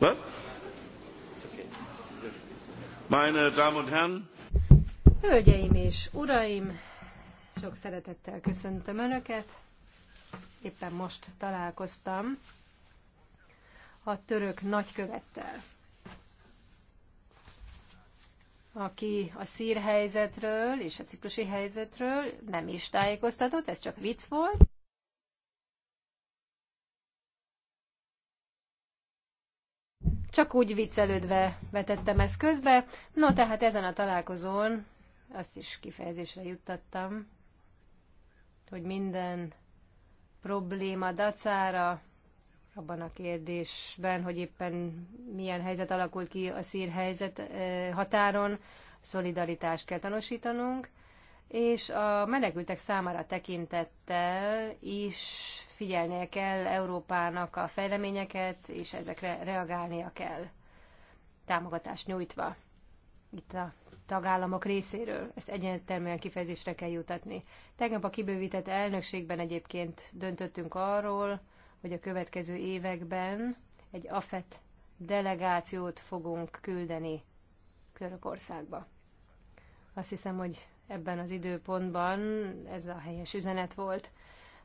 Was? Meine Damen und Herren. Hölgyeim és uraim, sok szeretettel köszöntöm Önöket. Éppen most találkoztam a török nagykövettel, aki a szír helyzetről és a ciprusi helyzetről nem is tájékoztatott, ez csak vicc volt. Csak úgy viccelődve vetettem ezt közbe. No, tehát ezen a találkozón azt is kifejezésre juttattam, hogy minden probléma dacára abban a kérdésben, hogy éppen milyen helyzet alakult ki a szírhelyzet helyzet eh, határon, szolidaritást kell tanúsítanunk, és a menekültek számára tekintettel is figyelnie kell Európának a fejleményeket, és ezekre reagálnia kell, támogatást nyújtva itt a tagállamok részéről. Ezt egyértelműen kifejezésre kell jutatni. Tegnap a kibővített elnökségben egyébként döntöttünk arról, hogy a következő években egy AFET delegációt fogunk küldeni Törökországba. Azt hiszem, hogy ebben az időpontban ez a helyes üzenet volt,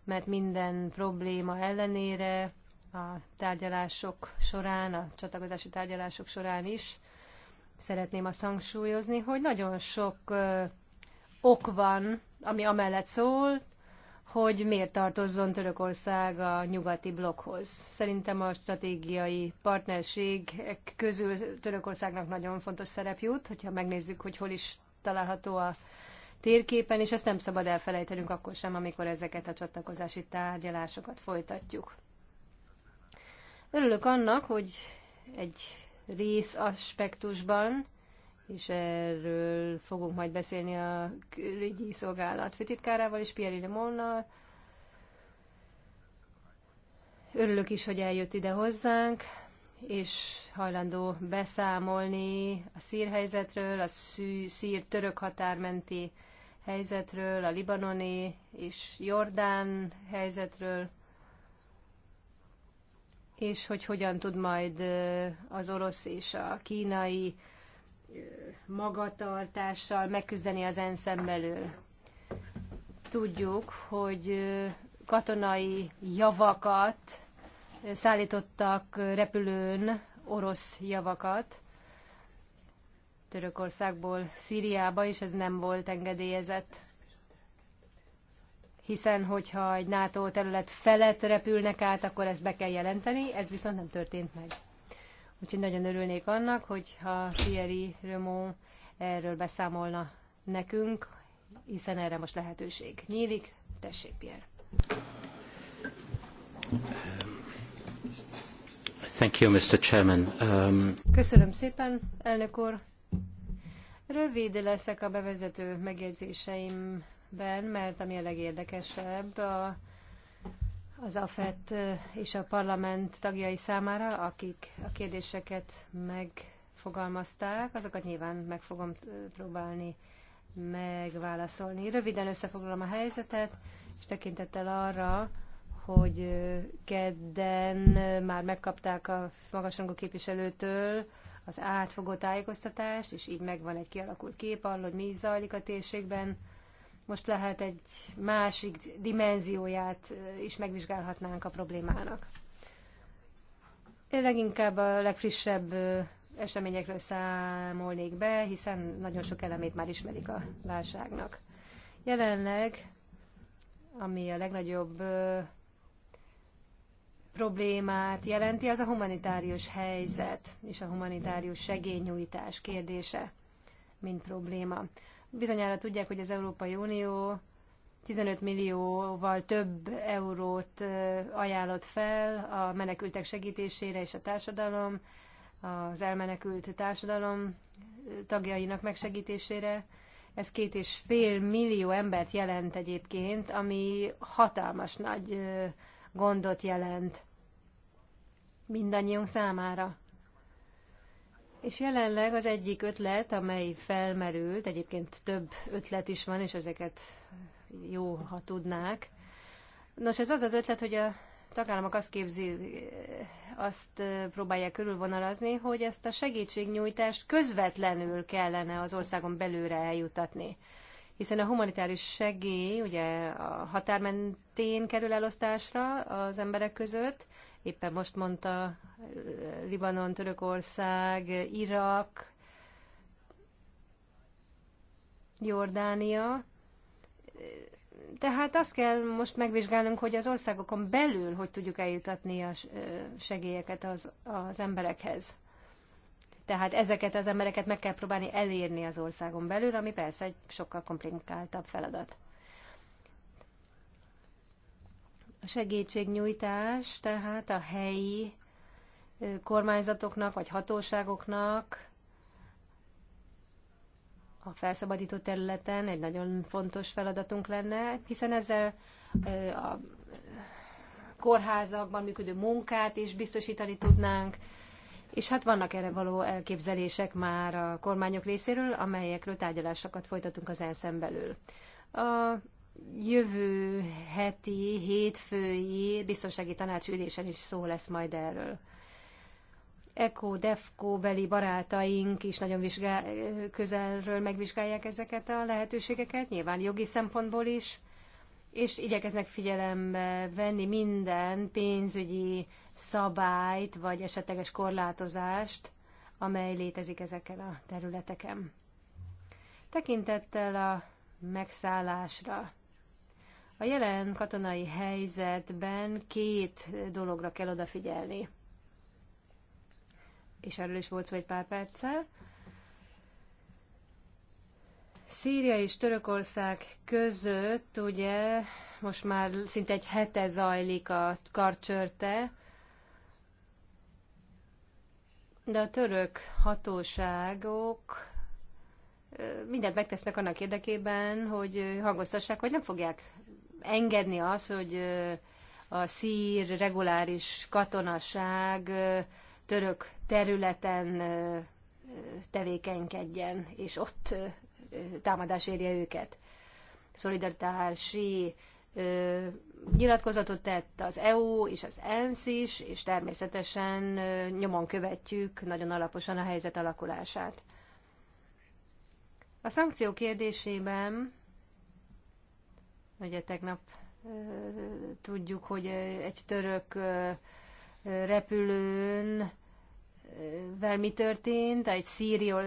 mert minden probléma ellenére a tárgyalások során, a csatlakozási tárgyalások során is szeretném azt hangsúlyozni, hogy nagyon sok ö, ok van, ami amellett szól, hogy miért tartozzon Törökország a nyugati blokkhoz. Szerintem a stratégiai partnerségek közül Törökországnak nagyon fontos szerep jut, hogyha megnézzük, hogy hol is található a térképen, és ezt nem szabad elfelejtenünk akkor sem, amikor ezeket a csatlakozási tárgyalásokat folytatjuk. Örülök annak, hogy egy rész aspektusban, és erről fogunk majd beszélni a külügyi szolgálat főtitkárával és Pierre Lemonnal. Örülök is, hogy eljött ide hozzánk, és hajlandó beszámolni a szírhelyzetről, a szír-török határmenti helyzetről, a libanoni és jordán helyzetről, és hogy hogyan tud majd az orosz és a kínai magatartással megküzdeni az ensz belül. Tudjuk, hogy katonai javakat szállítottak repülőn, orosz javakat, Törökországból Szíriába, és ez nem volt engedélyezett. Hiszen, hogyha egy NATO terület felett repülnek át, akkor ezt be kell jelenteni, ez viszont nem történt meg. Úgyhogy nagyon örülnék annak, hogyha Thierry Remon erről beszámolna nekünk, hiszen erre most lehetőség nyílik. Tessék, Pierre. Thank you, Mr. Chairman. Um... Köszönöm szépen, elnök úr. Rövid leszek a bevezető megjegyzéseimben, mert ami a legérdekesebb a, az AFET és a parlament tagjai számára, akik a kérdéseket megfogalmazták, azokat nyilván meg fogom próbálni megválaszolni. Röviden összefoglalom a helyzetet, és tekintettel arra, hogy kedden már megkapták a magasrangú képviselőtől az átfogó tájékoztatást, és így megvan egy kialakult kép arról, hogy mi is zajlik a térségben. Most lehet egy másik dimenzióját is megvizsgálhatnánk a problémának. Én leginkább a legfrissebb eseményekről számolnék be, hiszen nagyon sok elemét már ismerik a válságnak. Jelenleg, ami a legnagyobb problémát jelenti, az a humanitárius helyzet és a humanitárius segélynyújtás kérdése, mint probléma. Bizonyára tudják, hogy az Európai Unió 15 millióval több eurót ajánlott fel a menekültek segítésére és a társadalom, az elmenekült társadalom tagjainak megsegítésére. Ez két és fél millió embert jelent egyébként, ami hatalmas nagy gondot jelent mindannyiunk számára. És jelenleg az egyik ötlet, amely felmerült, egyébként több ötlet is van, és ezeket jó, ha tudnák. Nos, ez az az ötlet, hogy a tagállamok azt képzi, azt próbálják körülvonalazni, hogy ezt a segítségnyújtást közvetlenül kellene az országon belőle eljutatni hiszen a humanitárius segély ugye a határmentén kerül elosztásra az emberek között. Éppen most mondta eh, Libanon, Törökország, Irak, Jordánia. Tehát azt kell most megvizsgálnunk, hogy az országokon belül hogy tudjuk eljutatni a eh, segélyeket az, az emberekhez. Tehát ezeket az embereket meg kell próbálni elérni az országon belül, ami persze egy sokkal komplikáltabb feladat. A segítségnyújtás tehát a helyi kormányzatoknak vagy hatóságoknak a felszabadított területen egy nagyon fontos feladatunk lenne, hiszen ezzel a kórházakban működő munkát is biztosítani tudnánk, és hát vannak erre való elképzelések már a kormányok részéről, amelyekről tárgyalásokat folytatunk az ensz belül. A jövő heti, hétfői biztonsági tanácsülésen is szó lesz majd erről. ECO, DEFCO beli barátaink is nagyon vizsgál, közelről megvizsgálják ezeket a lehetőségeket, nyilván jogi szempontból is, és igyekeznek figyelembe venni minden pénzügyi szabályt, vagy esetleges korlátozást, amely létezik ezeken a területeken. Tekintettel a megszállásra. A jelen katonai helyzetben két dologra kell odafigyelni. És erről is volt szó egy pár perccel. Szíria és Törökország között ugye most már szinte egy hete zajlik a karcsörte, de a török hatóságok mindent megtesznek annak érdekében, hogy hangoztassák, hogy nem fogják engedni azt, hogy a szír reguláris katonaság török területen tevékenykedjen, és ott támadás érje őket. Szolidaritási nyilatkozatot tett az EU és az ENSZ is, és természetesen nyomon követjük nagyon alaposan a helyzet alakulását. A szankció kérdésében, ugye tegnap tudjuk, hogy egy török repülőn vel mi történt, egy szírió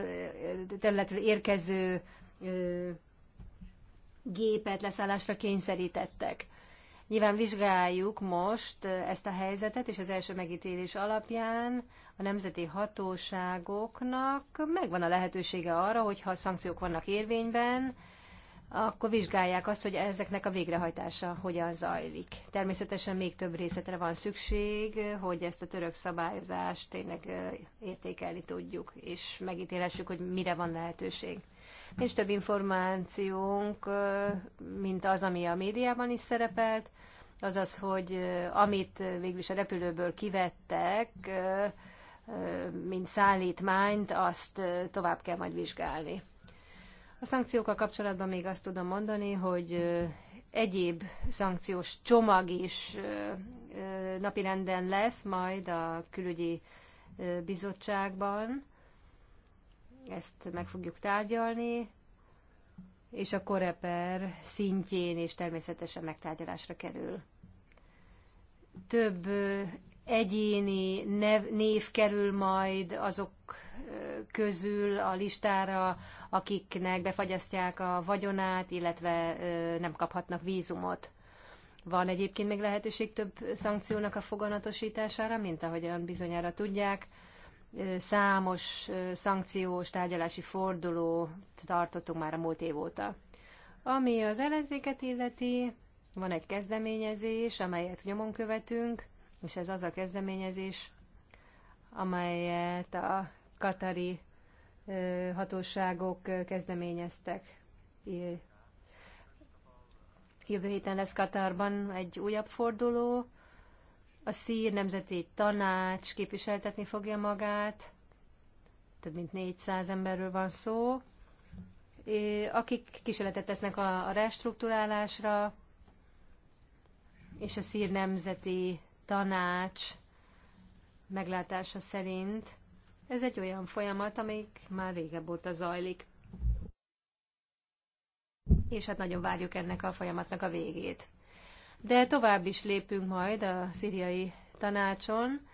területről érkező gépet leszállásra kényszerítettek. Nyilván vizsgáljuk most ezt a helyzetet, és az első megítélés alapján a nemzeti hatóságoknak megvan a lehetősége arra, hogyha szankciók vannak érvényben, akkor vizsgálják azt, hogy ezeknek a végrehajtása hogyan zajlik. Természetesen még több részletre van szükség, hogy ezt a török szabályozást tényleg értékelni tudjuk, és megítélessük, hogy mire van lehetőség. Nincs több információnk, mint az, ami a médiában is szerepelt, azaz, hogy amit végül is a repülőből kivettek, mint szállítmányt, azt tovább kell majd vizsgálni. A szankciókkal kapcsolatban még azt tudom mondani, hogy egyéb szankciós csomag is napirenden lesz majd a külügyi bizottságban. Ezt meg fogjuk tárgyalni, és a koreper szintjén is természetesen megtárgyalásra kerül. Több egyéni nev, név kerül majd azok közül a listára, akiknek befagyasztják a vagyonát, illetve nem kaphatnak vízumot. Van egyébként még lehetőség több szankciónak a foganatosítására, mint ahogyan bizonyára tudják. Számos szankciós tárgyalási forduló tartottunk már a múlt év óta. Ami az ellenzéket illeti, van egy kezdeményezés, amelyet nyomon követünk, és ez az a kezdeményezés, amelyet a katari hatóságok kezdeményeztek. Jövő héten lesz Katarban egy újabb forduló, a Szír Nemzeti Tanács képviseltetni fogja magát, több mint 400 emberről van szó, akik kísérletet tesznek a restruktúrálásra, és a Szír Nemzeti tanács meglátása szerint ez egy olyan folyamat, amelyik már régebb óta zajlik. És hát nagyon várjuk ennek a folyamatnak a végét. De tovább is lépünk majd a szíriai tanácson,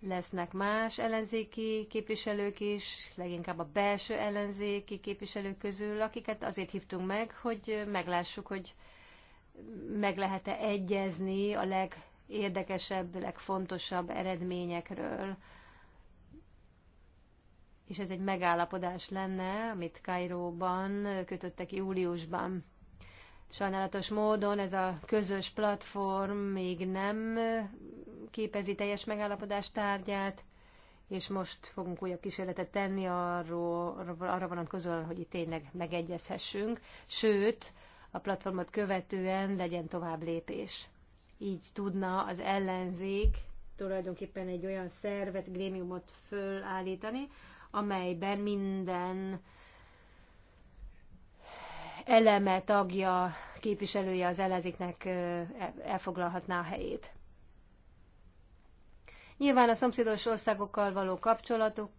lesznek más ellenzéki képviselők is, leginkább a belső ellenzéki képviselők közül, akiket azért hívtunk meg, hogy meglássuk, hogy meg lehet-e egyezni a leg legérdekesebb, legfontosabb eredményekről. És ez egy megállapodás lenne, amit Kairóban kötöttek júliusban. Sajnálatos módon ez a közös platform még nem képezi teljes megállapodás tárgyát, és most fogunk újabb kísérletet tenni arról, arra vonatkozóan, hogy itt tényleg megegyezhessünk, sőt, a platformot követően legyen tovább lépés így tudna az ellenzék tulajdonképpen egy olyan szervet, grémiumot fölállítani, amelyben minden eleme, tagja, képviselője az ellenzéknek e, elfoglalhatná a helyét. Nyilván a szomszédos országokkal való kapcsolatok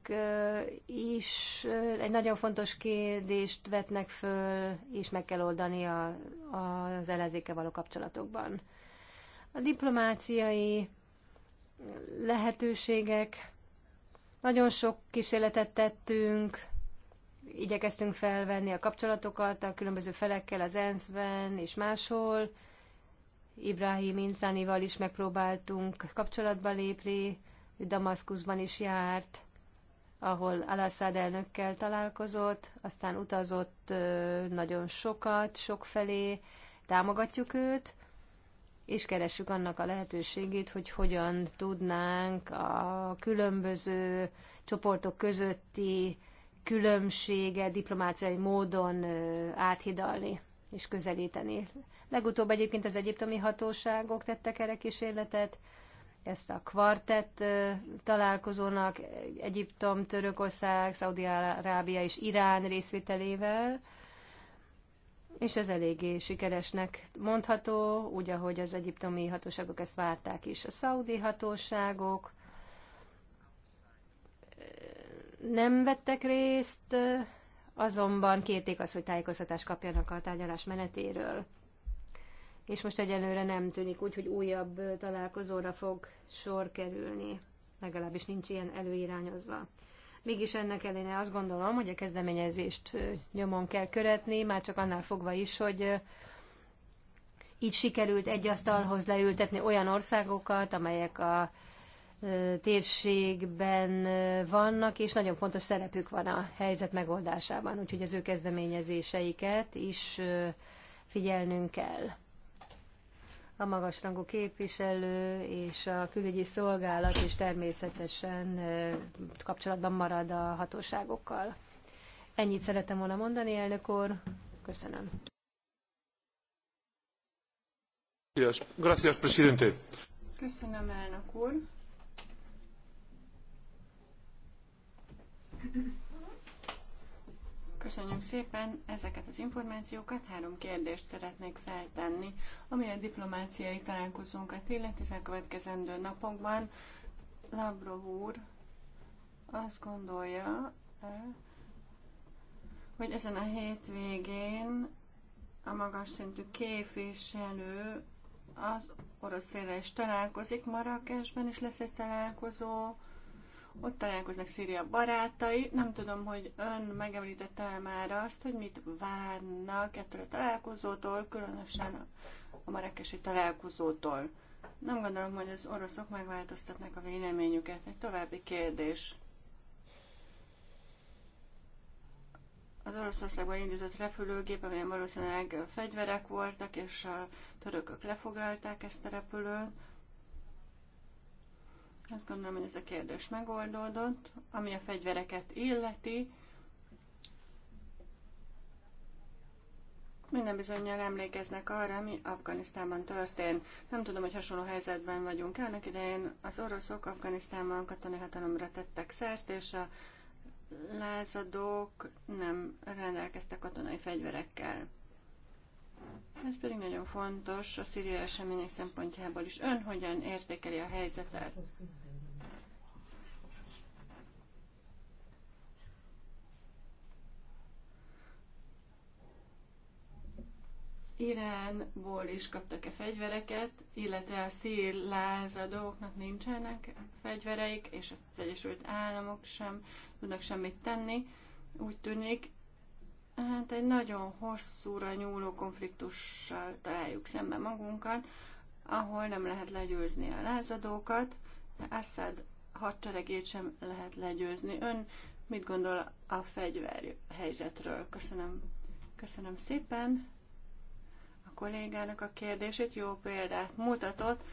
is egy nagyon fontos kérdést vetnek föl, és meg kell oldani a, az ellenzéke való kapcsolatokban. A diplomáciai lehetőségek, nagyon sok kísérletet tettünk, igyekeztünk felvenni a kapcsolatokat a különböző felekkel az ENSZ-ben és máshol. Ibrahim Inzánival is megpróbáltunk kapcsolatba lépni, ő Damaszkuszban is járt, ahol al elnökkel találkozott, aztán utazott nagyon sokat, sokfelé, támogatjuk őt, és keressük annak a lehetőségét, hogy hogyan tudnánk a különböző csoportok közötti különbséget diplomáciai módon áthidalni és közelíteni. Legutóbb egyébként az egyiptomi hatóságok tettek erre kísérletet, ezt a kvartett találkozónak Egyiptom, Törökország, Szaudi-Arábia és Irán részvételével, és ez eléggé sikeresnek mondható, úgy, ahogy az egyiptomi hatóságok ezt várták is. A szaudi hatóságok eh, nem vettek részt, eh, azonban kérték azt, hogy tájékoztatást kapjanak a tárgyalás menetéről. És most egyelőre nem tűnik úgy, hogy újabb eh, találkozóra fog sor kerülni, legalábbis nincs ilyen előirányozva. Mégis ennek ellenére azt gondolom, hogy a kezdeményezést nyomon kell követni, már csak annál fogva is, hogy így sikerült egy asztalhoz leültetni olyan országokat, amelyek a térségben vannak, és nagyon fontos szerepük van a helyzet megoldásában, úgyhogy az ő kezdeményezéseiket is figyelnünk kell a magasrangú képviselő és a külügyi szolgálat is természetesen kapcsolatban marad a hatóságokkal. Ennyit szeretem volna mondani, elnök úr. Köszönöm. Köszönöm, elnök úr. Köszönjük szépen ezeket az információkat. Három kérdést szeretnék feltenni, ami a diplomáciai találkozónkat illeti az következendő napokban. Lavrov úr azt gondolja, hogy ezen a hétvégén a magas szintű képviselő az orosz félre is találkozik Marrakesben, és lesz egy találkozó ott találkoznak Szíria barátai. Nem tudom, hogy ön megemlítette már azt, hogy mit várnak ettől a találkozótól, különösen a marekesi találkozótól. Nem gondolom, hogy az oroszok megváltoztatnak a véleményüket. Egy további kérdés. az Oroszországban indított repülőgép, amelyen valószínűleg fegyverek voltak, és a törökök lefoglalták ezt a repülőt. Azt gondolom, hogy ez a kérdés megoldódott. Ami a fegyvereket illeti, Minden bizonyal emlékeznek arra, ami Afganisztánban történt. Nem tudom, hogy hasonló helyzetben vagyunk. Ennek idején az oroszok Afganisztánban katonai hatalomra tettek szert, és a lázadók nem rendelkeztek katonai fegyverekkel. Ez pedig nagyon fontos a szíriai események szempontjából is. Ön hogyan értékeli a helyzetet? Iránból is kaptak-e fegyvereket, illetve a szír lázadóknak nincsenek fegyvereik, és az Egyesült Államok sem tudnak semmit tenni. Úgy tűnik, Hát egy nagyon hosszúra nyúló konfliktussal találjuk szembe magunkat, ahol nem lehet legyőzni a lázadókat, Assad hadseregét sem lehet legyőzni. Ön mit gondol a fegyver helyzetről? Köszönöm. Köszönöm szépen a kollégának a kérdését. Jó példát mutatott.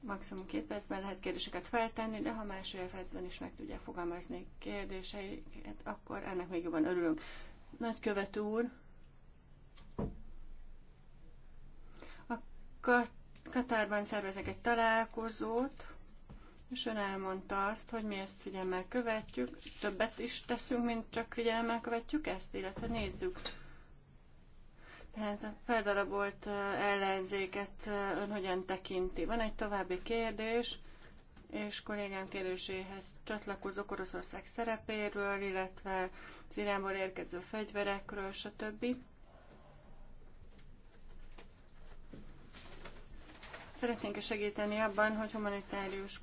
Maximum két percben lehet kérdéseket feltenni, de ha másfél percben is meg tudja fogalmazni kérdéseiket, akkor ennek még jobban örülünk. Nagykövet úr, a Katárban szervezek egy találkozót, és ön elmondta azt, hogy mi ezt figyelemmel követjük, többet is teszünk, mint csak figyelemmel követjük ezt, illetve nézzük. Tehát a feldarabolt ellenzéket ön hogyan tekinti? Van egy további kérdés és kollégám kérdéséhez csatlakozok Oroszország szerepéről, illetve az érkező fegyverekről, stb. Szeretnénk segíteni abban, hogy humanitárius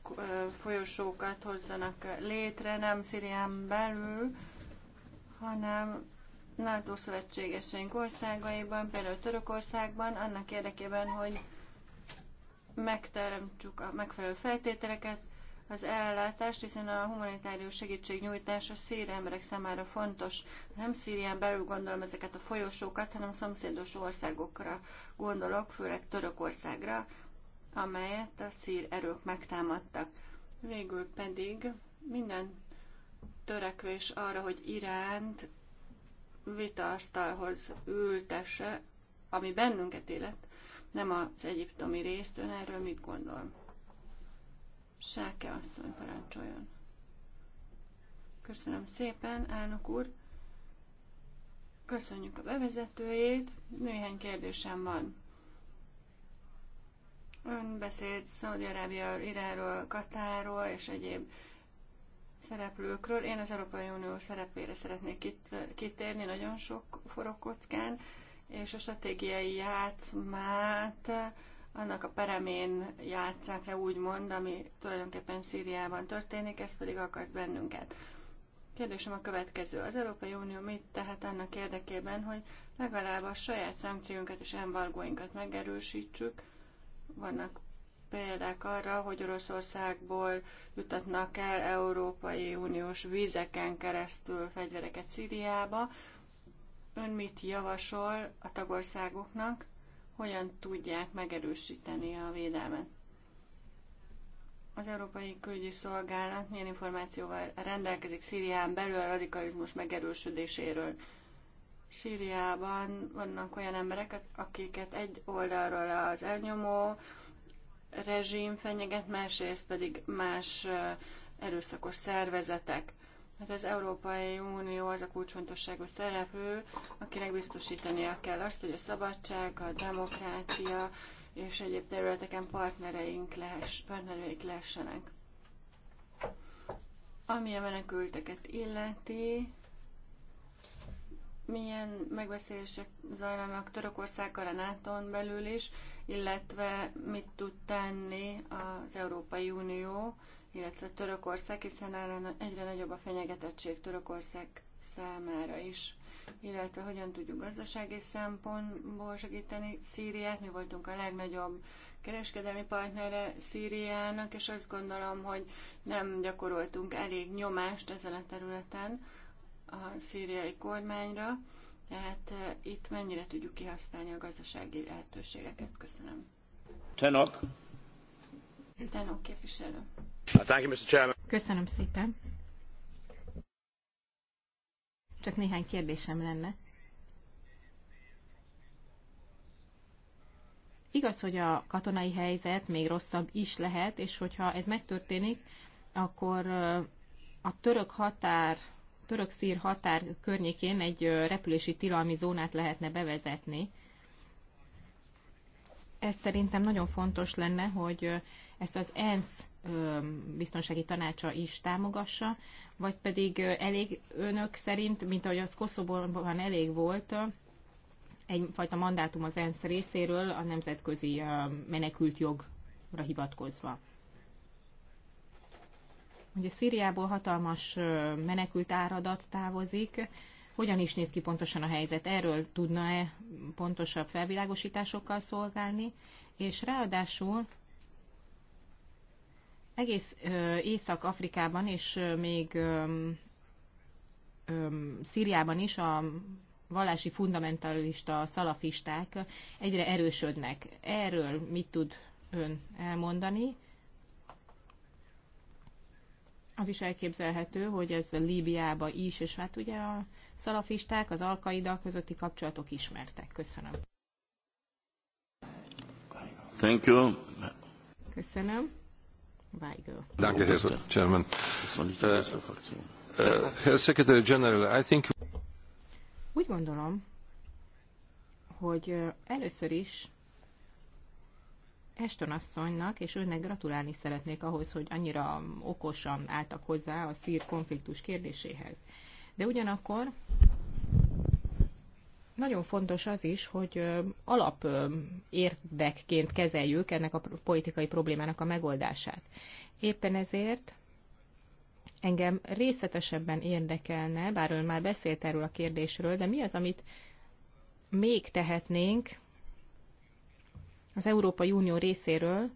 folyosókat hozzanak létre, nem Szirián belül, hanem NATO szövetségeseink országaiban, például Törökországban, annak érdekében, hogy megteremtsük a megfelelő feltételeket, az ellátást, hiszen a humanitárius segítség nyújtása szíri emberek számára fontos. Nem Szírián belül gondolom ezeket a folyosókat, hanem a szomszédos országokra gondolok, főleg Törökországra, amelyet a szír erők megtámadtak. Végül pedig minden törekvés arra, hogy Iránt vitaasztalhoz ültesse, ami bennünket élet, nem az egyiptomi részt. Ön erről mit gondol? Sáke asszony parancsoljon. Köszönöm szépen, elnök úr. Köszönjük a bevezetőjét. Néhány kérdésem van. Ön beszélt Szaudi-Arábia, Iránról, Katáról és egyéb szereplőkről. Én az Európai Unió szerepére szeretnék kit- kitérni nagyon sok forog kockán és a stratégiai játszmát annak a peremén játszák le, úgymond, ami tulajdonképpen Szíriában történik, ez pedig akart bennünket. Kérdésem a következő. Az Európai Unió mit tehet annak érdekében, hogy legalább a saját szankcióinkat és embargóinkat megerősítsük? Vannak példák arra, hogy Oroszországból jutatnak el Európai Uniós vizeken keresztül fegyvereket Szíriába, Ön mit javasol a tagországoknak, hogyan tudják megerősíteni a védelmet? Az Európai Külügyi Szolgálat milyen információval rendelkezik Szírián belül a radikalizmus megerősödéséről? Szíriában vannak olyan emberek, akiket egy oldalról az elnyomó rezsim fenyeget, másrészt pedig más erőszakos szervezetek. Hát az Európai Unió az a kulcsfontosságú szereplő, akinek biztosítania kell azt, hogy a szabadság, a demokrácia és egyéb területeken partnereink lehess, partnereik lehessenek. Ami a menekülteket illeti, milyen megbeszélések zajlanak Törökországgal a nato belül is, illetve mit tud tenni az Európai Unió illetve Törökország, hiszen egyre nagyobb a fenyegetettség Törökország számára is, illetve hogyan tudjuk gazdasági szempontból segíteni Szíriát. Mi voltunk a legnagyobb kereskedelmi partnere Szíriának, és azt gondolom, hogy nem gyakoroltunk elég nyomást ezen a területen a szíriai kormányra, tehát eh, itt mennyire tudjuk kihasználni a gazdasági lehetőségeket. Köszönöm. Tenok. Tenok képviselő. Uh, Köszönöm szépen. Csak néhány kérdésem lenne. Igaz, hogy a katonai helyzet még rosszabb is lehet, és hogyha ez megtörténik, akkor uh, a török határ, török-szír határ környékén egy uh, repülési tilalmi zónát lehetne bevezetni. Ez szerintem nagyon fontos lenne, hogy ezt az ENSZ biztonsági tanácsa is támogassa, vagy pedig elég önök szerint, mint ahogy az Koszoborban elég volt, egyfajta mandátum az ENSZ részéről a nemzetközi menekült jogra hivatkozva. Ugye Szíriából hatalmas menekült áradat távozik, hogyan is néz ki pontosan a helyzet? Erről tudna-e pontosabb felvilágosításokkal szolgálni? És ráadásul egész Észak-Afrikában és még Szíriában is a vallási fundamentalista szalafisták egyre erősödnek. Erről mit tud ön elmondani? Az is elképzelhető, hogy ez Líbiába is, és hát ugye a szalafisták, az alkaida közötti kapcsolatok ismertek. Köszönöm. Thank you. Köszönöm. Weigel. Herr Chairman. Äh, äh, Secretary General, I think... Úgy gondolom, hogy először is Eston asszonynak, és önnek gratulálni szeretnék ahhoz, hogy annyira okosan álltak hozzá a szír konfliktus kérdéséhez. De ugyanakkor nagyon fontos az is, hogy alap érdekként kezeljük ennek a politikai problémának a megoldását. Éppen ezért engem részletesebben érdekelne, bár ön már beszélt erről a kérdésről, de mi az, amit még tehetnénk az Európai Unió részéről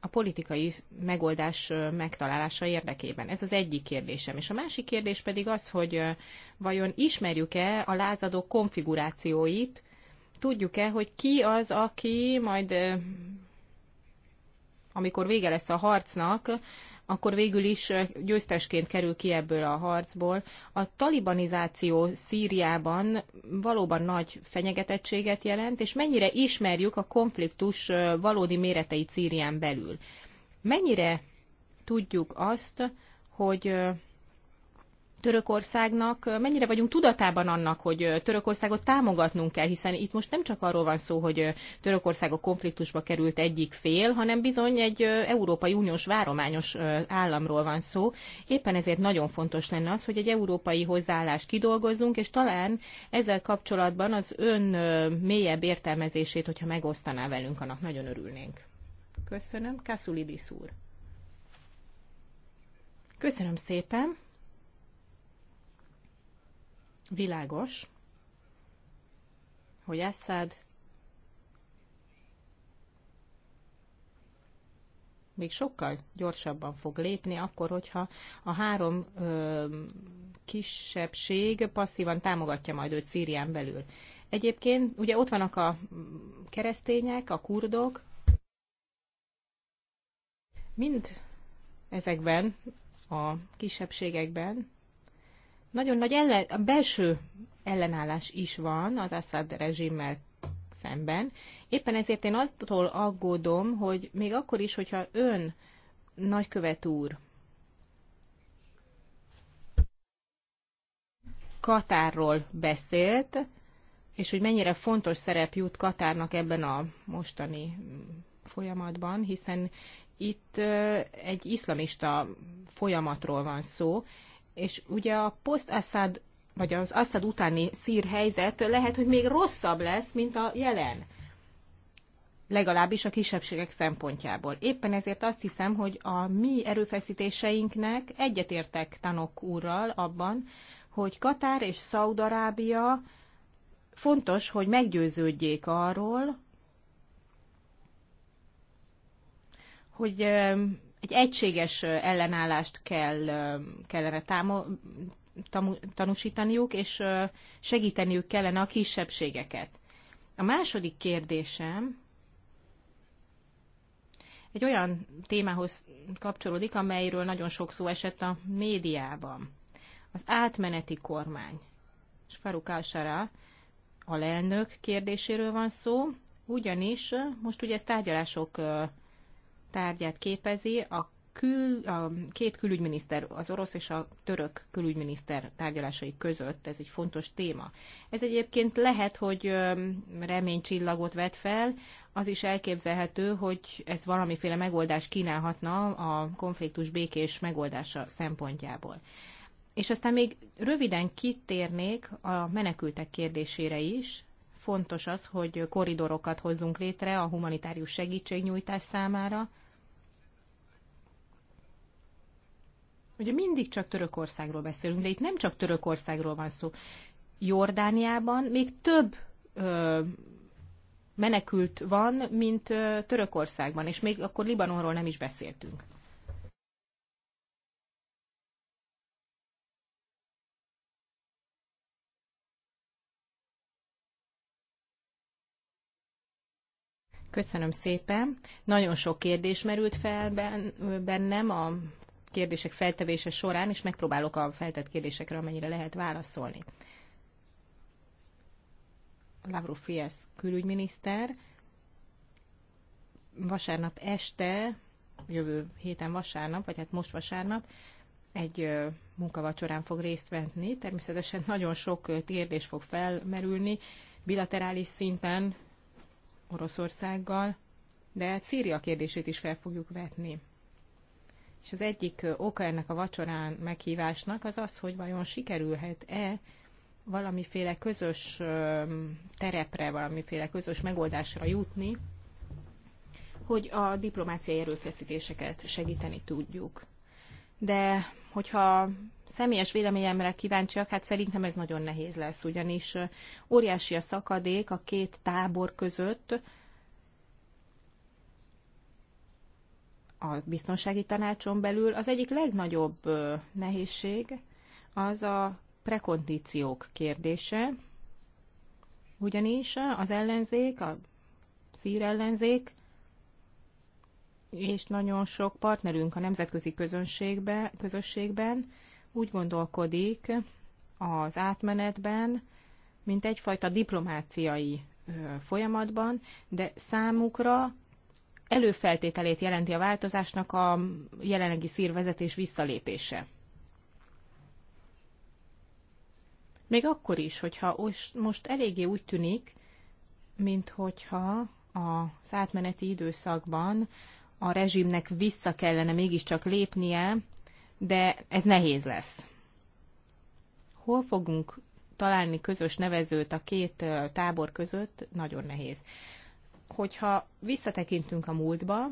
a politikai megoldás megtalálása érdekében. Ez az egyik kérdésem. És a másik kérdés pedig az, hogy vajon ismerjük-e a lázadók konfigurációit, tudjuk-e, hogy ki az, aki majd amikor vége lesz a harcnak, akkor végül is győztesként kerül ki ebből a harcból. A talibanizáció Szíriában valóban nagy fenyegetettséget jelent, és mennyire ismerjük a konfliktus valódi méreteit Szírián belül. Mennyire tudjuk azt, hogy Törökországnak, mennyire vagyunk tudatában annak, hogy Törökországot támogatnunk kell, hiszen itt most nem csak arról van szó, hogy Törökország a konfliktusba került egyik fél, hanem bizony egy Európai Uniós várományos államról van szó. Éppen ezért nagyon fontos lenne az, hogy egy európai hozzáállást kidolgozzunk, és talán ezzel kapcsolatban az ön mélyebb értelmezését, hogyha megosztaná velünk, annak nagyon örülnénk. Köszönöm. Kasszulidis úr. Köszönöm szépen. Világos, hogy Assad még sokkal gyorsabban fog lépni, akkor, hogyha a három ö, kisebbség passzívan támogatja majd őt Szírián belül. Egyébként ugye ott vannak a keresztények, a kurdok, mind ezekben a kisebbségekben nagyon nagy ellen, a belső ellenállás is van az Assad rezsimmel szemben. Éppen ezért én attól aggódom, hogy még akkor is, hogyha ön, nagykövet úr, Katárról beszélt, és hogy mennyire fontos szerep jut Katárnak ebben a mostani folyamatban, hiszen itt egy iszlamista folyamatról van szó, és ugye a poszt assad vagy az Assad utáni szír helyzet lehet, hogy még rosszabb lesz, mint a jelen. Legalábbis a kisebbségek szempontjából. Éppen ezért azt hiszem, hogy a mi erőfeszítéseinknek egyetértek Tanok úrral abban, hogy Katár és Szaudarábia fontos, hogy meggyőződjék arról, hogy egy egységes ellenállást kell, kellene támo, tam, tanúsítaniuk, és segíteniük kellene a kisebbségeket. A második kérdésem egy olyan témához kapcsolódik, amelyről nagyon sok szó esett a médiában. Az átmeneti kormány. És Faruk Ásara, alelnök kérdéséről van szó, ugyanis most ugye ez tárgyalások tárgyát képezi a, kül, a két külügyminiszter, az orosz és a török külügyminiszter tárgyalásai között. Ez egy fontos téma. Ez egyébként lehet, hogy reménycsillagot vet fel, az is elképzelhető, hogy ez valamiféle megoldás kínálhatna a konfliktus békés megoldása szempontjából. És aztán még röviden kitérnék a menekültek kérdésére is, fontos az, hogy koridorokat hozzunk létre a humanitárius segítségnyújtás számára. Ugye mindig csak Törökországról beszélünk, de itt nem csak Törökországról van szó. Jordániában még több ö, menekült van, mint ö, Törökországban, és még akkor Libanonról nem is beszéltünk. Köszönöm szépen. Nagyon sok kérdés merült fel bennem a kérdések feltevése során, és megpróbálok a feltett kérdésekre amennyire lehet válaszolni. Lavrov Fiesz külügyminiszter vasárnap este, jövő héten vasárnap, vagy hát most vasárnap, egy munkavacsorán fog részt venni. Természetesen nagyon sok kérdés fog felmerülni, bilaterális szinten, Oroszországgal, de Szíria kérdését is fel fogjuk vetni. És az egyik oka ennek a vacsorán meghívásnak az az, hogy vajon sikerülhet-e valamiféle közös terepre, valamiféle közös megoldásra jutni, hogy a diplomáciai erőfeszítéseket segíteni tudjuk. De hogyha személyes véleményemre kíváncsiak, hát szerintem ez nagyon nehéz lesz, ugyanis óriási a szakadék a két tábor között, a biztonsági tanácson belül az egyik legnagyobb nehézség az a prekondíciók kérdése, ugyanis az ellenzék, a szír ellenzék és nagyon sok partnerünk a nemzetközi közönségbe, közösségben úgy gondolkodik az átmenetben, mint egyfajta diplomáciai folyamatban, de számukra előfeltételét jelenti a változásnak a jelenlegi szírvezetés visszalépése. Még akkor is, hogyha most eléggé úgy tűnik, mint hogyha az átmeneti időszakban a rezsimnek vissza kellene mégiscsak lépnie, de ez nehéz lesz. Hol fogunk találni közös nevezőt a két tábor között, nagyon nehéz. Hogyha visszatekintünk a múltba,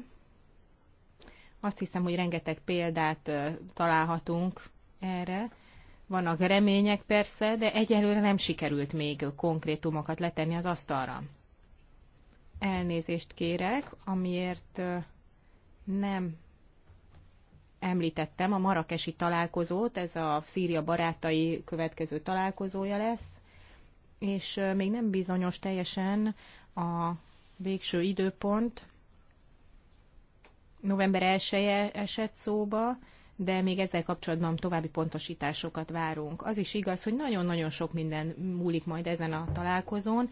azt hiszem, hogy rengeteg példát találhatunk erre. Vannak remények persze, de egyelőre nem sikerült még konkrétumokat letenni az asztalra. Elnézést kérek, amiért nem említettem, a marakesi találkozót, ez a Szíria barátai következő találkozója lesz, és még nem bizonyos teljesen a végső időpont. November 1 -e esett szóba, de még ezzel kapcsolatban további pontosításokat várunk. Az is igaz, hogy nagyon-nagyon sok minden múlik majd ezen a találkozón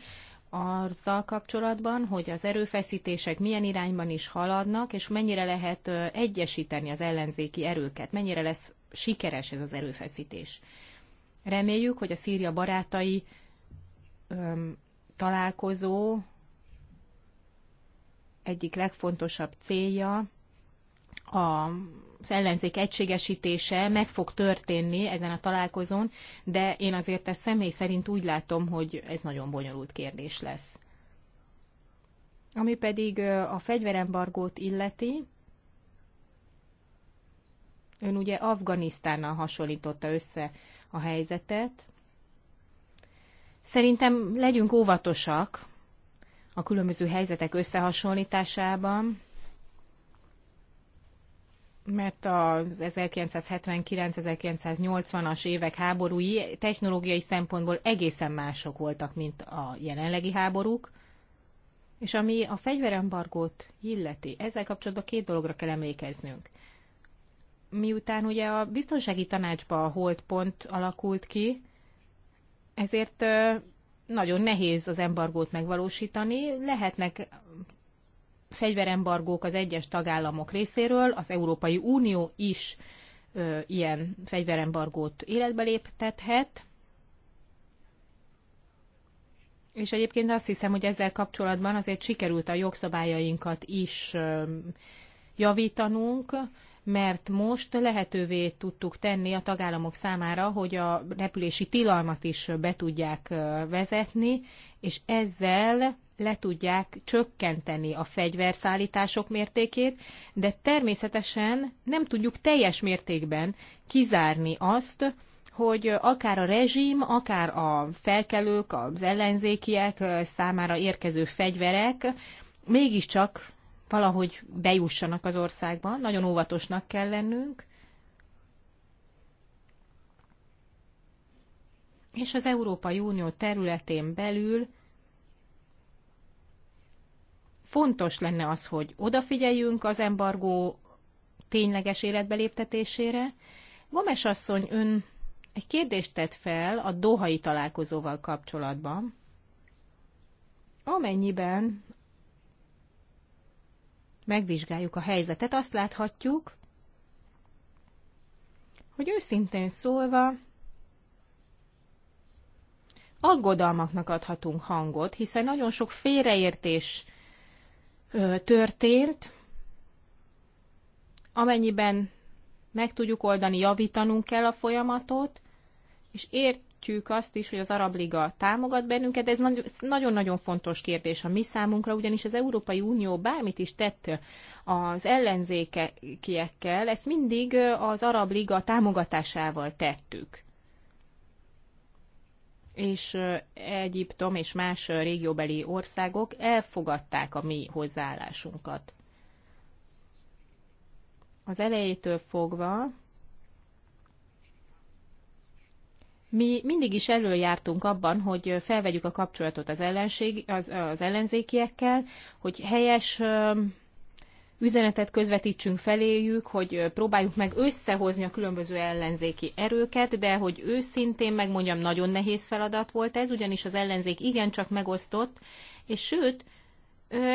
azzal kapcsolatban, hogy az erőfeszítések milyen irányban is haladnak, és mennyire lehet egyesíteni az ellenzéki erőket, mennyire lesz sikeres ez az erőfeszítés. Reméljük, hogy a Szíria barátai öm, találkozó egyik legfontosabb célja a az ellenzék egységesítése meg fog történni ezen a találkozón, de én azért ezt személy szerint úgy látom, hogy ez nagyon bonyolult kérdés lesz. Ami pedig a fegyverembargót illeti, ön ugye Afganisztánnal hasonlította össze a helyzetet. Szerintem legyünk óvatosak a különböző helyzetek összehasonlításában, mert az 1979-1980-as évek háborúi technológiai szempontból egészen mások voltak, mint a jelenlegi háborúk. És ami a fegyverembargót illeti, ezzel kapcsolatban két dologra kell emlékeznünk. Miután ugye a biztonsági tanácsba a holdpont alakult ki, ezért nagyon nehéz az embargót megvalósítani. Lehetnek fegyverembargók az egyes tagállamok részéről, az Európai Unió is ö, ilyen fegyverembargót életbe léptethet. És egyébként azt hiszem, hogy ezzel kapcsolatban azért sikerült a jogszabályainkat is ö, javítanunk, mert most lehetővé tudtuk tenni a tagállamok számára, hogy a repülési tilalmat is be tudják vezetni, és ezzel le tudják csökkenteni a fegyverszállítások mértékét, de természetesen nem tudjuk teljes mértékben kizárni azt, hogy akár a rezsim, akár a felkelők, az ellenzékiek számára érkező fegyverek mégiscsak valahogy bejussanak az országba. Nagyon óvatosnak kell lennünk. És az Európai Unió területén belül fontos lenne az, hogy odafigyeljünk az embargó tényleges életbe léptetésére. Gomes asszony, ön egy kérdést tett fel a dohai találkozóval kapcsolatban. Amennyiben megvizsgáljuk a helyzetet, azt láthatjuk, hogy őszintén szólva aggodalmaknak adhatunk hangot, hiszen nagyon sok félreértés történt. Amennyiben meg tudjuk oldani, javítanunk kell a folyamatot, és értjük azt is, hogy az Arab Liga támogat bennünket, de ez nagyon-nagyon fontos kérdés a mi számunkra, ugyanis az Európai Unió bármit is tett az ellenzékiekkel, ezt mindig az Arab Liga támogatásával tettük és Egyiptom és más régióbeli országok elfogadták a mi hozzáállásunkat. Az elejétől fogva mi mindig is előjártunk abban, hogy felvegyük a kapcsolatot az, ellenség, az, az ellenzékiekkel, hogy helyes üzenetet közvetítsünk feléjük, hogy próbáljuk meg összehozni a különböző ellenzéki erőket, de hogy őszintén megmondjam, nagyon nehéz feladat volt ez, ugyanis az ellenzék igencsak megosztott, és sőt,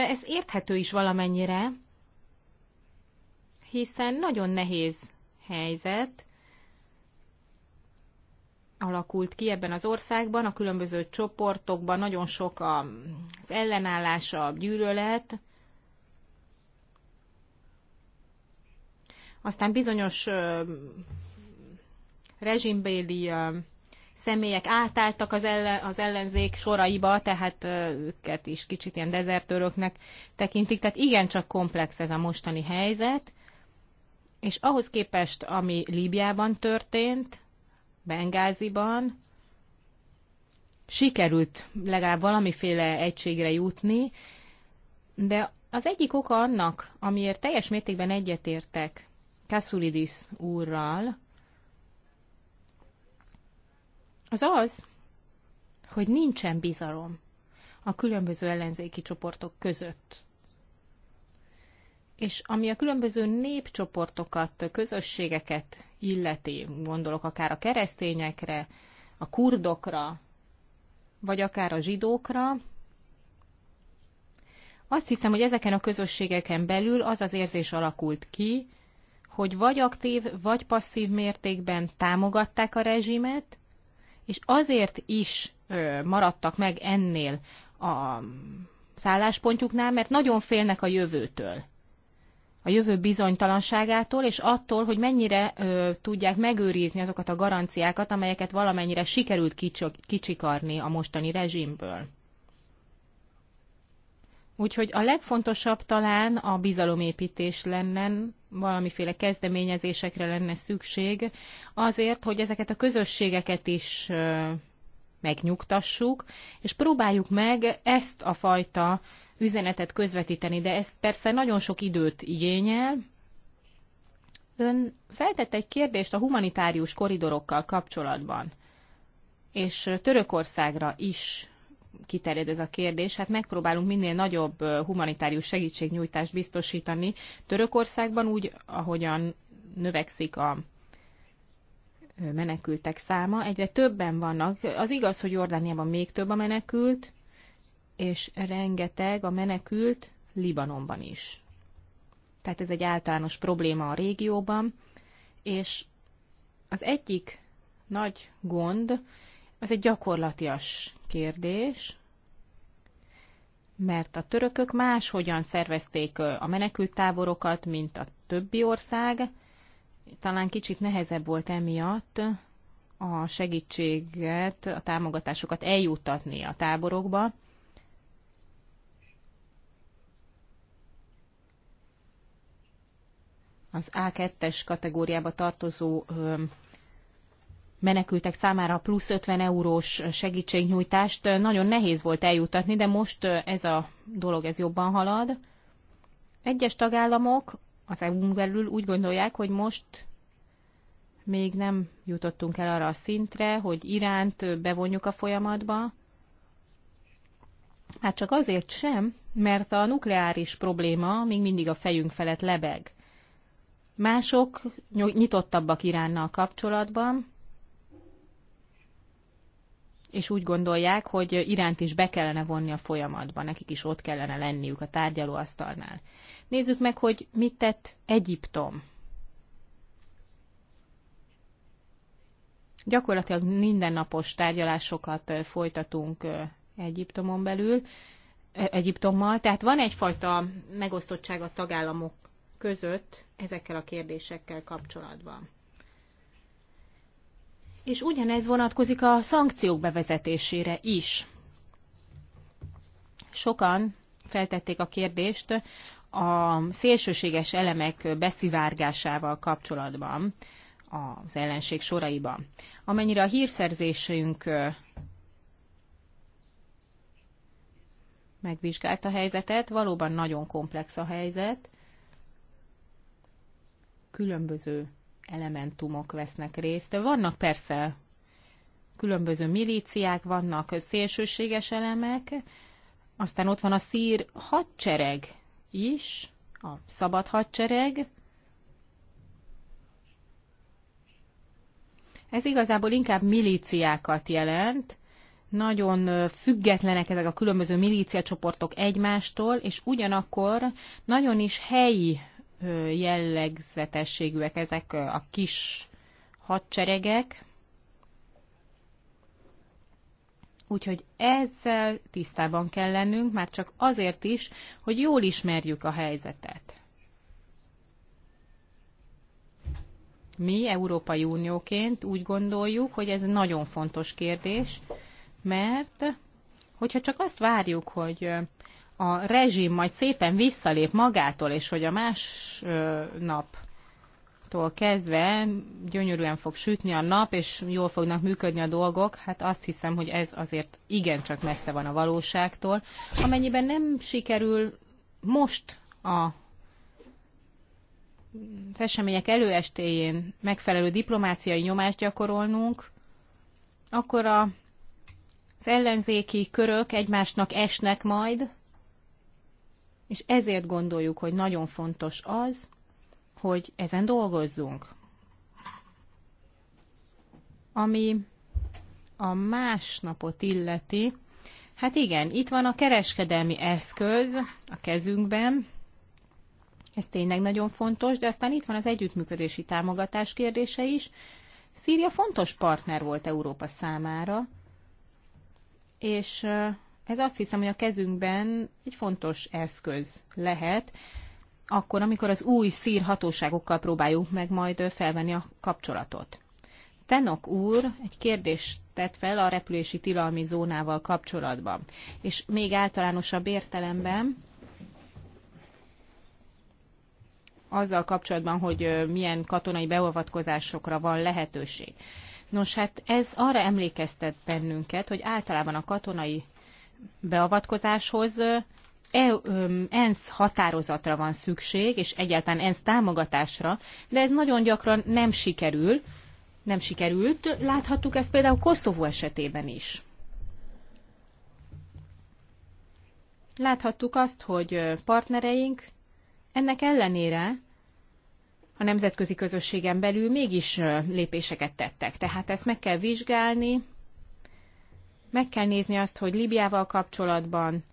ez érthető is valamennyire, hiszen nagyon nehéz helyzet alakult ki ebben az országban, a különböző csoportokban nagyon sok az ellenállás, a gyűlölet, Aztán bizonyos rezsimbéli személyek átálltak az, ellen, az ellenzék soraiba, tehát őket is kicsit ilyen dezertőröknek tekintik. Tehát igencsak komplex ez a mostani helyzet, és ahhoz képest, ami Líbiában történt, Bengáziban, sikerült legalább valamiféle egységre jutni, de az egyik oka annak, amiért teljes mértékben egyetértek Kasulidis úrral, az az, hogy nincsen bizalom a különböző ellenzéki csoportok között. És ami a különböző népcsoportokat, közösségeket illeti, gondolok akár a keresztényekre, a kurdokra, vagy akár a zsidókra, azt hiszem, hogy ezeken a közösségeken belül az az érzés alakult ki, hogy vagy aktív, vagy passzív mértékben támogatták a rezsimet, és azért is ö, maradtak meg ennél a szálláspontjuknál, mert nagyon félnek a jövőtől. A jövő bizonytalanságától, és attól, hogy mennyire ö, tudják megőrizni azokat a garanciákat, amelyeket valamennyire sikerült kicsikarni a mostani rezsimből. Úgyhogy a legfontosabb talán a bizalomépítés lenne, valamiféle kezdeményezésekre lenne szükség, azért, hogy ezeket a közösségeket is megnyugtassuk, és próbáljuk meg ezt a fajta üzenetet közvetíteni, de ez persze nagyon sok időt igényel. Ön feltett egy kérdést a humanitárius koridorokkal kapcsolatban, és Törökországra is kiterjed ez a kérdés. Hát megpróbálunk minél nagyobb humanitárius segítségnyújtást biztosítani Törökországban, úgy, ahogyan növekszik a menekültek száma. Egyre többen vannak. Az igaz, hogy Jordániában még több a menekült, és rengeteg a menekült Libanonban is. Tehát ez egy általános probléma a régióban, és az egyik nagy gond, ez egy gyakorlatias kérdés, mert a törökök máshogyan szervezték a menekülttáborokat, mint a többi ország. Talán kicsit nehezebb volt emiatt a segítséget, a támogatásokat eljuttatni a táborokba. Az A2-es kategóriába tartozó menekültek számára a plusz 50 eurós segítségnyújtást nagyon nehéz volt eljutatni, de most ez a dolog ez jobban halad. Egyes tagállamok az eu belül úgy gondolják, hogy most még nem jutottunk el arra a szintre, hogy Iránt bevonjuk a folyamatba. Hát csak azért sem, mert a nukleáris probléma még mindig a fejünk felett lebeg. Mások nyitottabbak Iránnal kapcsolatban, és úgy gondolják, hogy Iránt is be kellene vonni a folyamatba, nekik is ott kellene lenniük a tárgyalóasztalnál. Nézzük meg, hogy mit tett Egyiptom. Gyakorlatilag mindennapos tárgyalásokat folytatunk Egyiptomon belül, Egyiptommal, tehát van egyfajta megosztottság a tagállamok között ezekkel a kérdésekkel kapcsolatban és ugyanez vonatkozik a szankciók bevezetésére is. Sokan feltették a kérdést a szélsőséges elemek beszivárgásával kapcsolatban az ellenség soraiban. Amennyire a hírszerzésünk megvizsgálta a helyzetet, valóban nagyon komplex a helyzet, különböző elementumok vesznek részt. Vannak persze különböző milíciák, vannak szélsőséges elemek, aztán ott van a szír hadsereg is, a szabad hadsereg. Ez igazából inkább milíciákat jelent, nagyon függetlenek ezek a különböző csoportok egymástól, és ugyanakkor nagyon is helyi jellegzetességűek ezek a kis hadseregek, Úgyhogy ezzel tisztában kell lennünk, már csak azért is, hogy jól ismerjük a helyzetet. Mi Európai Unióként úgy gondoljuk, hogy ez nagyon fontos kérdés, mert hogyha csak azt várjuk, hogy a rezsim majd szépen visszalép magától, és hogy a más naptól kezdve gyönyörűen fog sütni a nap, és jól fognak működni a dolgok, hát azt hiszem, hogy ez azért igencsak messze van a valóságtól. Amennyiben nem sikerül most a az események előestéjén megfelelő diplomáciai nyomást gyakorolnunk, akkor a, az ellenzéki körök egymásnak esnek majd, és ezért gondoljuk, hogy nagyon fontos az, hogy ezen dolgozzunk. Ami a másnapot illeti, hát igen, itt van a kereskedelmi eszköz a kezünkben, ez tényleg nagyon fontos, de aztán itt van az együttműködési támogatás kérdése is. Szíria fontos partner volt Európa számára, és ez azt hiszem, hogy a kezünkben egy fontos eszköz lehet, akkor, amikor az új szír hatóságokkal próbáljuk meg majd felvenni a kapcsolatot. Tenok úr egy kérdést tett fel a repülési tilalmi zónával kapcsolatban, és még általánosabb értelemben azzal kapcsolatban, hogy milyen katonai beavatkozásokra van lehetőség. Nos, hát ez arra emlékeztet bennünket, hogy általában a katonai beavatkozáshoz e, ENSZ határozatra van szükség, és egyáltalán ENSZ támogatásra, de ez nagyon gyakran nem sikerül, nem sikerült. Láthattuk ezt például Koszovó esetében is. Láthattuk azt, hogy partnereink ennek ellenére a nemzetközi közösségen belül mégis lépéseket tettek. Tehát ezt meg kell vizsgálni, meg kell nézni azt, hogy Libiával kapcsolatban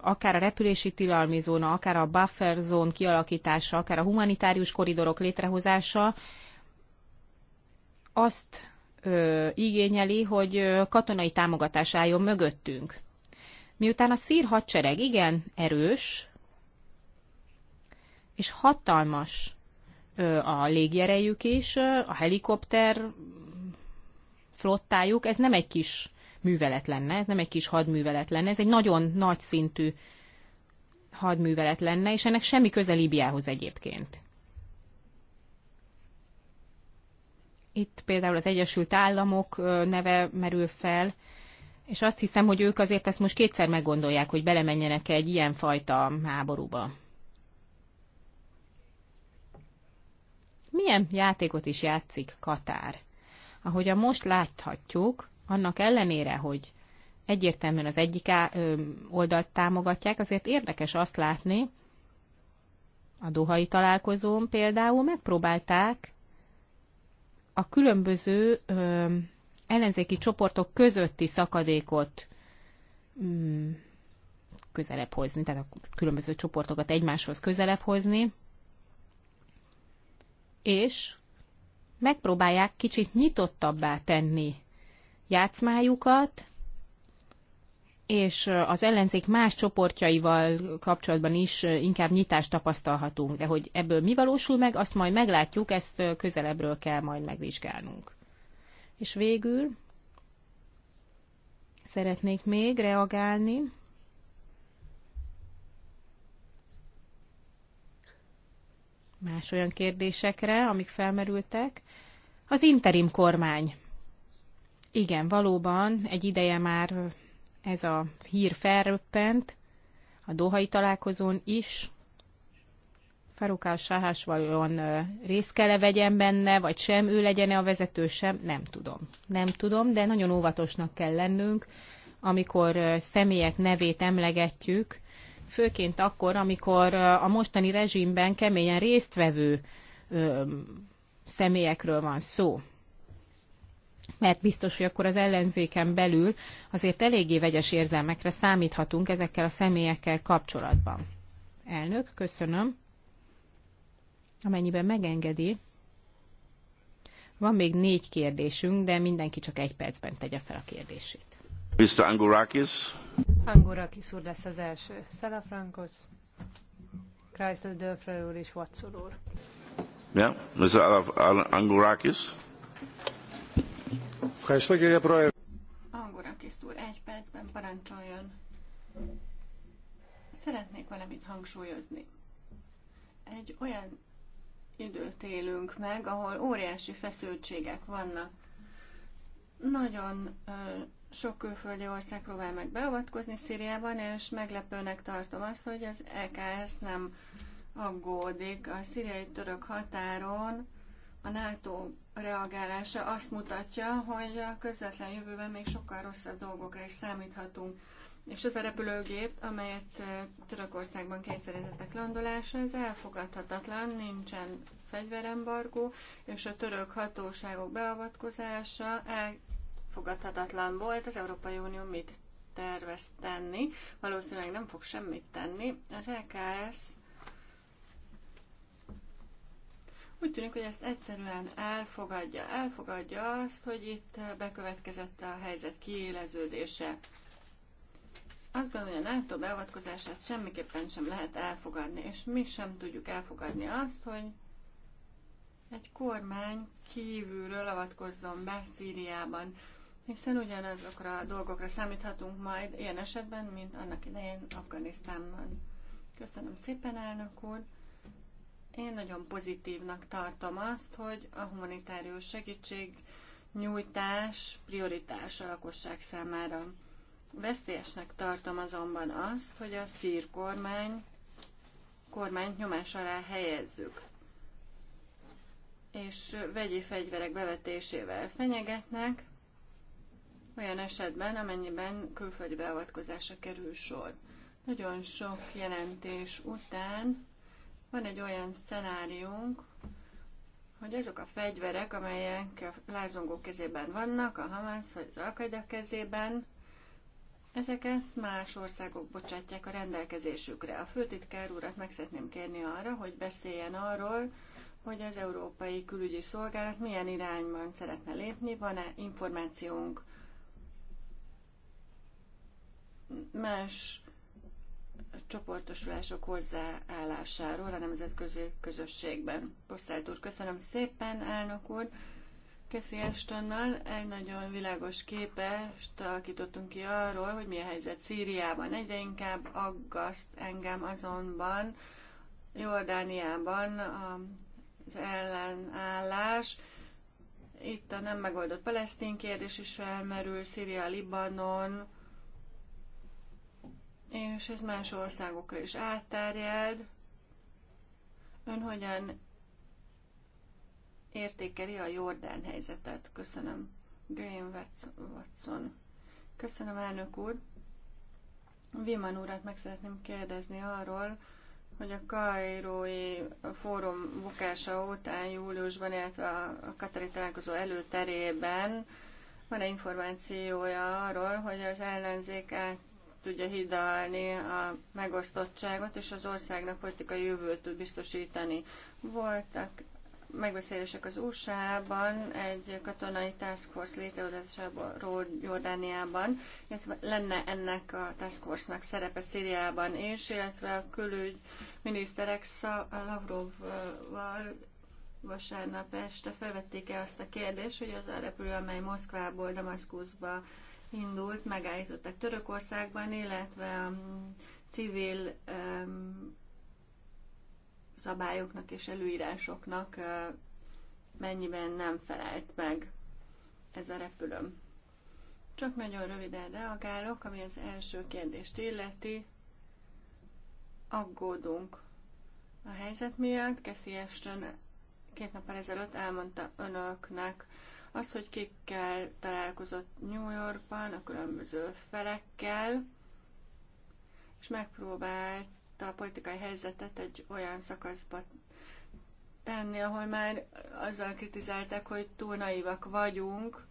akár a repülési tilalmi zóna, akár a buffer zón kialakítása, akár a humanitárius koridorok létrehozása azt ö, igényeli, hogy katonai támogatás álljon mögöttünk. Miután a szír hadsereg igen erős és hatalmas ö, a légierejük is, a helikopter flottájuk, ez nem egy kis művelet lenne, ez nem egy kis hadművelet lenne, ez egy nagyon nagy szintű hadművelet lenne, és ennek semmi köze Líbiához egyébként. Itt például az Egyesült Államok neve merül fel, és azt hiszem, hogy ők azért ezt most kétszer meggondolják, hogy belemenjenek -e egy fajta háborúba. Milyen játékot is játszik Katár? ahogy a most láthatjuk, annak ellenére, hogy egyértelműen az egyik oldalt támogatják, azért érdekes azt látni, a dohai találkozón például megpróbálták a különböző ö, ellenzéki csoportok közötti szakadékot mm, közelebb hozni, tehát a különböző csoportokat egymáshoz közelebb hozni, és megpróbálják kicsit nyitottabbá tenni játszmájukat, és az ellenzék más csoportjaival kapcsolatban is inkább nyitást tapasztalhatunk, de hogy ebből mi valósul meg, azt majd meglátjuk, ezt közelebbről kell majd megvizsgálnunk. És végül szeretnék még reagálni más olyan kérdésekre, amik felmerültek. Az interim kormány. Igen, valóban egy ideje már ez a hír felröppent, a Dohai találkozón is. Farukás Sáhás valóan részt kell -e vegyen benne, vagy sem, ő legyen-e a vezető sem, nem tudom. Nem tudom, de nagyon óvatosnak kell lennünk, amikor személyek nevét emlegetjük, főként akkor, amikor a mostani rezsimben keményen résztvevő személyekről van szó. Mert biztos, hogy akkor az ellenzéken belül azért eléggé vegyes érzelmekre számíthatunk ezekkel a személyekkel kapcsolatban. Elnök, köszönöm. Amennyiben megengedi. Van még négy kérdésünk, de mindenki csak egy percben tegye fel a kérdését. Mr. Angourakis. Angourakis úr lesz az első. Chrysler Dörfler úr és Watson úr. Yeah, Mr. úr, egy percben parancsoljon. Szeretnék valamit hangsúlyozni. Egy olyan időt élünk meg, ahol óriási feszültségek vannak. Nagyon sok külföldi ország próbál meg beavatkozni Szíriában, és meglepőnek tartom azt, hogy az EKS nem aggódik. A szíriai török határon a NATO reagálása azt mutatja, hogy a közvetlen jövőben még sokkal rosszabb dolgokra is számíthatunk. És ez a repülőgép, amelyet eh, Törökországban kényszerítettek landolásra, ez elfogadhatatlan, nincsen fegyverembargó, és a török hatóságok beavatkozása el elfogadhatatlan volt. Az Európai Unió mit tervez tenni? Valószínűleg nem fog semmit tenni. Az LKS e úgy tűnik, hogy ezt egyszerűen elfogadja. Elfogadja azt, hogy itt bekövetkezett a helyzet kiéleződése. Azt gondolom, hogy a NATO beavatkozását semmiképpen sem lehet elfogadni, és mi sem tudjuk elfogadni azt, hogy egy kormány kívülről avatkozzon be Szíriában hiszen ugyanazokra a dolgokra számíthatunk majd ilyen esetben, mint annak idején Afganisztánban. Köszönöm szépen, elnök úr! Én nagyon pozitívnak tartom azt, hogy a humanitárius segítség nyújtás prioritás a lakosság számára. Veszélyesnek tartom azonban azt, hogy a szír kormány kormányt nyomás alá helyezzük és vegyi fegyverek bevetésével fenyegetnek, olyan esetben, amennyiben külföldi beavatkozásra kerül sor. Nagyon sok jelentés után van egy olyan szenáriunk, hogy azok a fegyverek, amelyek a lázongó kezében vannak, a Hamas vagy az Alkaida kezében, ezeket más országok bocsátják a rendelkezésükre. A főtitkár úrat meg szeretném kérni arra, hogy beszéljen arról, hogy az Európai Külügyi Szolgálat milyen irányban szeretne lépni, van-e információnk más csoportosulások hozzáállásáról a nemzetközi közösségben. Posztelt úr, köszönöm szépen, elnök úr. Keszi Estonnal egy nagyon világos képest alakítottunk ki arról, hogy mi a helyzet Szíriában. Egyre inkább aggaszt engem azonban Jordániában az ellenállás. Itt a nem megoldott palesztin kérdés is felmerül, Szíria, Libanon, és ez más országokra is átterjed. Ön hogyan értékeli a Jordán helyzetet? Köszönöm. Graham Watson. Köszönöm, elnök úr. Viman úrát meg szeretném kérdezni arról, hogy a Kairói fórum bukása után júliusban, illetve a Katari találkozó előterében van-e információja arról, hogy az ellenzék át tudja hidalni a megosztottságot, és az országnak politikai jövőt tud biztosítani. Voltak megbeszélések az USA-ban, egy katonai task force létrehozásáról Jordániában, illetve lenne ennek a task force-nak szerepe Szíriában is, illetve a külügyminiszterek Lavrovval vasárnap este felvették el azt a kérdést, hogy az a repülő, amely Moszkvából Damaszkuszba indult, megállították Törökországban, illetve a civil um, szabályoknak és előírásoknak uh, mennyiben nem felelt meg ez a repülő. Csak nagyon röviden reagálok, ami az első kérdést illeti. Aggódunk a helyzet miatt. Keszi Eston két nappal ezelőtt elmondta önöknek az, hogy kikkel találkozott New Yorkban, a különböző felekkel, és megpróbálta a politikai helyzetet egy olyan szakaszba tenni, ahol már azzal kritizálták, hogy túl naivak vagyunk.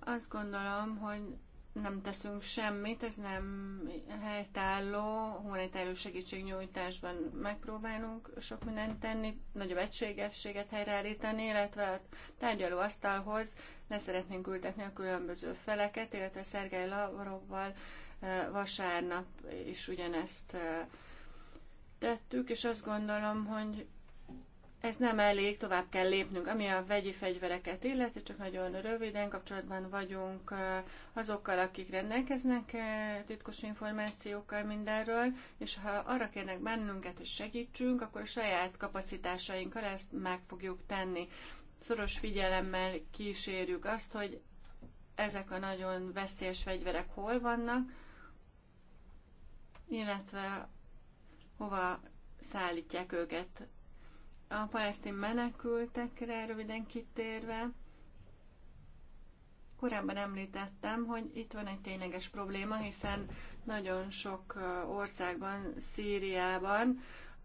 Azt gondolom, hogy nem teszünk semmit, ez nem helytálló, humanitárius segítségnyújtásban megpróbálunk sok mindent tenni, nagyobb egységességet helyreállítani, illetve a tárgyalóasztalhoz le szeretnénk ültetni a különböző feleket, illetve Szergely Lavrovval vasárnap is ugyanezt tettük, és azt gondolom, hogy ez nem elég, tovább kell lépnünk. Ami a vegyi fegyvereket illeti, csak nagyon röviden kapcsolatban vagyunk azokkal, akik rendelkeznek titkos információkkal mindenről, és ha arra kérnek bennünket, hogy segítsünk, akkor a saját kapacitásainkkal ezt meg fogjuk tenni. Szoros figyelemmel kísérjük azt, hogy ezek a nagyon veszélyes fegyverek hol vannak, illetve hova szállítják őket a palesztin menekültekre röviden kitérve, korábban említettem, hogy itt van egy tényleges probléma, hiszen nagyon sok országban, Szíriában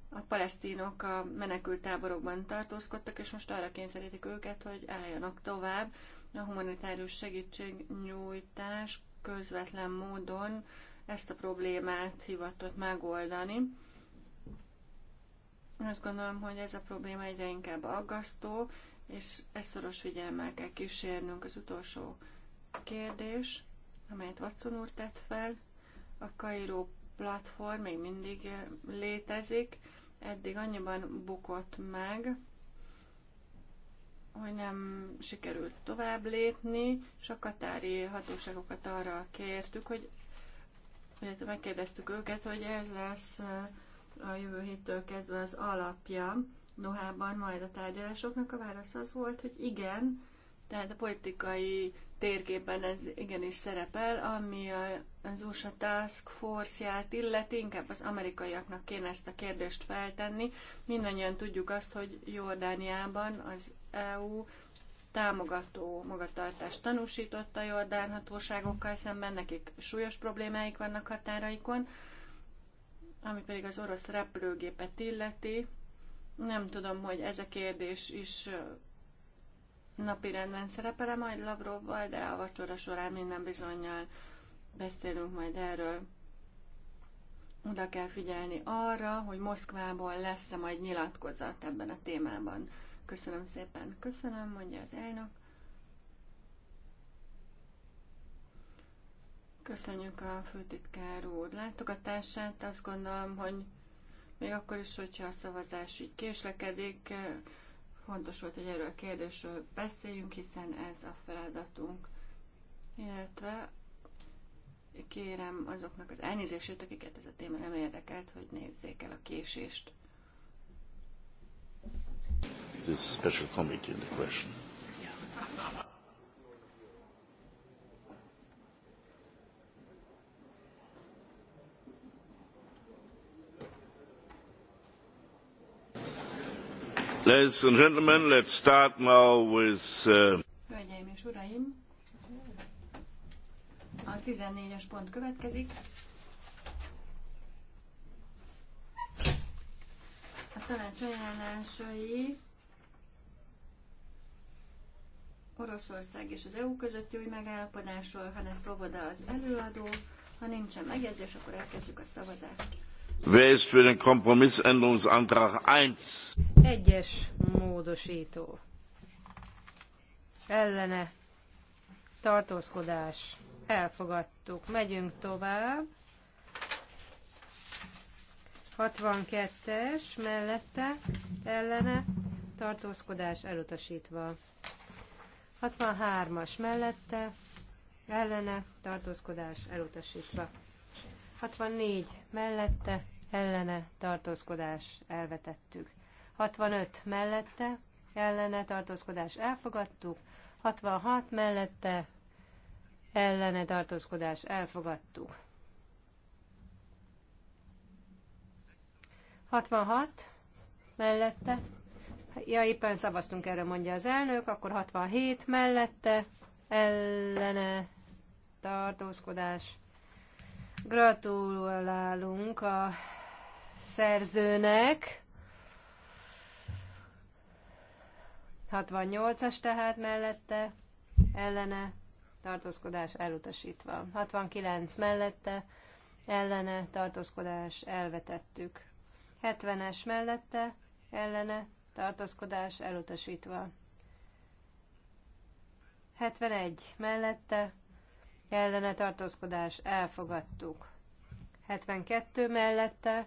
a palesztinok a menekültáborokban tartózkodtak, és most arra kényszerítik őket, hogy álljanak tovább. A humanitárius segítségnyújtás közvetlen módon ezt a problémát hivatott megoldani. Én azt gondolom, hogy ez a probléma egyre inkább aggasztó, és ezt szoros figyelemmel kell kísérnünk az utolsó kérdés, amelyet Watson úr tett fel. A Kairó platform még mindig létezik, eddig annyiban bukott meg, hogy nem sikerült tovább lépni, és a katári hatóságokat arra kértük, hogy hogy megkérdeztük őket, hogy ez lesz a jövő héttől kezdve az alapja Dohában majd a tárgyalásoknak, a válasz az volt, hogy igen, tehát a politikai térképen ez igenis szerepel, ami az USA Task Force-ját illeti, inkább az amerikaiaknak kéne ezt a kérdést feltenni. Mindannyian tudjuk azt, hogy Jordániában az EU támogató magatartást tanúsította a jordán hatóságokkal szemben, nekik súlyos problémáik vannak határaikon, ami pedig az orosz repülőgépet illeti, nem tudom, hogy ez a kérdés is napirenden szerepele majd Lavrovval, de a vacsora során minden bizonyal beszélünk majd erről. Oda kell figyelni arra, hogy Moszkvából lesz-e majd nyilatkozat ebben a témában. Köszönöm szépen. Köszönöm, mondja az elnök. Köszönjük a főtitkár úr látogatását. Azt gondolom, hogy még akkor is, hogyha a szavazás így késlekedik, fontos volt, hogy erről a kérdésről beszéljünk, hiszen ez a feladatunk. Illetve kérem azoknak az elnézését, akiket ez a téma nem érdekelt, hogy nézzék el a késést. This special committee in the question. Yeah. Ladies and gentlemen, let's start now with... Uh, Hölgyeim és uraim, a 14-es pont következik. A tanács ajánlásai Oroszország és az EU közötti új megállapodásról, hanem ne szoboda az előadó, ha nincsen megjegyzés, akkor elkezdjük a szavazást. Wer ist für den Kompromissänderungsantrag 1? Egyes módosító. Ellene. Tartózkodás. Elfogadtuk. Megyünk tovább. 62-es mellette ellene tartózkodás elutasítva. 63-as mellette ellene tartózkodás elutasítva. 64 mellette, ellene tartózkodás elvetettük. 65 mellette, ellene tartózkodás elfogadtuk. 66 mellette, ellene tartózkodás elfogadtuk. 66 mellette, ja éppen szavaztunk erre, mondja az elnök, akkor 67 mellette, ellene tartózkodás Gratulálunk a szerzőnek. 68-as tehát mellette, ellene, tartózkodás elutasítva. 69 mellette, ellene, tartózkodás elvetettük. 70-es mellette, ellene, tartózkodás elutasítva. 71 mellette, ellene tartózkodás elfogadtuk. 72 mellette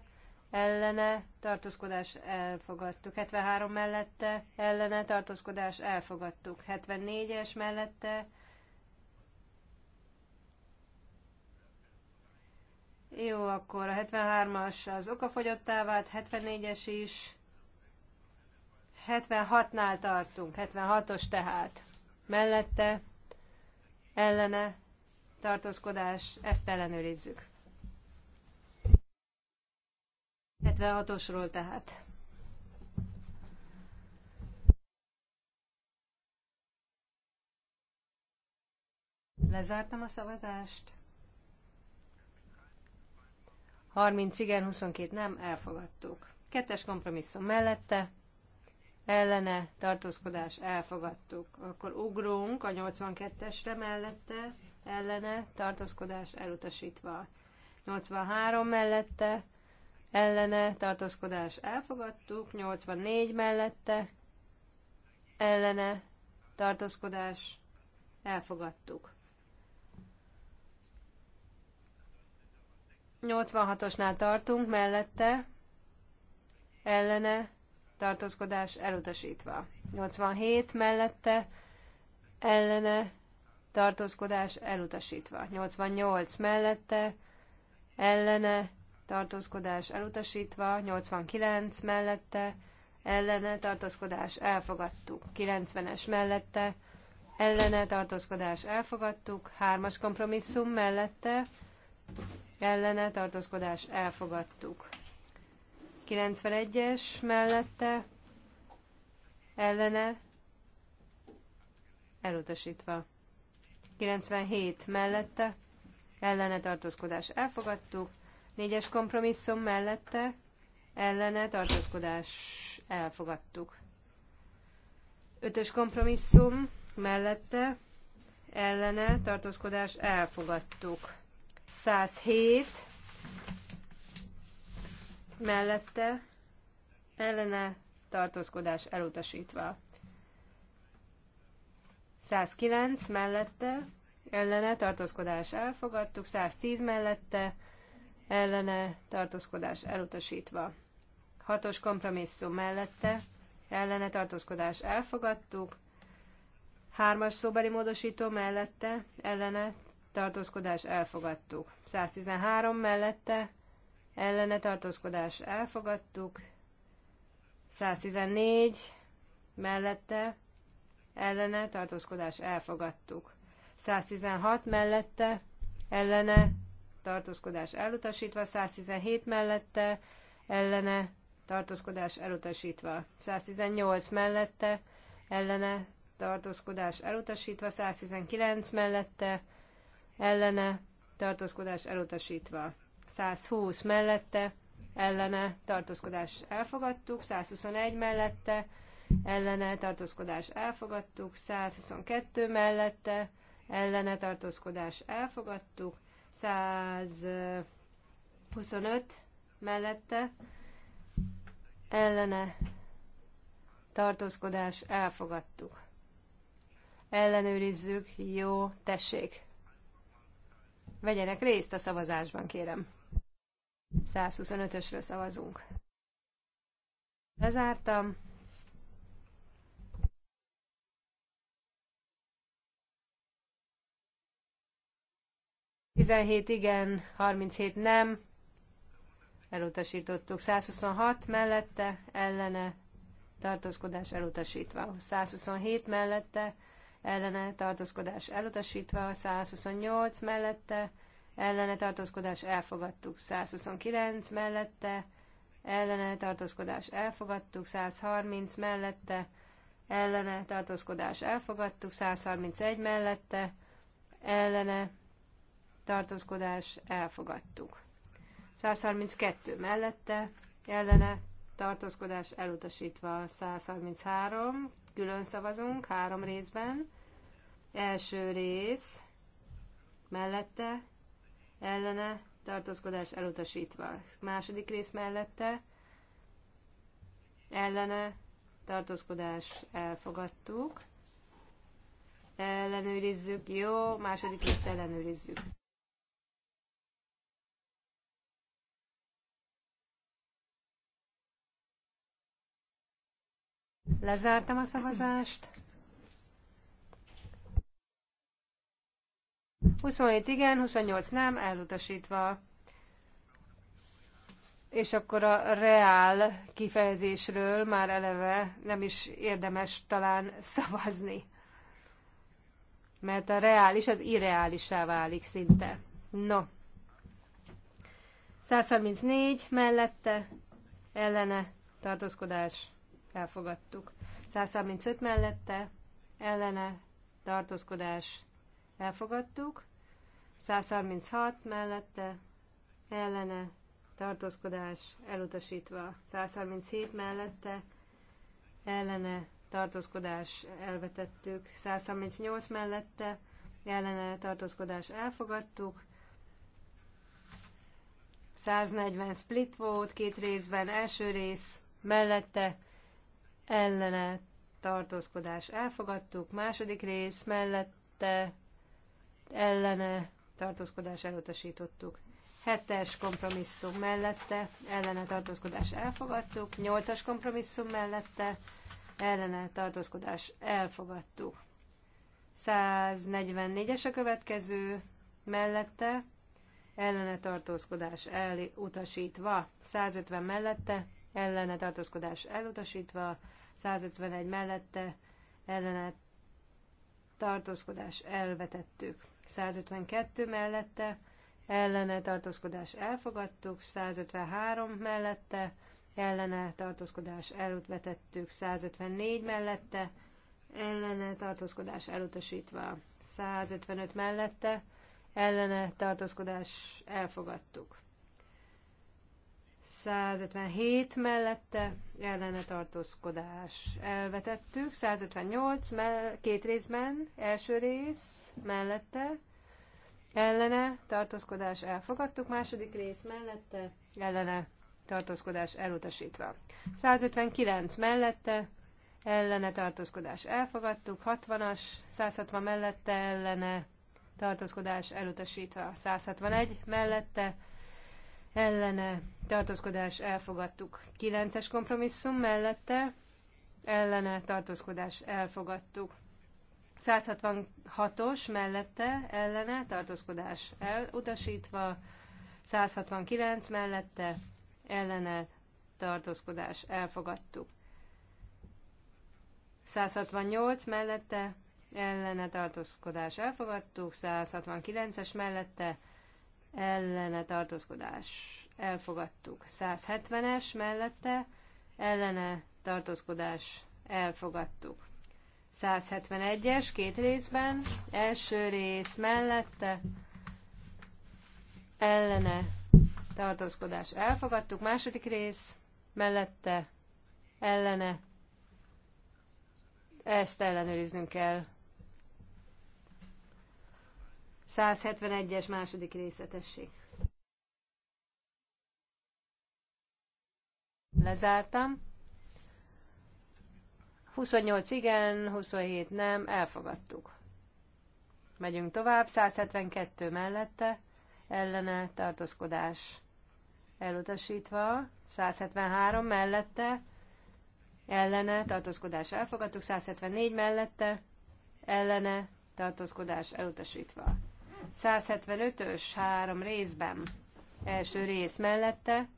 ellene tartózkodás elfogadtuk. 73 mellette ellene tartózkodás elfogadtuk. 74-es mellette Jó, akkor a 73-as az okafogyottá vált, 74-es is. 76-nál tartunk, 76-os tehát. Mellette, ellene, tartózkodás, ezt ellenőrizzük. 76-osról tehát. Lezártam a szavazást. 30 igen, 22 nem, elfogadtuk. Kettes kompromisszum mellette, ellene, tartózkodás, elfogadtuk. Akkor ugrunk a 82-esre mellette, ellene tartózkodás elutasítva. 83 mellette ellene tartózkodás elfogadtuk, 84 mellette ellene tartózkodás elfogadtuk. 86-osnál tartunk, mellette ellene tartózkodás elutasítva. 87 mellette ellene tartózkodás elutasítva. 88 mellette, ellene, tartózkodás elutasítva. 89 mellette, ellene, tartózkodás elfogadtuk. 90-es mellette, ellene, tartózkodás elfogadtuk. 3-as kompromisszum mellette, ellene, tartózkodás elfogadtuk. 91-es mellette, ellene, elutasítva. 97 mellette, ellene tartózkodás elfogadtuk, 4-es kompromisszum mellette, ellene tartózkodás elfogadtuk. 5-ös kompromisszum mellette, ellene tartózkodás elfogadtuk. 107 mellette, ellene tartózkodás elutasítva. 109 mellette ellene tartózkodás elfogadtuk, 110 mellette ellene tartózkodás elutasítva. Hatos kompromisszum mellette ellene tartózkodás elfogadtuk, hármas szóbeli módosító mellette ellene tartózkodás elfogadtuk, 113 mellette ellene tartózkodás elfogadtuk, 114 mellette ellene tartózkodás elfogadtuk. 116 mellette ellene tartózkodás elutasítva, 117 mellette ellene tartózkodás elutasítva, 118 mellette ellene tartózkodás elutasítva, 119 mellette ellene tartózkodás elutasítva, 120 mellette ellene tartózkodás elfogadtuk, 121 mellette ellene tartózkodás elfogadtuk, 122 mellette ellene tartózkodás elfogadtuk, 125 mellette ellene tartózkodás elfogadtuk. Ellenőrizzük, jó, tessék. Vegyenek részt a szavazásban, kérem. 125-ösről szavazunk. Lezártam. 17 igen, 37 nem. Elutasítottuk. 126 mellette, ellene, tartózkodás elutasítva. 127 mellette, ellene, tartózkodás elutasítva. 128 mellette, ellene, tartózkodás elfogadtuk. 129 mellette, ellene, tartózkodás elfogadtuk. 130 mellette, ellene, tartózkodás elfogadtuk. 131 mellette, ellene, tartózkodás, elfogadtuk. 132 mellette, ellene, tartózkodás elutasítva. 133, külön szavazunk, három részben. Első rész, mellette, ellene, tartózkodás elutasítva. Második rész mellette, ellene, tartózkodás elfogadtuk. Ellenőrizzük, jó, második részt ellenőrizzük. Lezártam a szavazást. 27 igen, 28 nem, elutasítva. És akkor a reál kifejezésről már eleve nem is érdemes talán szavazni. Mert a reális az irreálisá válik szinte. No. 134 mellette ellene tartózkodás elfogadtuk. 135 mellette, ellene, tartózkodás, elfogadtuk. 136 mellette, ellene, tartózkodás, elutasítva. 137 mellette, ellene, tartózkodás, elvetettük. 138 mellette, ellene, tartózkodás, elfogadtuk. 140 split volt, két részben, első rész, mellette, ellene tartózkodás elfogadtuk, második rész mellette ellene tartózkodás elutasítottuk. Hetes kompromisszum mellette ellene tartózkodás elfogadtuk, nyolcas kompromisszum mellette ellene tartózkodás elfogadtuk. 144-es a következő mellette ellene tartózkodás elutasítva, 150 mellette ellene tartózkodás elutasítva, 151 mellette ellene tartózkodás elvetettük, 152 mellette ellene tartózkodás elfogadtuk, 153 mellette ellene tartózkodás elutvetettük, 154 mellette ellene tartózkodás elutasítva, 155 mellette ellene tartózkodás elfogadtuk. 157 mellette ellene tartózkodás elvetettük, 158 mell- két részben, első rész mellette ellene tartózkodás elfogadtuk, második rész mellette ellene tartózkodás elutasítva. 159 mellette ellene tartózkodás elfogadtuk, 60-as, 160 mellette ellene tartózkodás elutasítva, 161 mellette ellene tartózkodás elfogadtuk. 9-es kompromisszum mellette ellene tartózkodás elfogadtuk. 166-os mellette ellene tartózkodás elutasítva, 169 mellette ellene tartózkodás elfogadtuk. 168 mellette ellene tartózkodás elfogadtuk, 169-es mellette ellene tartózkodás elfogadtuk. 170-es mellette ellene tartózkodás elfogadtuk. 171-es két részben, első rész mellette ellene tartózkodás elfogadtuk, második rész mellette ellene ezt ellenőriznünk kell. 171-es második részletesség. Lezártam. 28 igen, 27 nem, elfogadtuk. Megyünk tovább, 172 mellette, ellene tartózkodás elutasítva, 173 mellette, ellene tartózkodás elfogadtuk, 174 mellette, ellene tartózkodás elutasítva. 175-ös három részben. Első rész mellette,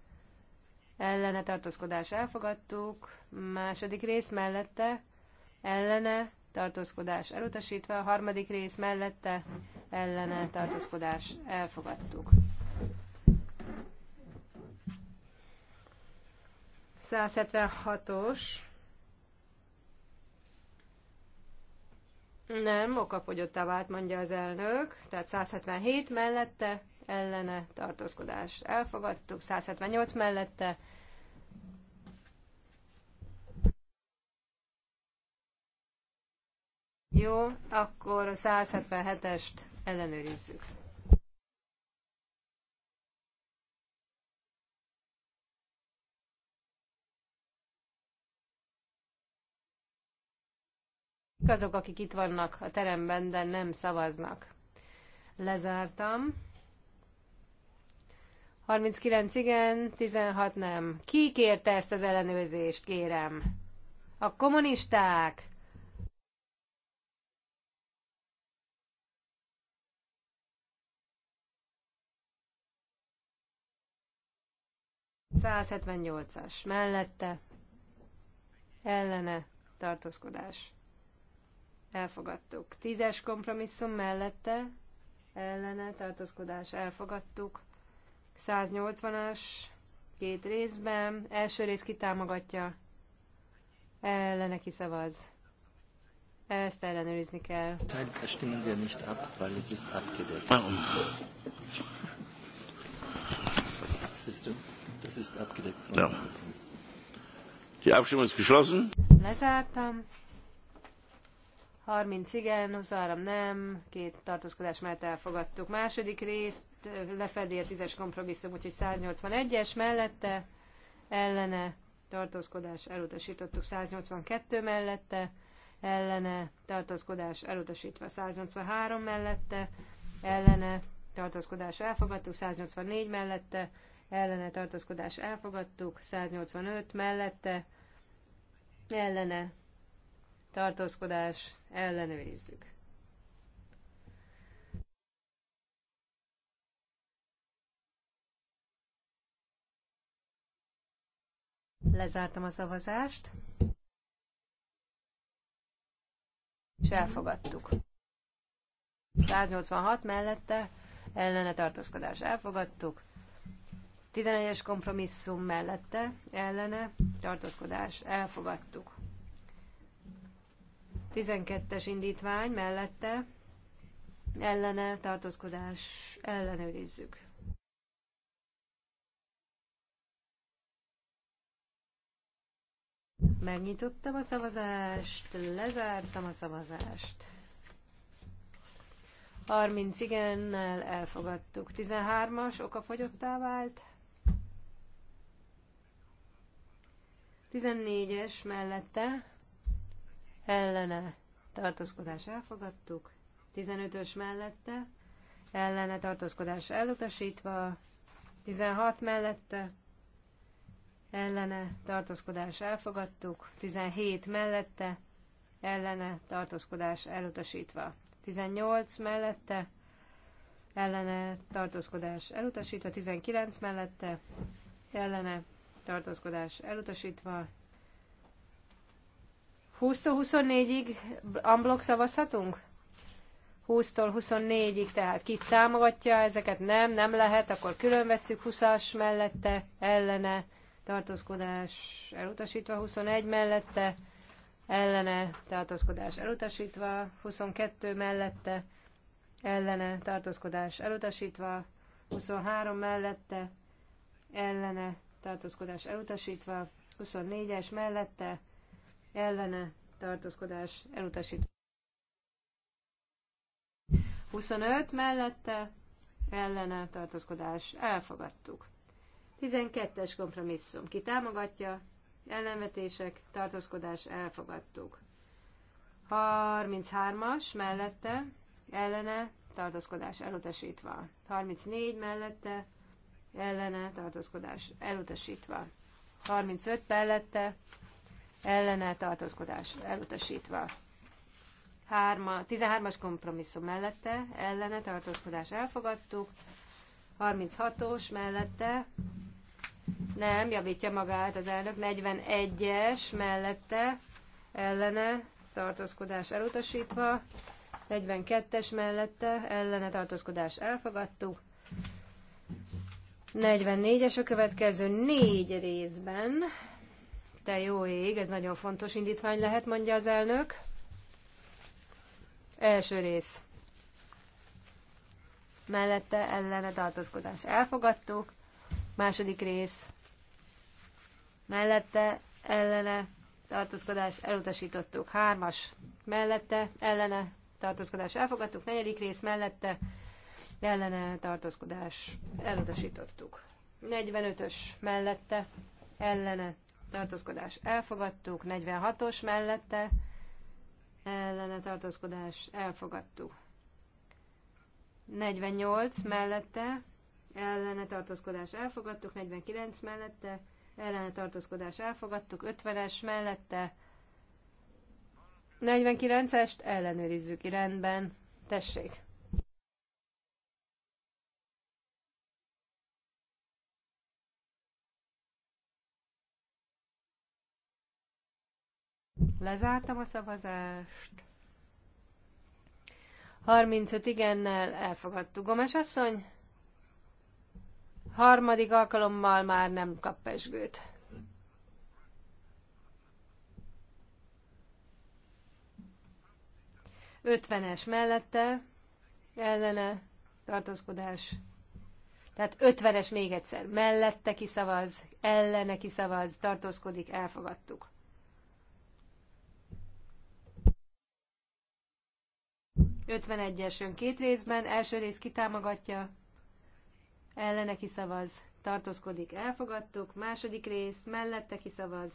ellene tartózkodás elfogadtuk, második rész mellette, ellene tartózkodás elutasítva, a harmadik rész mellette, ellene tartózkodás elfogadtuk. 176-os Nem, okafogyottá vált, mondja az elnök. Tehát 177 mellette, ellene tartózkodás elfogadtuk, 178 mellette. Jó, akkor a 177-est ellenőrizzük. azok, akik itt vannak a teremben, de nem szavaznak. Lezártam. 39 igen, 16 nem. Ki kérte ezt az ellenőrzést, kérem? A kommunisták! as mellette ellene tartózkodás elfogadtuk. Tízes kompromisszum mellette, ellene tartózkodás elfogadtuk. 180-as két részben, első rész kitámogatja, ellene kiszavaz. Ezt ellenőrizni kell. Das ist abgedeckt. Ja. Die Abstimmung ist geschlossen. Lezártam. 30 igen, 23 nem, két tartózkodás mellett elfogadtuk. Második részt lefedi a 10-es kompromisszum, úgyhogy 181-es mellette, ellene, tartózkodás elutasítottuk 182 mellette, ellene, tartózkodás elutasítva 183 mellette, ellene, tartózkodás elfogadtuk 184 mellette, ellene tartózkodás elfogadtuk, 185 mellette, ellene tartózkodás, ellenőrizzük. Lezártam a szavazást, és elfogadtuk. 186 mellette ellene tartózkodás elfogadtuk, 11-es kompromisszum mellette ellene tartózkodás elfogadtuk. 12-es indítvány mellette ellene tartózkodás ellenőrizzük. Megnyitottam a szavazást, lezártam a szavazást. 30 igennel elfogadtuk. 13-as okafogyottá vált. 14-es mellette ellene tartózkodás elfogadtuk, 15-ös mellette ellene tartózkodás elutasítva, 16 mellette ellene tartózkodás elfogadtuk, 17 mellette ellene tartózkodás elutasítva, 18 mellette ellene tartózkodás elutasítva, 19 mellette ellene tartózkodás elutasítva, 20-24-ig unblock szavazhatunk? 20-tól 24-ig, tehát ki támogatja ezeket? Nem, nem lehet, akkor külön vesszük 20-as mellette, ellene, tartózkodás elutasítva, 21 mellette, ellene, tartózkodás elutasítva, 22 mellette, ellene, tartózkodás elutasítva, 23 mellette, ellene, tartózkodás elutasítva, 24-es mellette, ellene tartózkodás elutasít. 25 mellette ellene tartózkodás elfogadtuk. 12-es kompromisszum ki támogatja, ellenvetések, tartózkodás elfogadtuk. 33-as mellette ellene tartózkodás elutasítva. 34 mellette ellene tartózkodás elutasítva. 35 mellette ellene tartózkodás elutasítva. 13-as kompromisszum mellette ellene tartózkodás elfogadtuk, 36-os mellette nem, javítja magát az elnök, 41-es mellette ellene tartózkodás elutasítva, 42-es mellette ellene tartózkodás elfogadtuk, 44-es a következő négy részben, te jó ég, ez nagyon fontos indítvány lehet, mondja az elnök. Első rész. Mellette ellene tartózkodás elfogadtuk. Második rész. Mellette ellene tartózkodás elutasítottuk. Hármas. Mellette ellene tartózkodás elfogadtuk. Negyedik rész mellette ellene tartózkodás elutasítottuk. 45-ös mellette ellene tartózkodás elfogadtuk, 46-os mellette ellene tartózkodás elfogadtuk. 48 mellette ellene tartózkodás elfogadtuk, 49 mellette ellene tartózkodás elfogadtuk, 50-es mellette 49-est ellenőrizzük rendben. Tessék! Lezártam a szavazást. 35 igennel elfogadtuk. Gomes asszony? Harmadik alkalommal már nem kap pesgőt. Ötvenes mellette, ellene, tartózkodás. Tehát ötvenes még egyszer mellette kiszavaz, ellene kiszavaz, tartózkodik, elfogadtuk. 51-esön két részben, első rész kitámogatja, ellene kiszavaz, tartózkodik, elfogadtuk, második rész mellette kiszavaz,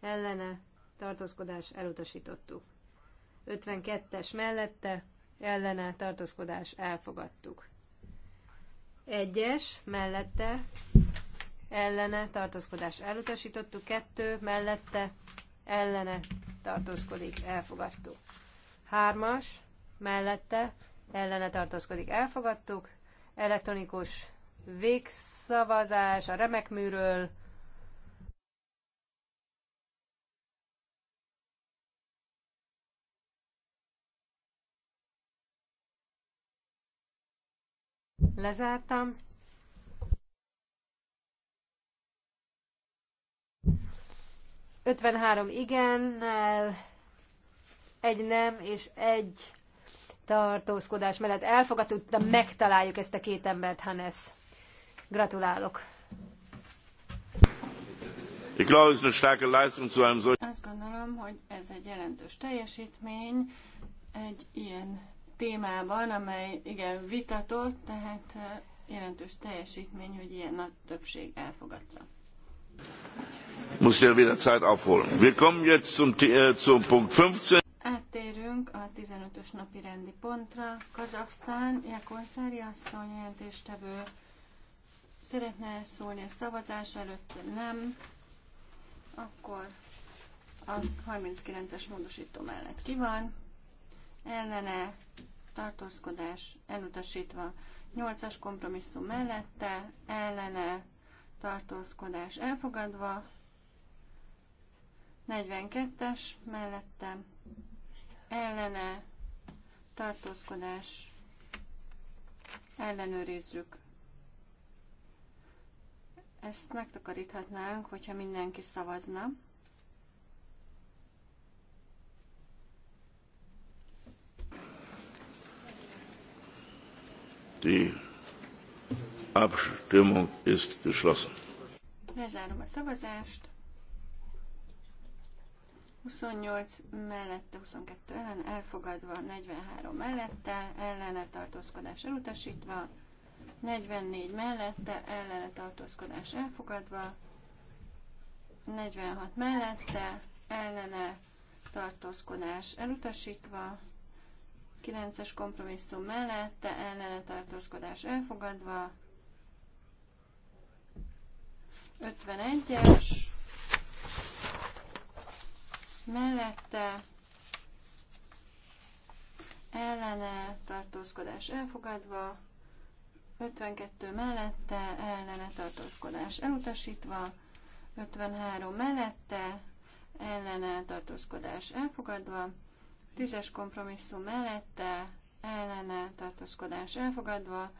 ellene, tartózkodás, elutasítottuk. 52-es mellette, ellene, tartózkodás, elfogadtuk. Egyes, mellette, ellene, tartózkodás, elutasítottuk. Kettő, mellette, ellene, tartózkodik, elfogadtuk. Hármas, mellette ellene tartózkodik. Elfogadtuk. Elektronikus végszavazás a remek műről. Lezártam. Ötvenhárom igen, egy nem és egy tartózkodás mellett elfogadott, de megtaláljuk ezt a két embert, Hannes. Gratulálok! Azt gondolom, hogy ez egy jelentős teljesítmény egy ilyen témában, amely igen vitatott, tehát jelentős teljesítmény, hogy ilyen nagy többség elfogadta. Muss ja wieder Zeit aufholen. Wir kommen jetzt zum, äh, zum Punkt 15 áttérünk a 15-ös napi rendi pontra. Kazaksztán, Jakon Szári asszony jelentéstevő szeretne szólni a szavazás előtt, nem, akkor a 39-es módosító mellett ki van, ellene tartózkodás elutasítva, 8-as kompromisszum mellette, ellene tartózkodás elfogadva, 42-es mellettem, ellene tartózkodás ellenőrizzük. Ezt megtakaríthatnánk, hogyha mindenki szavazna. Die Abstimmung ist geschlossen. Lezárom a szavazást. 28 mellette, 22 ellen elfogadva, 43 mellette, ellene tartózkodás elutasítva, 44 mellette, ellene tartózkodás elfogadva, 46 mellette, ellene tartózkodás elutasítva, 9-es kompromisszum mellette, ellene tartózkodás elfogadva, 51-es, mellette ellene tartózkodás elfogadva, 52 mellette ellene tartózkodás elutasítva, 53 mellette ellene tartózkodás elfogadva, 10-es kompromisszum mellette ellene tartózkodás elfogadva,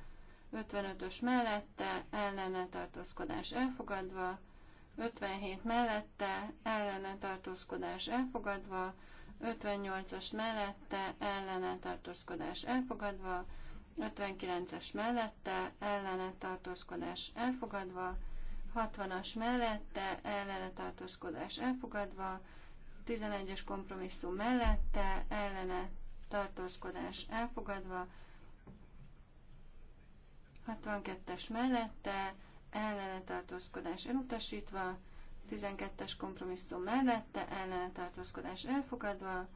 55-ös mellette ellene tartózkodás elfogadva, 57 mellette ellene tartózkodás elfogadva, 58-as mellette ellene tartózkodás elfogadva, 59-es mellette ellene tartózkodás elfogadva, 60-as mellette ellene tartózkodás elfogadva, 11-es kompromisszum mellette ellene tartózkodás elfogadva, 62-es mellette ellenetartózkodás elutasítva, 12-es kompromisszum mellette ellenetartózkodás elfogadva,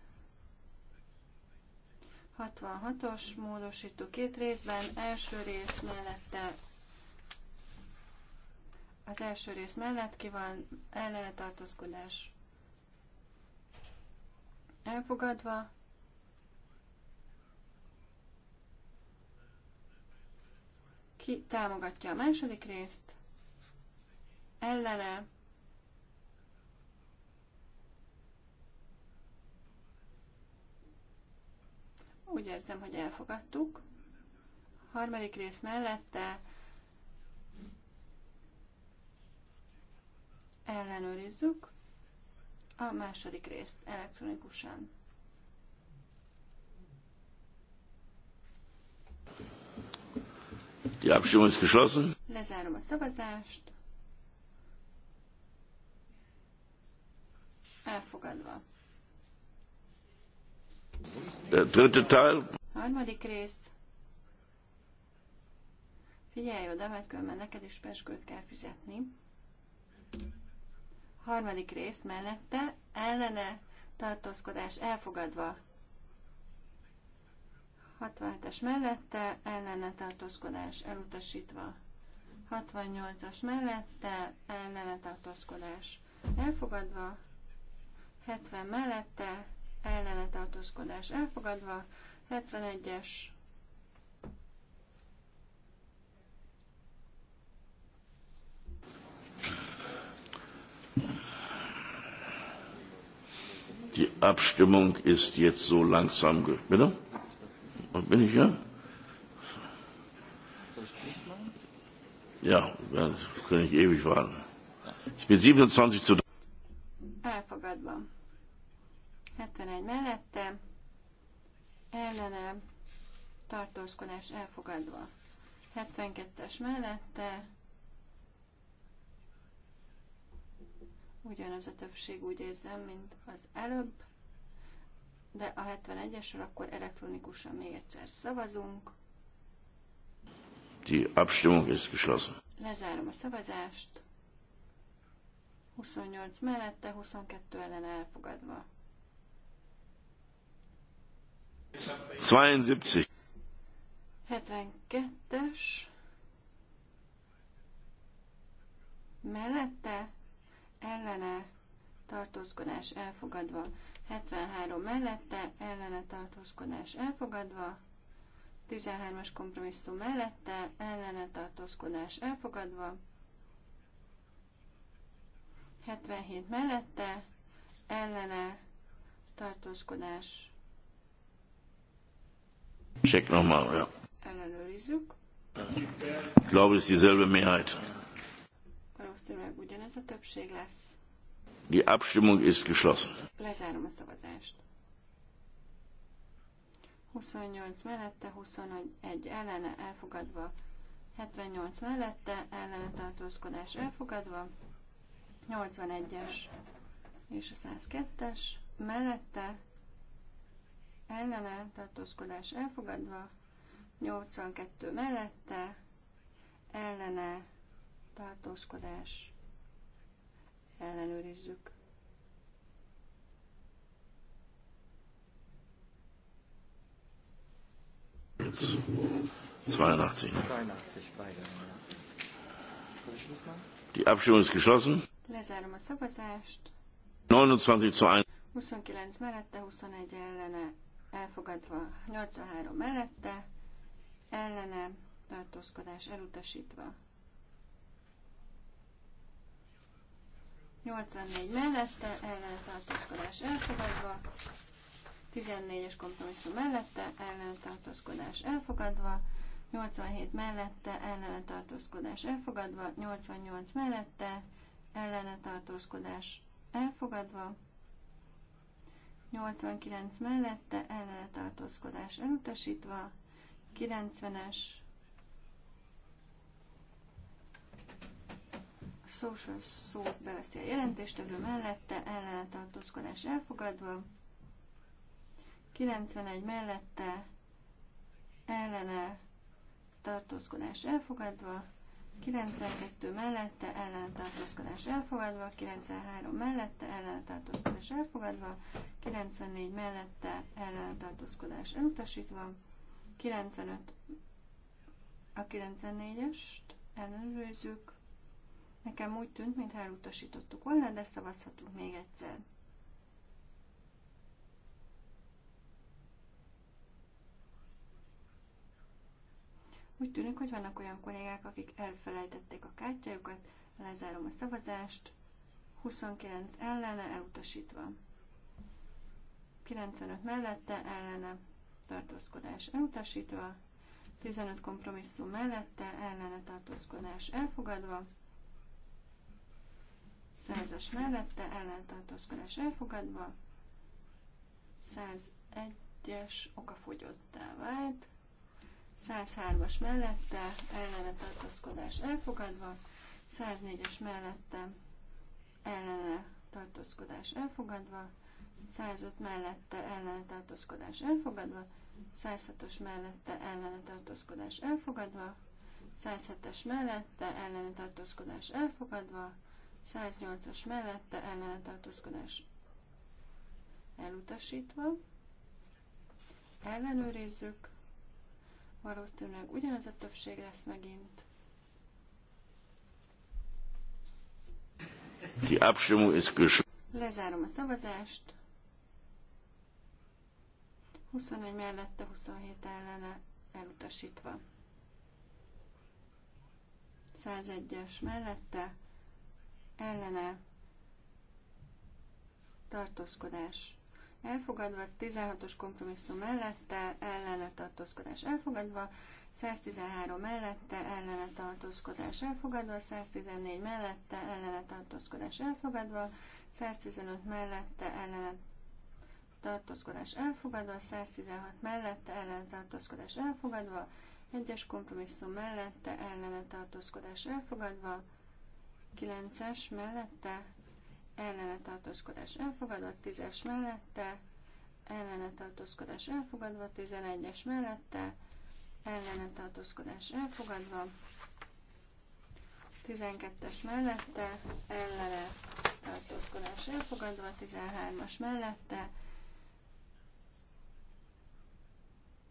66-os módosító két részben, első rész mellette az első rész mellett ki van ellenetartózkodás elfogadva, Ki támogatja a második részt? Ellene. Úgy érzem, hogy elfogadtuk. A harmadik rész mellette ellenőrizzük a második részt elektronikusan. Die Abstimmung ist geschlossen. Lezárom a szavazást. Elfogadva. Der dritte Teil. Harmadik rész. Figyelj oda, mert különben neked is peskőt kell fizetni. Harmadik rész mellette ellene tartózkodás elfogadva. 67-es mellette, ellene tartózkodás elutasítva. 68-as mellette, ellene tartózkodás elfogadva. 70 mellette, ellene tartózkodás elfogadva. 71-es Die Abstimmung ist jetzt so langsam. Bitte? Wo bin ich ja? Ja, dann kann ich ewig warten. Ich bin 27 zu... Elfogadva. 71 mellette, ellene, tartózkodás elfogadva. 72-es mellette, ugyanaz a többség úgy érzem, mint az előbb, de a 71-esről akkor elektronikusan még egyszer szavazunk. Die Abstimmung ist geschlossen. Lezárom a szavazást. 28 mellette, 22 ellen elfogadva. 72. 72-es. Mellette, ellene, tartózkodás elfogadva. 73 mellette, ellene tartózkodás elfogadva, 13-as kompromisszum mellette, ellene tartózkodás elfogadva, 77 mellette, ellene tartózkodás Check nochmal, ja. Ellenőrizzük. Ich glaube, es ist dieselbe Mehrheit. Valószínűleg ugyanez a többség lesz. Die Abstimmung ist geschlossen. Lezárom a szavazást. 28 mellette, 21 ellene elfogadva, 78 mellette, ellene tartózkodás elfogadva, 81-es és a 102-es mellette, ellene tartózkodás elfogadva, 82 mellette, ellene tartózkodás ellenőrizzük. Die Abstimmung ist geschlossen. Lezárom a szavazást. 29 zu 1. 29 mellette, 21 ellene, elfogadva 83 mellette, ellene, tartózkodás elutasítva. 84 mellette, ellentartózkodás elfogadva, 14-es kompromisszum mellette, ellentartózkodás elfogadva, 87 mellette, ellentartózkodás elfogadva, 88 mellette, ellentartózkodás elfogadva, 89 mellette, ellentartózkodás elutasítva, 90-es social szót beveszi a jelentéstevő mellette, ellene elfogadva, 91 mellette, ellene tartózkodás elfogadva, 92 mellette tartózkodás elfogadva, 93 mellette tartózkodás elfogadva, 94 mellette tartózkodás elutasítva, 95 a 94-est ellenőrizzük, Nekem úgy tűnt, mintha elutasítottuk volna, de szavazhatunk még egyszer. Úgy tűnik, hogy vannak olyan kollégák, akik elfelejtették a kártyájukat, lezárom a szavazást, 29 ellene elutasítva. 95 mellette ellene tartózkodás elutasítva, 15 kompromisszum mellette ellene tartózkodás elfogadva, 100-as mellette ellentartózkodás elfogadva, 101-es okafogyottá vált, 103-as mellette ellene tartózkodás elfogadva, 104-es mellette ellene tartózkodás elfogadva, 105 mellette ellene tartózkodás elfogadva, 106-os mellette ellene tartózkodás elfogadva, 107-es mellette ellene tartózkodás elfogadva, 108-as mellette ellene tartózkodás elutasítva. Ellenőrizzük. Valószínűleg ugyanaz a többség lesz megint. Lezárom a szavazást. 21 mellette, 27 ellene elutasítva. 101-es mellette ellene tartózkodás elfogadva, 16-os kompromisszum mellette ellene tartózkodás elfogadva, 113 mellette ellene tartózkodás elfogadva, 114 mellette ellene tartózkodás elfogadva, 115 mellette ellene tartózkodás elfogadva, 116 mellette ellene tartózkodás elfogadva, 1-es kompromisszum mellette ellene tartózkodás elfogadva, 9-es mellette ellene tartózkodás elfogadva, 10-es mellette ellene tartózkodás elfogadva, 11-es mellette ellene tartózkodás elfogadva, 12-es mellette ellene tartózkodás elfogadva, 13-as mellette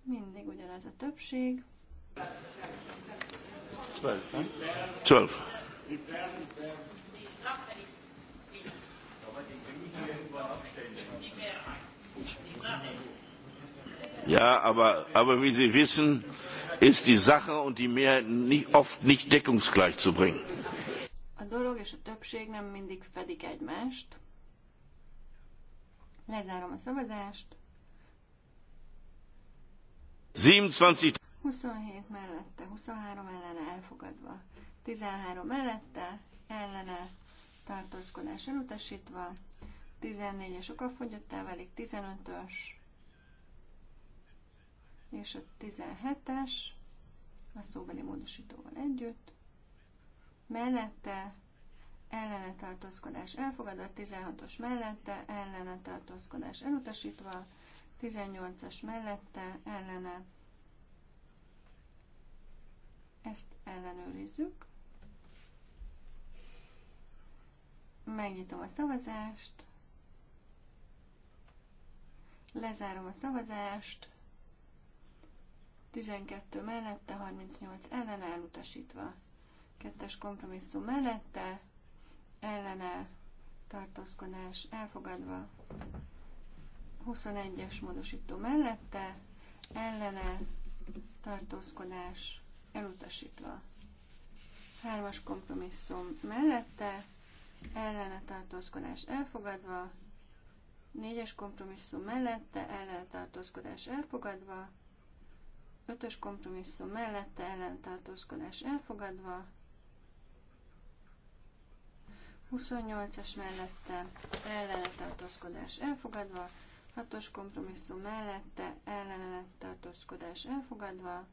mindig ugyanaz a többség. 12, 12. Ja, aber, aber wie Sie wissen, ist die Sache und die Mehrheit nicht, oft nicht deckungsgleich zu bringen. A dolog és a többség nem mindig fedik egymást. Lezárom a szavazást. 27. 27 mellette, 23 ellen elfogadva. 13 mellette, ellene tartózkodás elutasítva, 14-es okafogyottá válik, 15-ös és a 17-es a szóbeli módosítóval együtt, mellette ellene tartózkodás elfogadott, 16-os mellette ellene tartózkodás elutasítva, 18-as mellette ellene ezt ellenőrizzük. Megnyitom a szavazást. Lezárom a szavazást. 12 mellette, 38 ellen elutasítva. Kettes kompromisszum mellette, ellene tartózkodás elfogadva. 21-es módosító mellette, ellene tartózkodás elutasítva. Hármas kompromisszum mellette, ellene tartózkodás elfogadva, négyes kompromisszum mellette ellen tartózkodás elfogadva, ötös kompromisszum mellette ellen tartózkodás elfogadva, 28-as mellette ellene tartózkodás elfogadva, 6-os kompromisszum mellette ellene tartózkodás elfogadva,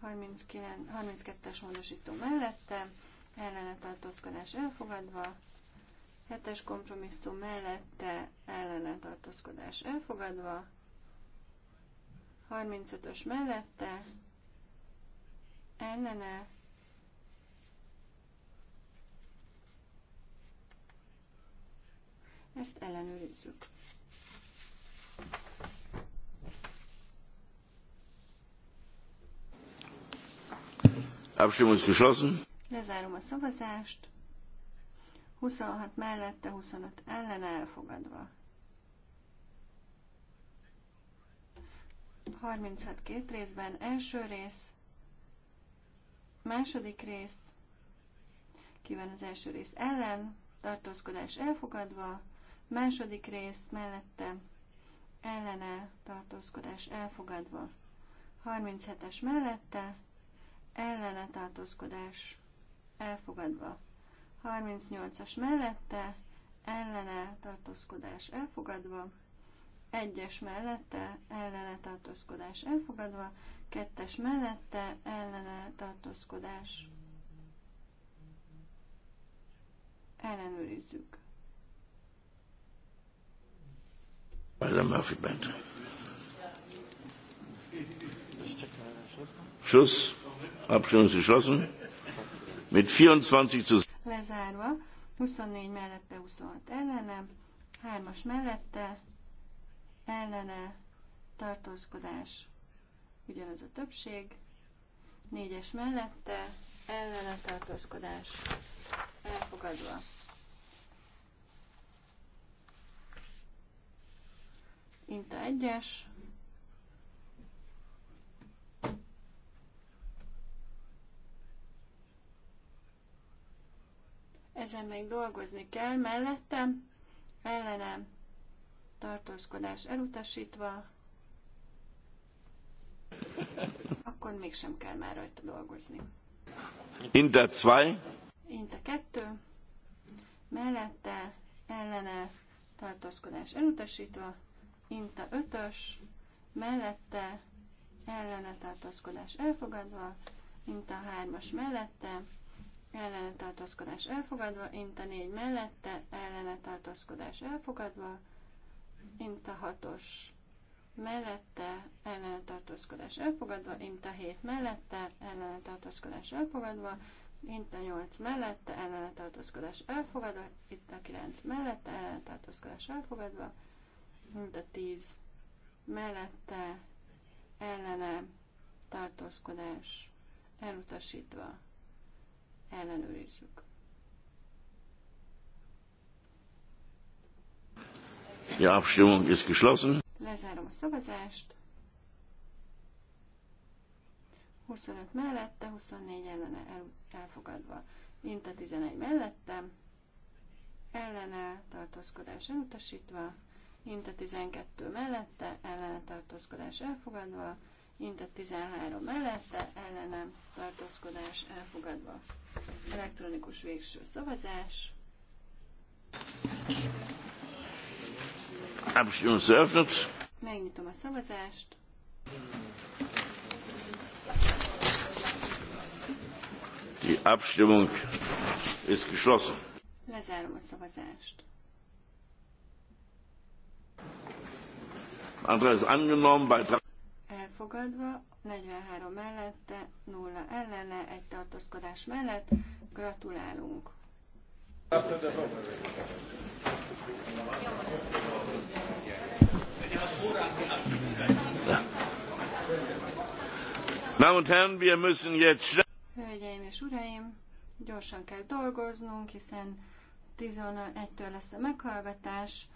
39, 32-es módosító mellette, ellenetartózkodás tartózkodás elfogadva, hetes kompromisszum mellette ellenetartózkodás elfogadva, 35-ös mellette ellene Ezt ellenőrizzük. Abstimmung ist geschlossen. Lezárom a szavazást. 26 mellette, 25 ellen elfogadva. 36 két részben, első rész, második rész, kíván az első rész ellen, tartózkodás elfogadva, második rész mellette, ellene, tartózkodás elfogadva, 37-es mellette, ellene tartózkodás elfogadva. 38-as mellette, ellene tartózkodás elfogadva, 1-es mellette, ellene tartózkodás elfogadva, 2-es mellette, ellene tartózkodás ellenőrizzük. Madame Murphy Benton. Schuss. Abstimmung geschlossen. Mit 24 zu... Lezárva, 24 mellette, 26 ellene, 3-as mellette, ellene, tartózkodás, ugyanez a többség, 4-es mellette, ellene, tartózkodás, elfogadva. Inta 1-es, ezen még dolgozni kell, mellettem ellenem tartózkodás elutasítva, akkor mégsem kell már rajta dolgozni. Inte 2. Inte 2. Mellette ellene tartózkodás elutasítva, Inta 5-ös, mellette ellene tartózkodás elfogadva, Inta 3-as mellette ellene tartózkodás elfogadva, a 4 mellette, ellene tartózkodás elfogadva, Inta 6-os mellette, ellene tartózkodás elfogadva, a 7 mellette, ellene tartózkodás elfogadva, a 8 mellette, ellene tartózkodás elfogadva, a 9 mellette, ellene tartózkodás elfogadva, a 10 mellette, ellene tartózkodás elutasítva ellenőrizzük. Die Abstimmung ist geschlossen. Lezárom a szavazást. 25 mellette, 24 ellene el, elfogadva. Inta 11 mellette, ellene tartózkodás elutasítva. Inta 12 mellette, ellene tartózkodás elfogadva a 13 mellette, ellenem tartózkodás elfogadva. Elektronikus végső szavazás. Megnyitom a szavazást. Die Abstimmung ist geschlossen. Lezárom a szavazást. András angenommen bei elfogadva, 43 mellette, 0 ellene, egy tartózkodás mellett. Gratulálunk! Hölgyeim és uraim, gyorsan kell dolgoznunk, hiszen 11-től lesz a meghallgatás.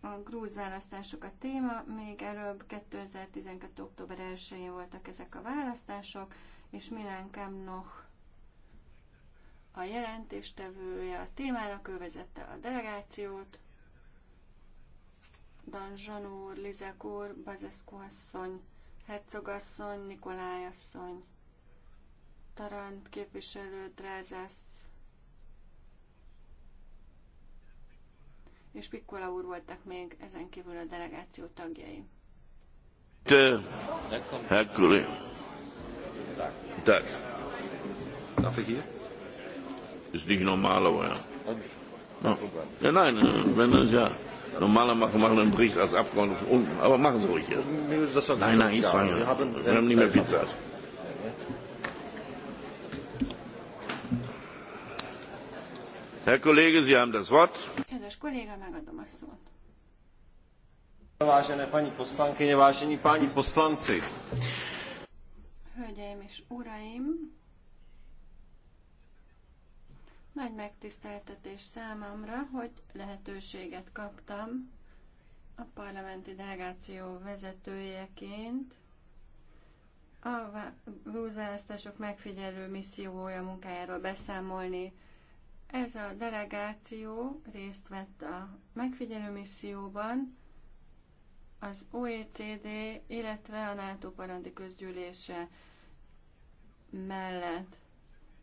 A grúz választások a téma, még előbb 2012. október 1-én voltak ezek a választások, és Milán Kemnoch a jelentéstevője a témának, ő vezette a delegációt. Danzsan úr, Lizek úr, Bazeszko asszony, Hercogasszony, Nikolály asszony, Tarant képviselő, Drázász és Pikkola úr voltak még ezen kívül a delegáció tagjai. Herr Kollege. Tag. Darf Ist nicht normal, aber ja. No. Ja, nein, äh, wenn das äh, ja normaler machen, machen einen Bericht als Abgeordneter von unten. Aber machen Sie ruhig jetzt. Nein, nein, ich fange. Wir haben nicht mehr Pizza. Haben. Herr Kollege, Sie haben das Wort. Kedves megadom Vážené pani poslankyne, vážení páni poslanci. Hölgyeim és uraim, nagy megtiszteltetés számomra, hogy lehetőséget kaptam a parlamenti delegáció vezetőjeként a grúz megfigyelő missziója munkájáról beszámolni. Ez a delegáció részt vett a megfigyelő misszióban az OECD, illetve a NATO parlamenti közgyűlése mellett.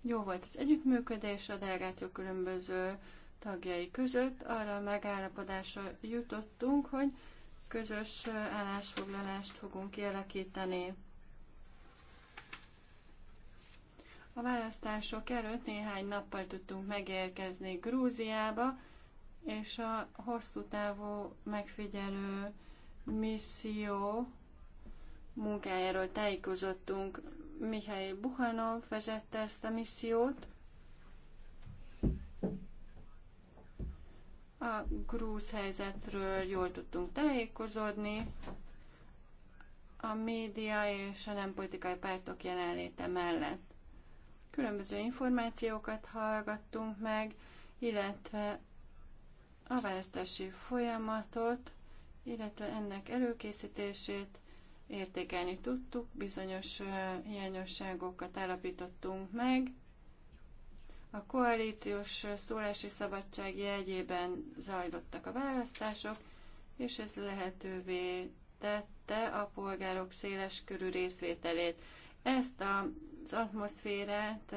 Jó volt az együttműködés a delegáció különböző tagjai között. Arra a megállapodásra jutottunk, hogy közös állásfoglalást fogunk kialakítani. A választások előtt néhány nappal tudtunk megérkezni Grúziába, és a hosszú távú megfigyelő misszió munkájáról tájékozottunk. Mihály Buhanov vezette ezt a missziót. A grúz helyzetről jól tudtunk tájékozódni. A média és a nem politikai pártok jelenléte mellett Különböző információkat hallgattunk meg, illetve a választási folyamatot, illetve ennek előkészítését értékelni tudtuk, bizonyos hiányosságokat állapítottunk meg. A koalíciós szólási szabadság jegyében zajlottak a választások, és ez lehetővé tette a polgárok széles körű részvételét. Ezt a az atmoszférát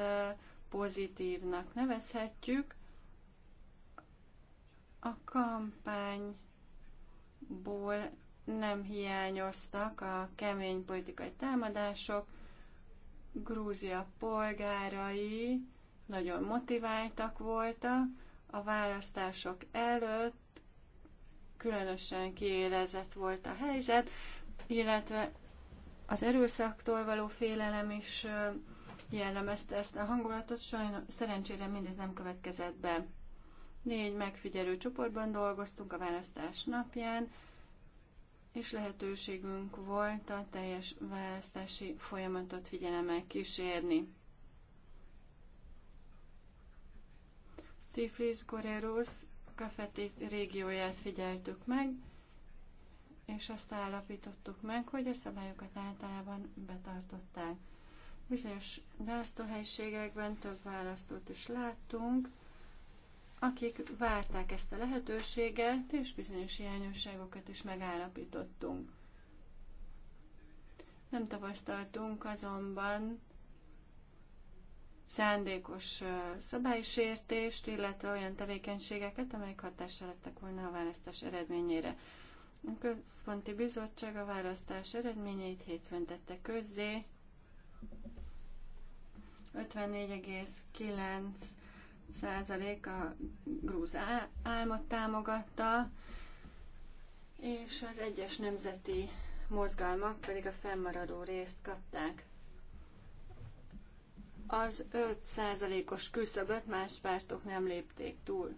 pozitívnak nevezhetjük. A kampányból nem hiányoztak a kemény politikai támadások. Grúzia polgárai nagyon motiváltak voltak. A választások előtt különösen kiélezett volt a helyzet, illetve az erőszaktól való félelem is jellemezte ezt a hangulatot, sajnos szerencsére mindez nem következett be. Négy megfigyelő csoportban dolgoztunk a választás napján, és lehetőségünk volt a teljes választási folyamatot figyelemmel kísérni. Tiflis Goreros kafeti régióját figyeltük meg, és azt állapítottuk meg, hogy a szabályokat általában betartották. Bizonyos választóhelyiségekben több választót is láttunk, akik várták ezt a lehetőséget, és bizonyos hiányosságokat is megállapítottunk. Nem tapasztaltunk azonban szándékos szabálysértést, illetve olyan tevékenységeket, amelyek hatással lettek volna a választás eredményére. A Központi Bizottság a választás eredményeit hétfőn tette közzé. 54,9 százalék a grúz álmat támogatta, és az egyes nemzeti mozgalmak pedig a fennmaradó részt kapták. Az 5%-os küszöböt más pártok nem lépték túl.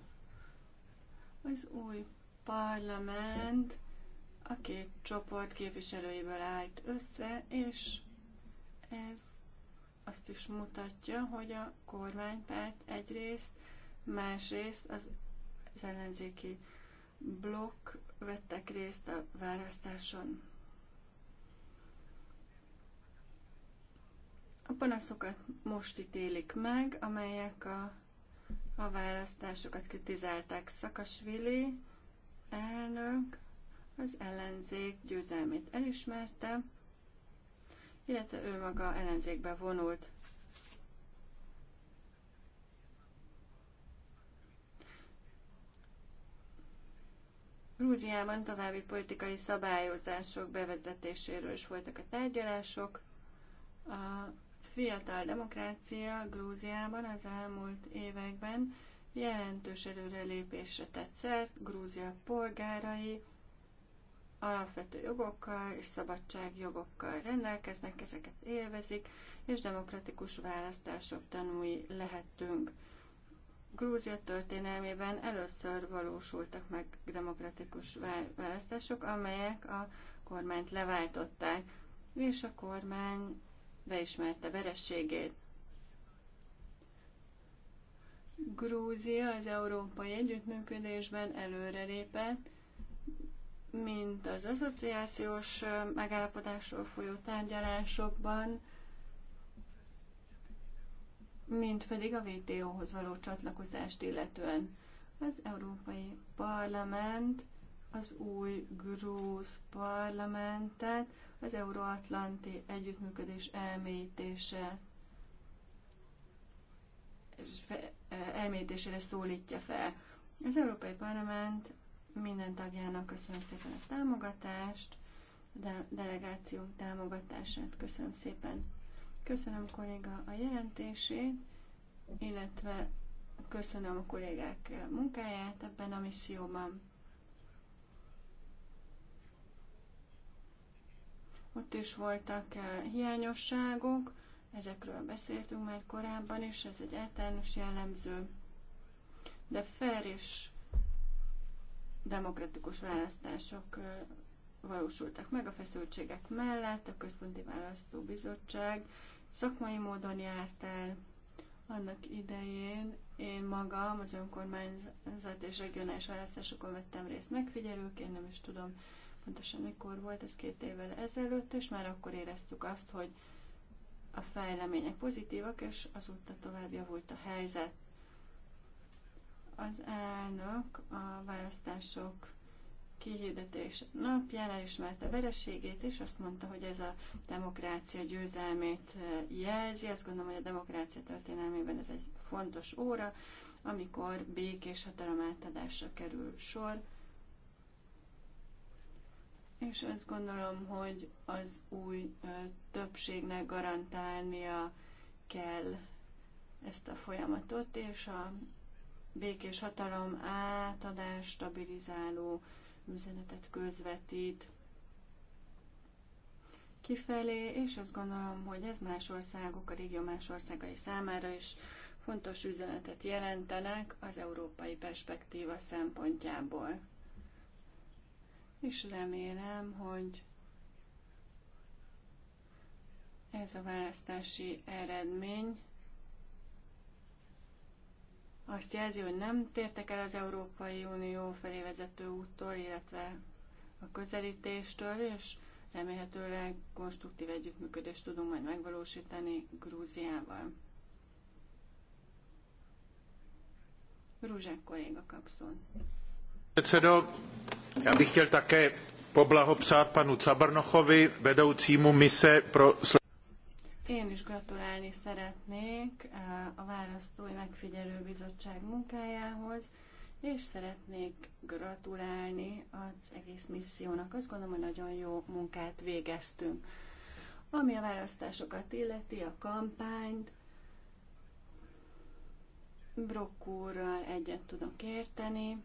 Az új parlament a két csoport képviselőiből állt össze, és ez azt is mutatja, hogy a kormánypárt egyrészt, másrészt az, az ellenzéki blokk vettek részt a választáson. A panaszokat most ítélik meg, amelyek a, a választásokat kritizálták Szakasvili elnök, az ellenzék győzelmét elismerte, illetve ő maga ellenzékbe vonult. Grúziában további politikai szabályozások bevezetéséről is voltak a tárgyalások. A fiatal demokrácia Grúziában az elmúlt években jelentős előrelépésre tett szert, Grúzia polgárai alapvető jogokkal és szabadságjogokkal rendelkeznek, ezeket élvezik, és demokratikus választások tanúi lehetünk. Grúzia történelmében először valósultak meg demokratikus választások, amelyek a kormányt leváltották, és a kormány beismerte verességét. Grúzia az európai együttműködésben előrelépett, mint az asszociációs megállapodásról folyó tárgyalásokban, mint pedig a WTO-hoz való csatlakozást illetően. Az Európai Parlament az új grúz parlamentet az euróatlanti együttműködés elmélyítése elmélyítésére szólítja fel. Az Európai Parlament minden tagjának köszönöm szépen a támogatást, de delegáció támogatását köszönöm szépen. Köszönöm kolléga a jelentését, illetve köszönöm a kollégák munkáját ebben a misszióban. Ott is voltak eh, hiányosságok, ezekről beszéltünk már korábban is, ez egy általános jellemző. De fel és demokratikus választások valósultak meg a feszültségek mellett, a Központi Választóbizottság szakmai módon járt el. Annak idején én magam az önkormányzat és regionális választásokon vettem részt megfigyelőként, nem is tudom pontosan mikor volt, ez két évvel ezelőtt, és már akkor éreztük azt, hogy a fejlemények pozitívak, és azóta tovább javult a helyzet az elnök a választások kihirdetés napján elismerte vereségét, és azt mondta, hogy ez a demokrácia győzelmét eh, jelzi. Azt gondolom, hogy a demokrácia történelmében ez egy fontos óra, amikor békés átadásra kerül sor. És azt gondolom, hogy az új eh, többségnek garantálnia kell ezt a folyamatot, és a békés hatalom átadás stabilizáló üzenetet közvetít kifelé, és azt gondolom, hogy ez más országok, a régió más országai számára is fontos üzenetet jelentenek az európai perspektíva szempontjából. És remélem, hogy ez a választási eredmény azt jelzi, hogy nem tértek el az Európai Unió felé vezető úttól, illetve a közelítéstől, és remélhetőleg konstruktív együttműködést tudunk majd megvalósítani Grúziával. Rúzsák kolléga Kapszon. Předsedo, já bych chtěl také poblahopřát panu Cabrnochovi, vedoucímu mise pro én is gratulálni szeretnék eh, a Választói Megfigyelő Bizottság munkájához, és szeretnék gratulálni az egész missziónak. Azt gondolom, hogy nagyon jó munkát végeztünk. Ami a választásokat illeti, a kampányt, Brokkúrral egyet tudok érteni.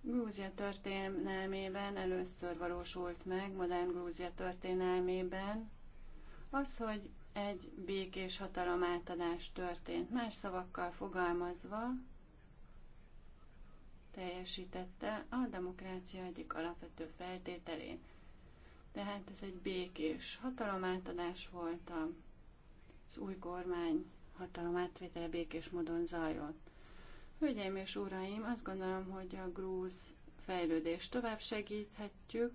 Grúzia történelmében először valósult meg, modern Grúzia történelmében az, hogy egy békés hatalom átadás történt. Más szavakkal fogalmazva teljesítette a demokrácia egyik alapvető feltételén. Tehát ez egy békés átadás volt, az új kormány átvétele békés módon zajlott. Hölgyeim és uraim, azt gondolom, hogy a grúz fejlődést tovább segíthetjük,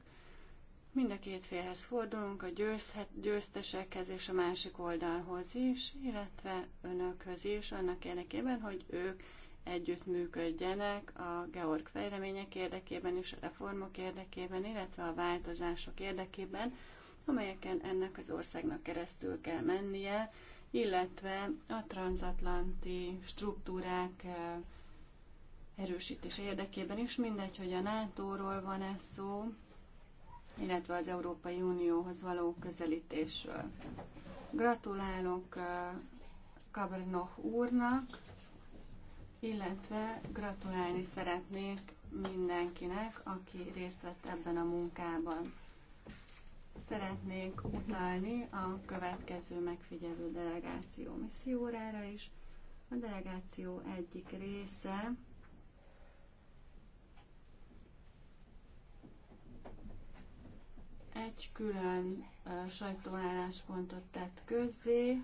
Mind a két félhez fordulunk, a győzhet, győztesekhez és a másik oldalhoz is, illetve önökhöz is, annak érdekében, hogy ők együtt működjenek a Georg fejlemények érdekében és a reformok érdekében, illetve a változások érdekében, amelyeken ennek az országnak keresztül kell mennie, illetve a transatlanti struktúrák erősítés érdekében is, mindegy, hogy a NATO-ról van ez szó, illetve az Európai Unióhoz való közelítésről. Gratulálok eh, Kabrnoch úrnak, illetve gratulálni szeretnék mindenkinek, aki részt vett ebben a munkában. Szeretnék utalni a következő megfigyelő delegáció missziórára is. A delegáció egyik része egy külön sajtóálláspontot tett közzé,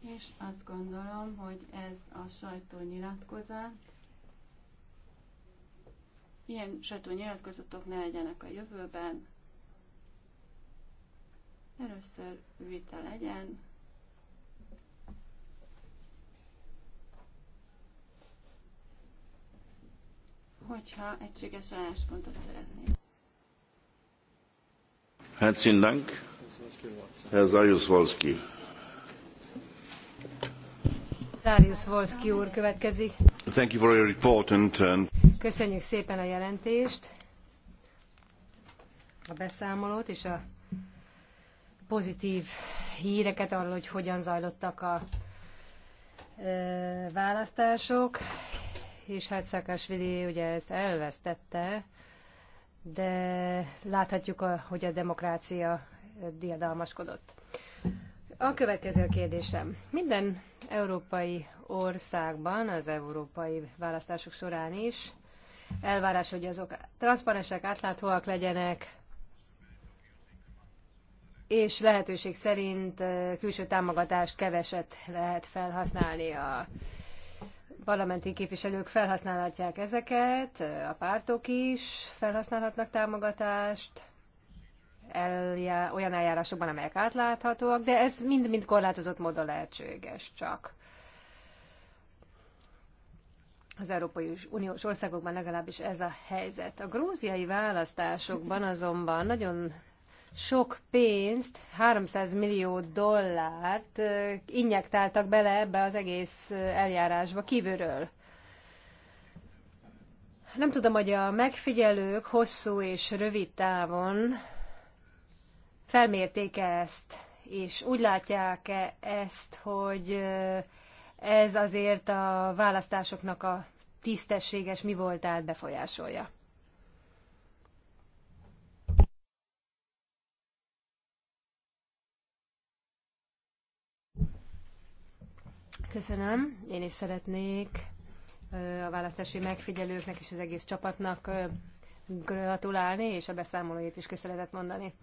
és azt gondolom, hogy ez a sajtónyilatkozat, ilyen sajtónyilatkozatok ne legyenek a jövőben, először vita legyen, hogyha egységes álláspontot szeretnék. Herzlichen Dank, Herr Sajus-Wolski. Zajous-Wolski úr következik. Thank you for your report and, and... Köszönjük szépen a jelentést, a beszámolót és a pozitív híreket arról, hogy hogyan zajlottak a ö, választások, és hát Szakásvili ugye ezt elvesztette, de láthatjuk, hogy a demokrácia diadalmaskodott. A következő a kérdésem. Minden európai országban, az európai választások során is elvárás, hogy azok transzparensek, átláthatóak legyenek, és lehetőség szerint külső támogatást keveset lehet felhasználni a parlamenti képviselők felhasználhatják ezeket, a pártok is felhasználhatnak támogatást, eljá, olyan eljárásokban, amelyek átláthatóak, de ez mind-mind korlátozott módon lehetséges csak. Az Európai Uniós országokban legalábbis ez a helyzet. A grúziai választásokban azonban nagyon sok pénzt, 300 millió dollárt injektáltak bele ebbe az egész eljárásba kívülről. Nem tudom, hogy a megfigyelők hosszú és rövid távon felmérték-e ezt, és úgy látják-e ezt, hogy ez azért a választásoknak a tisztességes mi voltát befolyásolja. Köszönöm. Én is szeretnék a választási megfigyelőknek és az egész csapatnak gratulálni, és a beszámolóit is köszönetet mondani.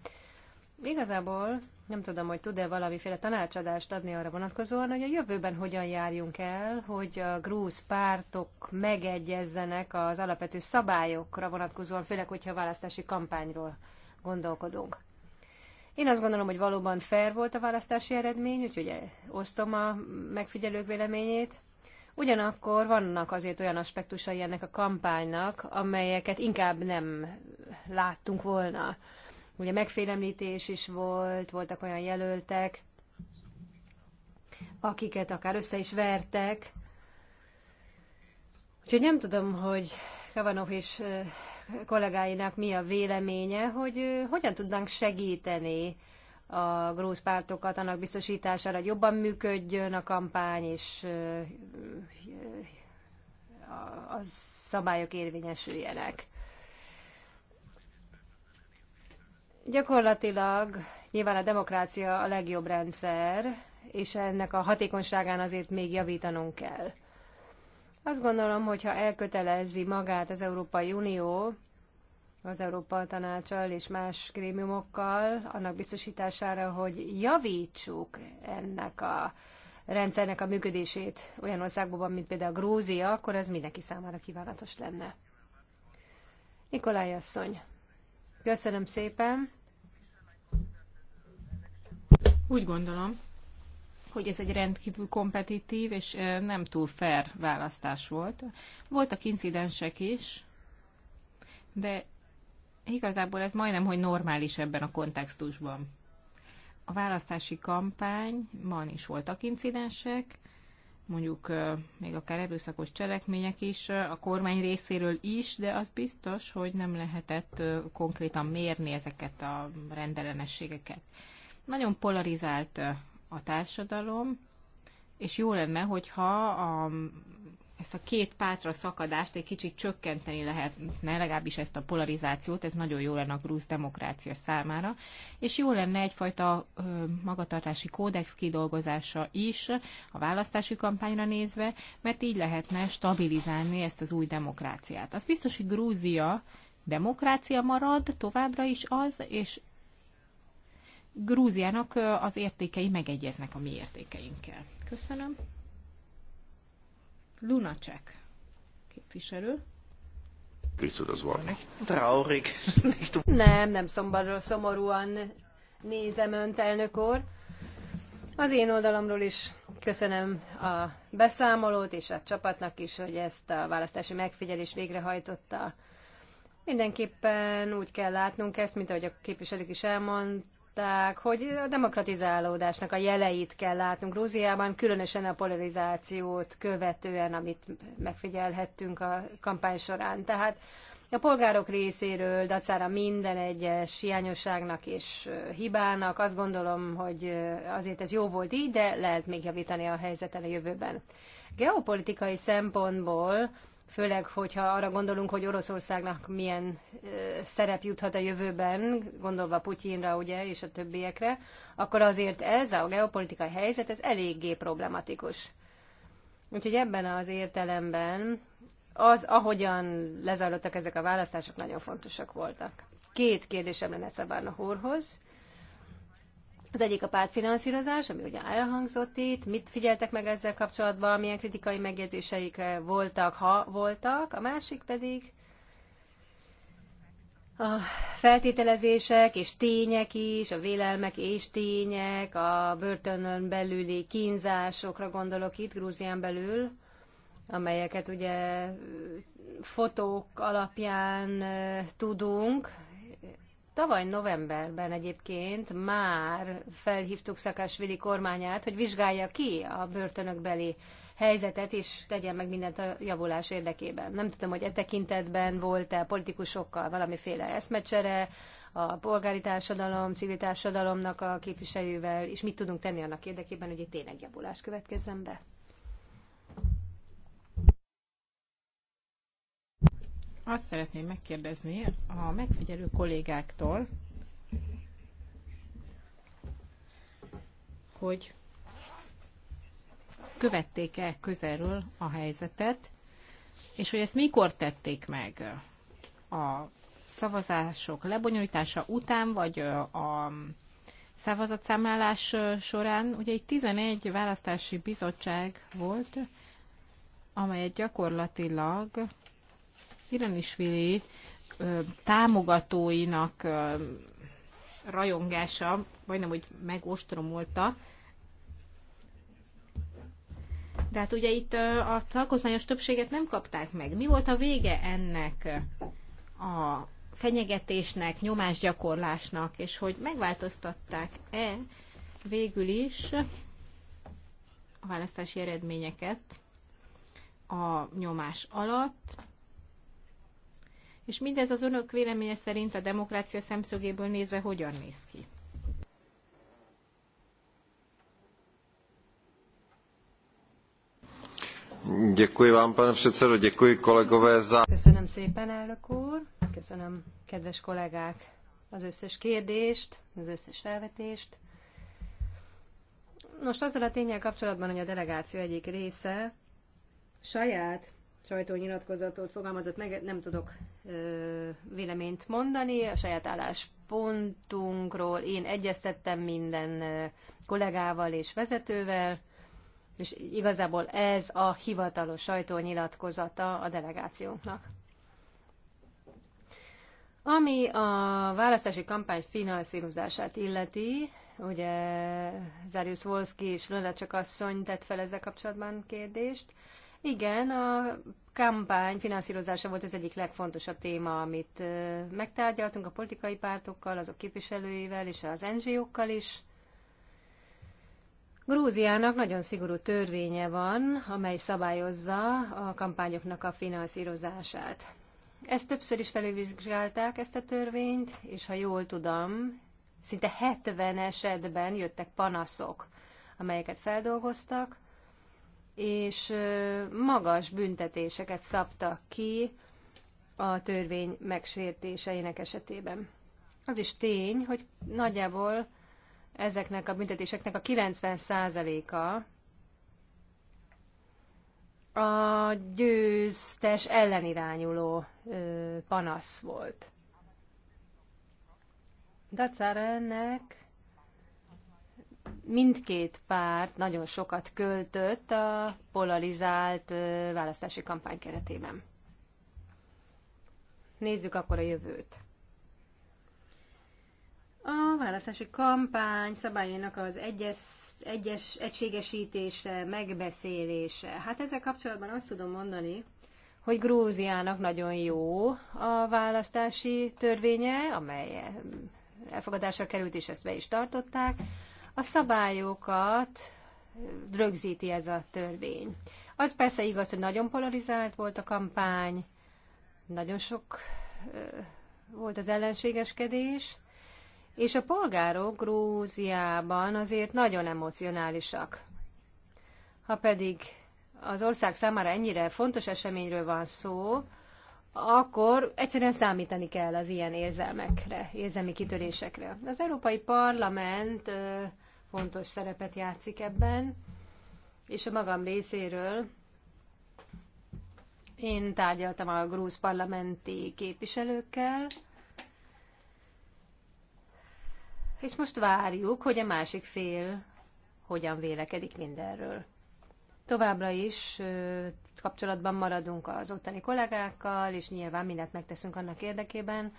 Igazából nem tudom, hogy tud-e valamiféle tanácsadást adni arra vonatkozóan, hogy a jövőben hogyan járjunk el, hogy a grúz pártok megegyezzenek az alapvető szabályokra vonatkozóan, főleg, hogyha a választási kampányról gondolkodunk. Én azt gondolom, hogy valóban fair volt a választási eredmény, úgyhogy osztom a megfigyelők véleményét. Ugyanakkor vannak azért olyan aspektusai ennek a kampánynak, amelyeket inkább nem láttunk volna. Ugye megfélemlítés is volt, voltak olyan jelöltek, akiket akár össze is vertek. Úgyhogy nem tudom, hogy Kavanov és kollégáinak mi a véleménye, hogy hogyan tudnánk segíteni a grúz pártokat annak biztosítására, hogy jobban működjön a kampány, és a szabályok érvényesüljenek. Gyakorlatilag nyilván a demokrácia a legjobb rendszer, és ennek a hatékonyságán azért még javítanunk kell. Azt gondolom, hogy ha elkötelezi magát az Európai Unió, az Európa Tanácsal és más grémiumokkal annak biztosítására, hogy javítsuk ennek a rendszernek a működését olyan országban, mint például Grúzia, akkor ez mindenki számára kívánatos lenne. Nikolaj asszony, köszönöm szépen. Úgy gondolom, hogy ez egy rendkívül kompetitív és nem túl fair választás volt. Voltak incidensek is, de igazából ez majdnem, hogy normális ebben a kontextusban. A választási ma is voltak incidensek, mondjuk még akár erőszakos cselekmények is a kormány részéről is, de az biztos, hogy nem lehetett konkrétan mérni ezeket a rendellenességeket. Nagyon polarizált a társadalom, és jó lenne, hogyha a, ezt a két pátra szakadást egy kicsit csökkenteni lehetne, legalábbis ezt a polarizációt, ez nagyon jó lenne a grúz demokrácia számára, és jó lenne egyfajta ö, magatartási kódex kidolgozása is a választási kampányra nézve, mert így lehetne stabilizálni ezt az új demokráciát. Az biztos, hogy Grúzia demokrácia marad továbbra is az, és Grúziának az értékei megegyeznek a mi értékeinkkel. Köszönöm. Lunacek képviselő. Traurig. Nem, nem szomorú, szomorúan nézem önt, elnök úr. Az én oldalamról is köszönöm a beszámolót, és a csapatnak is, hogy ezt a választási megfigyelés végrehajtotta. Mindenképpen úgy kell látnunk ezt, mint ahogy a képviselők is elmond, mondták, hogy a demokratizálódásnak a jeleit kell látnunk Grúziában, különösen a polarizációt követően, amit megfigyelhettünk a kampány során. Tehát a polgárok részéről dacára minden egyes hiányosságnak és hibának. Azt gondolom, hogy azért ez jó volt így, de lehet még javítani a helyzeten a jövőben. Geopolitikai szempontból főleg, hogyha arra gondolunk, hogy Oroszországnak milyen szerep juthat a jövőben, gondolva Putyinra ugye, és a többiekre, akkor azért ez a geopolitikai helyzet, ez eléggé problematikus. Úgyhogy ebben az értelemben az, ahogyan lezajlottak ezek a választások, nagyon fontosak voltak. Két kérdésem lenne Szabárna Hórhoz. Az egyik a pártfinanszírozás, ami ugye elhangzott itt. Mit figyeltek meg ezzel kapcsolatban, milyen kritikai megjegyzéseik eh, voltak, ha voltak. A másik pedig a feltételezések és tények is, a vélelmek és tények, a börtönön belüli kínzásokra gondolok itt, Grúzián belül, amelyeket ugye fotók alapján tudunk, Tavaly novemberben egyébként már felhívtuk Szakásvili kormányát, hogy vizsgálja ki a börtönökbeli helyzetet, és tegyen meg mindent a javulás érdekében. Nem tudom, hogy e tekintetben volt-e politikusokkal valamiféle eszmecsere, a polgári társadalom, civil társadalomnak a képviselővel, és mit tudunk tenni annak érdekében, hogy itt tényleg javulás következzen be. Azt szeretném megkérdezni a megfigyelő kollégáktól, hogy követték-e közelről a helyzetet, és hogy ezt mikor tették meg a szavazások lebonyolítása után, vagy a szavazatszámlálás során. Ugye egy 11 választási bizottság volt, amelyet gyakorlatilag Iranisvili támogatóinak rajongása majdnem, hogy megostromolta. De hát ugye itt a alkotmányos többséget nem kapták meg. Mi volt a vége ennek a fenyegetésnek, nyomásgyakorlásnak, és hogy megváltoztatták-e végül is a választási eredményeket a nyomás alatt, és mindez az önök véleménye szerint a demokrácia szemszögéből nézve hogyan néz ki? Děkuji vám, pane předsedo, děkuji kolegové za... Köszönöm szépen, elnök úr, köszönöm kedves kollégák az összes kérdést, az összes felvetést. Most azzal a tényel kapcsolatban, hogy a delegáció egyik része saját sajtónyilatkozatot fogalmazott meg, nem tudok ö, véleményt mondani. A saját álláspontunkról én egyeztettem minden ö, kollégával és vezetővel, és igazából ez a hivatalos sajtónyilatkozata a delegációnknak. Ami a választási kampány finanszírozását illeti, ugye Zárius Wolski és Lönlecsek asszony tett fel ezzel kapcsolatban kérdést, igen, a kampány finanszírozása volt az egyik legfontosabb téma, amit megtárgyaltunk a politikai pártokkal, azok képviselőivel és az NGO-kkal is. Grúziának nagyon szigorú törvénye van, amely szabályozza a kampányoknak a finanszírozását. Ezt többször is felülvizsgálták, ezt a törvényt, és ha jól tudom, szinte 70 esetben jöttek panaszok, amelyeket feldolgoztak, és magas büntetéseket szabtak ki a törvény megsértéseinek esetében. Az is tény, hogy nagyjából ezeknek a büntetéseknek a 90%-a a győztes ellenirányuló panasz volt. Dacára ennek mindkét párt nagyon sokat költött a polarizált választási kampány keretében. Nézzük akkor a jövőt. A választási kampány szabályainak az egyes, egyes egységesítése, megbeszélése. Hát ezzel kapcsolatban azt tudom mondani, hogy Grúziának nagyon jó a választási törvénye, amely elfogadásra került, és ezt be is tartották. A szabályokat rögzíti ez a törvény. Az persze igaz, hogy nagyon polarizált volt a kampány, nagyon sok volt az ellenségeskedés, és a polgárok Grúziában azért nagyon emocionálisak. Ha pedig az ország számára ennyire fontos eseményről van szó, akkor egyszerűen számítani kell az ilyen érzelmekre, érzelmi kitörésekre. Az Európai Parlament fontos szerepet játszik ebben, és a magam részéről én tárgyaltam a grúz parlamenti képviselőkkel, és most várjuk, hogy a másik fél hogyan vélekedik mindenről. Továbbra is kapcsolatban maradunk az ottani kollégákkal, és nyilván mindent megteszünk annak érdekében,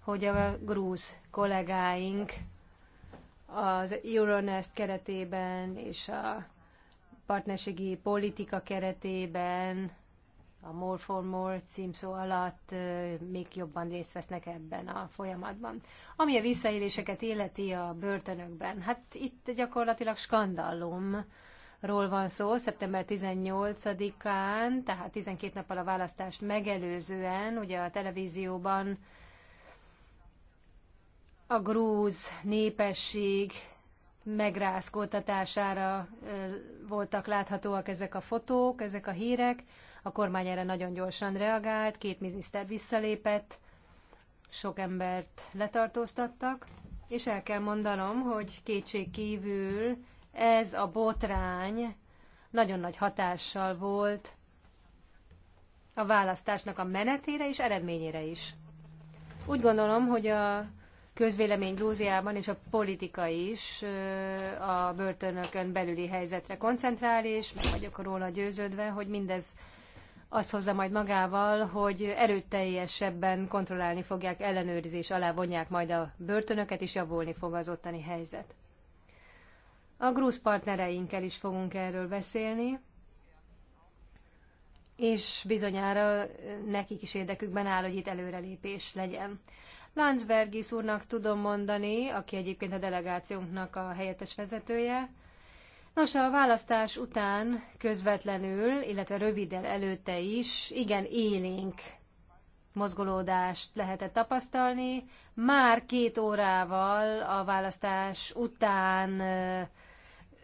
hogy a grúz kollégáink az Euronest keretében és a partnerségi politika keretében a More for More címszó alatt még jobban részt vesznek ebben a folyamatban. Ami a visszaéléseket illeti a börtönökben, hát itt gyakorlatilag skandallum, ról van szó, szeptember 18-án, tehát 12 nappal a választást megelőzően, ugye a televízióban a grúz népesség megrázkódtatására voltak láthatóak ezek a fotók, ezek a hírek. A kormány erre nagyon gyorsan reagált, két miniszter visszalépett, sok embert letartóztattak, és el kell mondanom, hogy kétség kívül ez a botrány nagyon nagy hatással volt a választásnak a menetére és eredményére is. Úgy gondolom, hogy a közvélemény Grúziában és a politika is a börtönökön belüli helyzetre koncentrál, és meg vagyok róla győződve, hogy mindez azt hozza majd magával, hogy erőteljesebben kontrollálni fogják, ellenőrzés alá vonják majd a börtönöket, és javulni fog az ottani helyzet. A grúz partnereinkkel is fogunk erről beszélni, és bizonyára nekik is érdekükben áll, hogy itt előrelépés legyen. Landsbergis úrnak tudom mondani, aki egyébként a delegációnknak a helyettes vezetője. Nos, a választás után közvetlenül, illetve röviddel előtte is igen élénk mozgolódást lehetett tapasztalni. Már két órával a választás után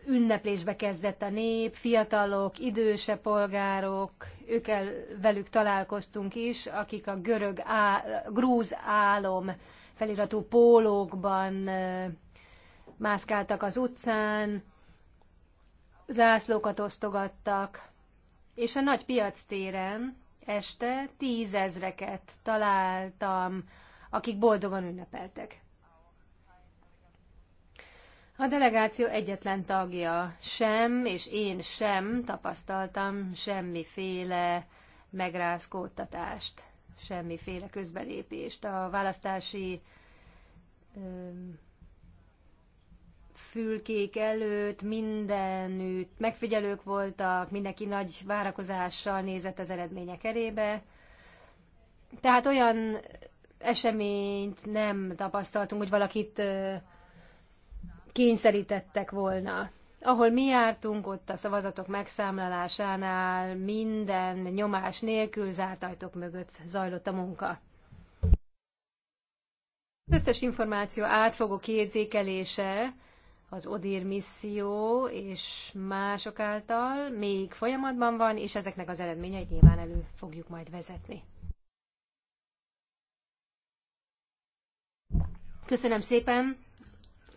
ünneplésbe kezdett a nép, fiatalok, idősebb polgárok, őkkel velük találkoztunk is, akik a görög, á, grúz álom feliratú pólókban mászkáltak az utcán, zászlókat osztogattak, és a nagy piac téren este tízezreket találtam, akik boldogan ünnepeltek. A delegáció egyetlen tagja sem, és én sem tapasztaltam semmiféle megrázkódtatást, semmiféle közbelépést. A választási ö, fülkék előtt mindenütt megfigyelők voltak, mindenki nagy várakozással nézett az eredmények elébe. Tehát olyan eseményt nem tapasztaltunk, hogy valakit ö, kényszerítettek volna. Ahol mi jártunk, ott a szavazatok megszámlálásánál minden nyomás nélkül zárt ajtók mögött zajlott a munka. Az összes információ átfogó kiértékelése az ODIR misszió és mások által még folyamatban van, és ezeknek az eredményeit nyilván elő fogjuk majd vezetni. Köszönöm szépen!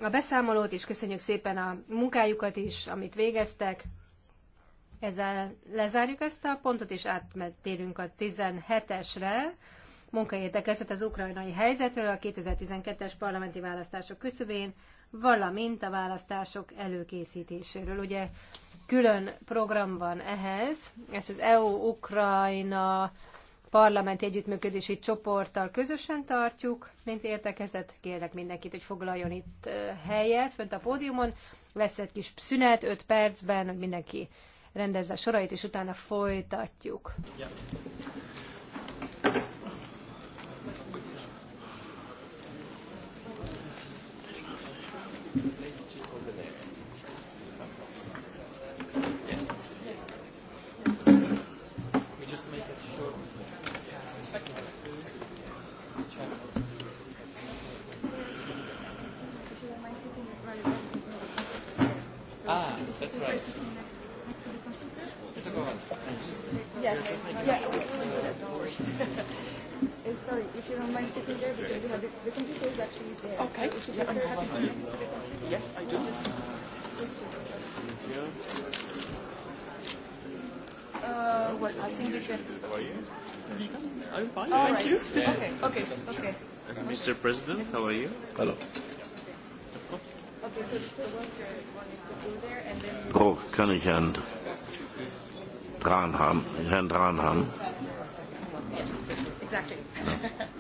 a beszámolót, és köszönjük szépen a munkájukat is, amit végeztek. Ezzel lezárjuk ezt a pontot, és átmentélünk a 17-esre. Munkaértekezett az ukrajnai helyzetről a 2012-es parlamenti választások küszöbén, valamint a választások előkészítéséről. Ugye külön program van ehhez, ezt az EU-Ukrajna parlamenti együttműködési csoporttal közösen tartjuk, mint értekezett. Kérlek mindenkit, hogy foglaljon itt helyet, fönt a pódiumon. Lesz egy kis szünet, 5 percben, hogy mindenki rendezze a sorait, és utána folytatjuk. Yeah. Yes. Yeah. Eh, sorry, if you don't mind sitting there, because we have the, the computer is actually there. Okay. So yeah, I'm happy Yes, I do. Uh, well, I think you can. I'm fine. Thank right. you. Okay. Okay. Okay. Mr. President, how are you? Hello. Okay, so the worker is wanting to go there, and then. Oh, kann ich an. Dranham, Herrn Dranham. Exactly. No.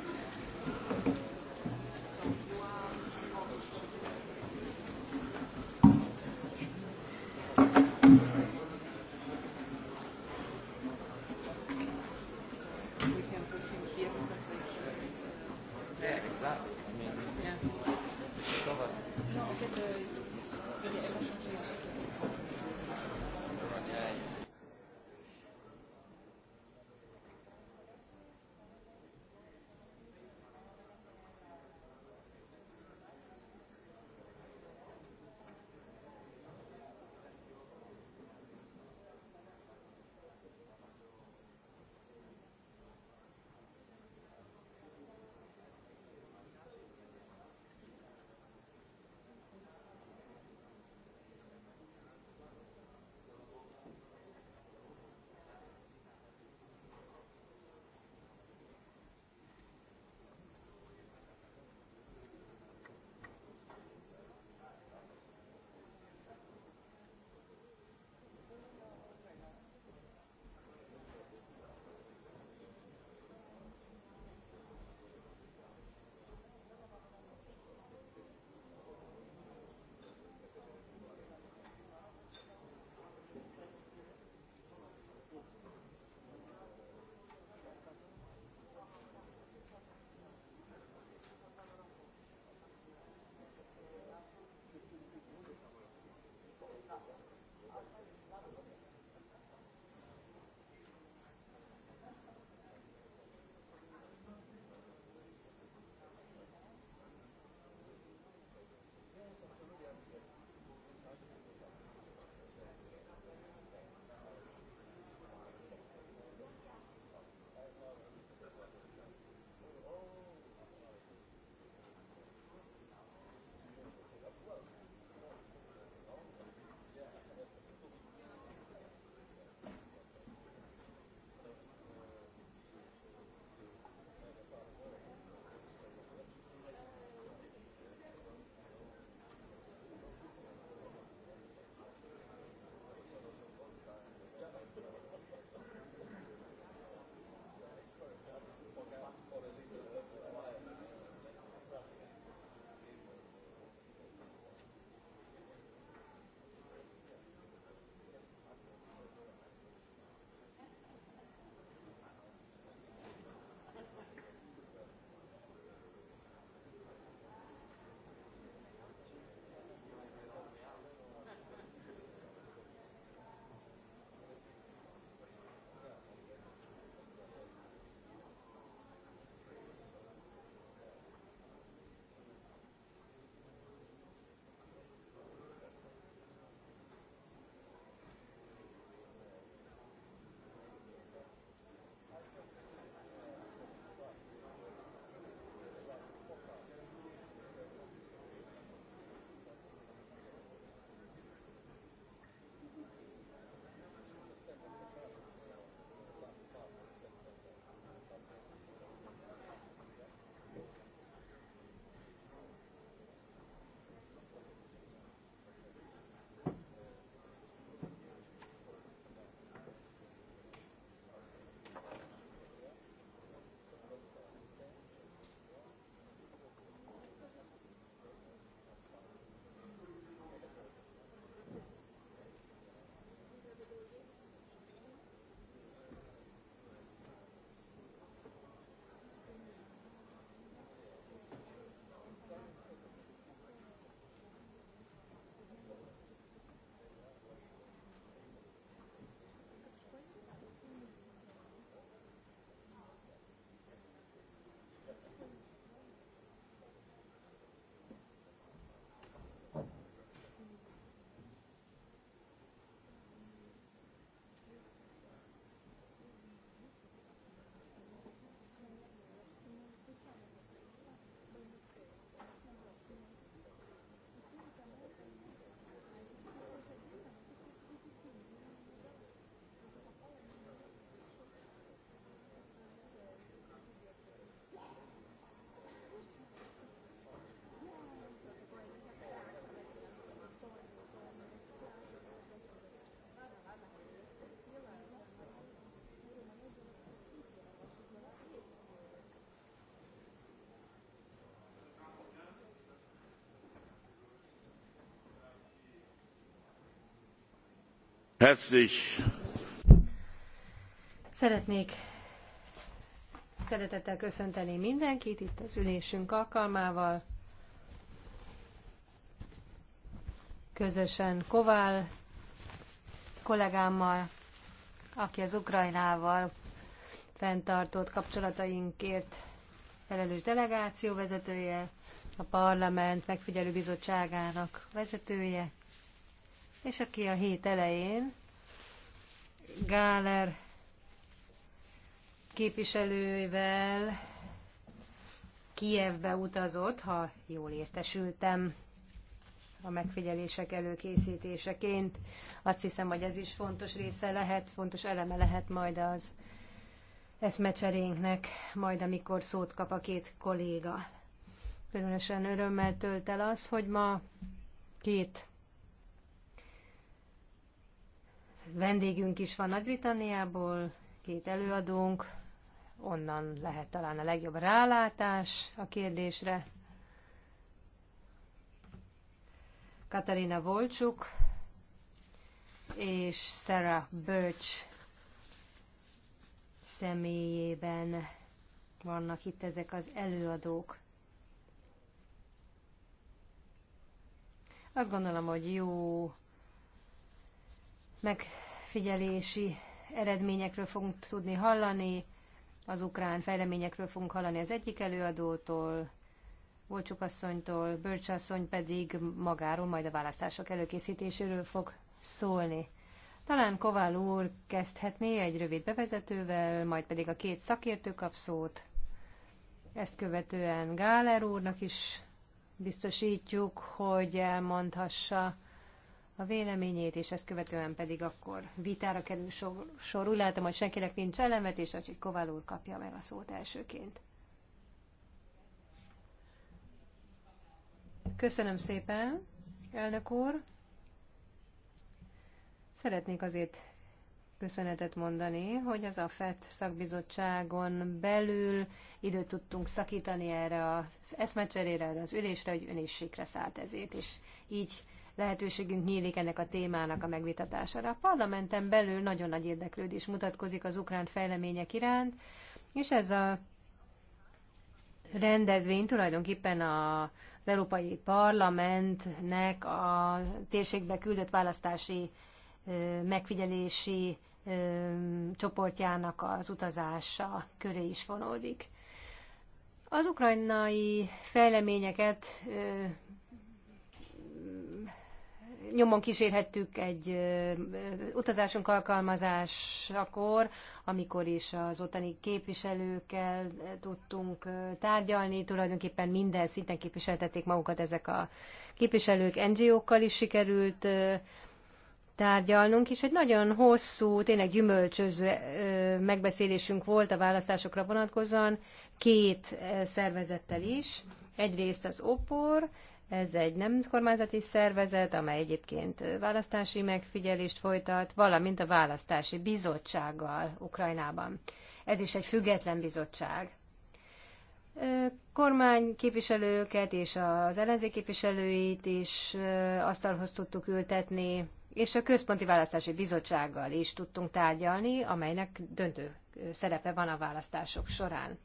Szeretnék szeretettel köszönteni mindenkit itt az ülésünk alkalmával. Közösen Kovál kollégámmal, aki az Ukrajnával fenntartott kapcsolatainkért felelős delegáció vezetője, a parlament megfigyelő bizottságának vezetője, és aki a hét elején Gáler képviselővel Kijevbe utazott, ha jól értesültem a megfigyelések előkészítéseként. Azt hiszem, hogy ez is fontos része lehet, fontos eleme lehet majd az eszmecserénknek, majd amikor szót kap a két kolléga. Különösen örömmel tölt el az, hogy ma két vendégünk is van Nagy-Britanniából, két előadónk, onnan lehet talán a legjobb rálátás a kérdésre. Katarina Volcsuk és Sarah Birch személyében vannak itt ezek az előadók. Azt gondolom, hogy jó megfigyelési eredményekről fogunk tudni hallani, az ukrán fejleményekről fogunk hallani az egyik előadótól, Volcsuk asszonytól, Bölcs asszony pedig magáról, majd a választások előkészítéséről fog szólni. Talán Kovál úr kezdhetné egy rövid bevezetővel, majd pedig a két szakértő kap szót. Ezt követően Gáler úrnak is biztosítjuk, hogy elmondhassa a véleményét, és ezt követően pedig akkor vitára kerül sor. sor. Úgy látom, hogy senkinek nincs és úgyhogy Kovál úr kapja meg a szót elsőként. Köszönöm szépen, elnök úr. Szeretnék azért köszönetet mondani, hogy az a FET szakbizottságon belül időt tudtunk szakítani erre az eszmecserére, erre az ülésre, hogy ön is sikre szállt ezért, és így lehetőségünk nyílik ennek a témának a megvitatására. A parlamenten belül nagyon nagy érdeklődés mutatkozik az ukrán fejlemények iránt, és ez a rendezvény tulajdonképpen a, az Európai Parlamentnek a térségbe küldött választási megfigyelési csoportjának az utazása köré is vonódik. Az ukrajnai fejleményeket nyomon kísérhettük egy utazásunk alkalmazásakor, amikor is az ottani képviselőkkel tudtunk tárgyalni, tulajdonképpen minden szinten képviseltették magukat ezek a képviselők, NGO-kkal is sikerült tárgyalnunk, és egy nagyon hosszú, tényleg gyümölcsöző megbeszélésünk volt a választásokra vonatkozóan két szervezettel is. Egyrészt az OPOR, ez egy nem kormányzati szervezet, amely egyébként választási megfigyelést folytat, valamint a választási bizottsággal Ukrajnában. Ez is egy független bizottság. Kormány képviselőket és az ellenzék képviselőit is asztalhoz tudtuk ültetni, és a Központi Választási Bizottsággal is tudtunk tárgyalni, amelynek döntő szerepe van a választások során.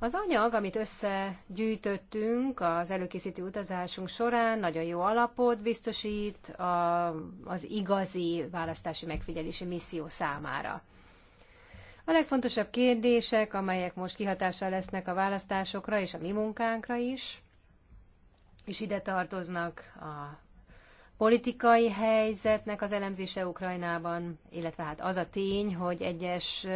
Az anyag, amit összegyűjtöttünk az előkészítő utazásunk során, nagyon jó alapot biztosít a, az igazi választási megfigyelési misszió számára. A legfontosabb kérdések, amelyek most kihatással lesznek a választásokra és a mi munkánkra is, és ide tartoznak a politikai helyzetnek az elemzése Ukrajnában, illetve hát az a tény, hogy egyes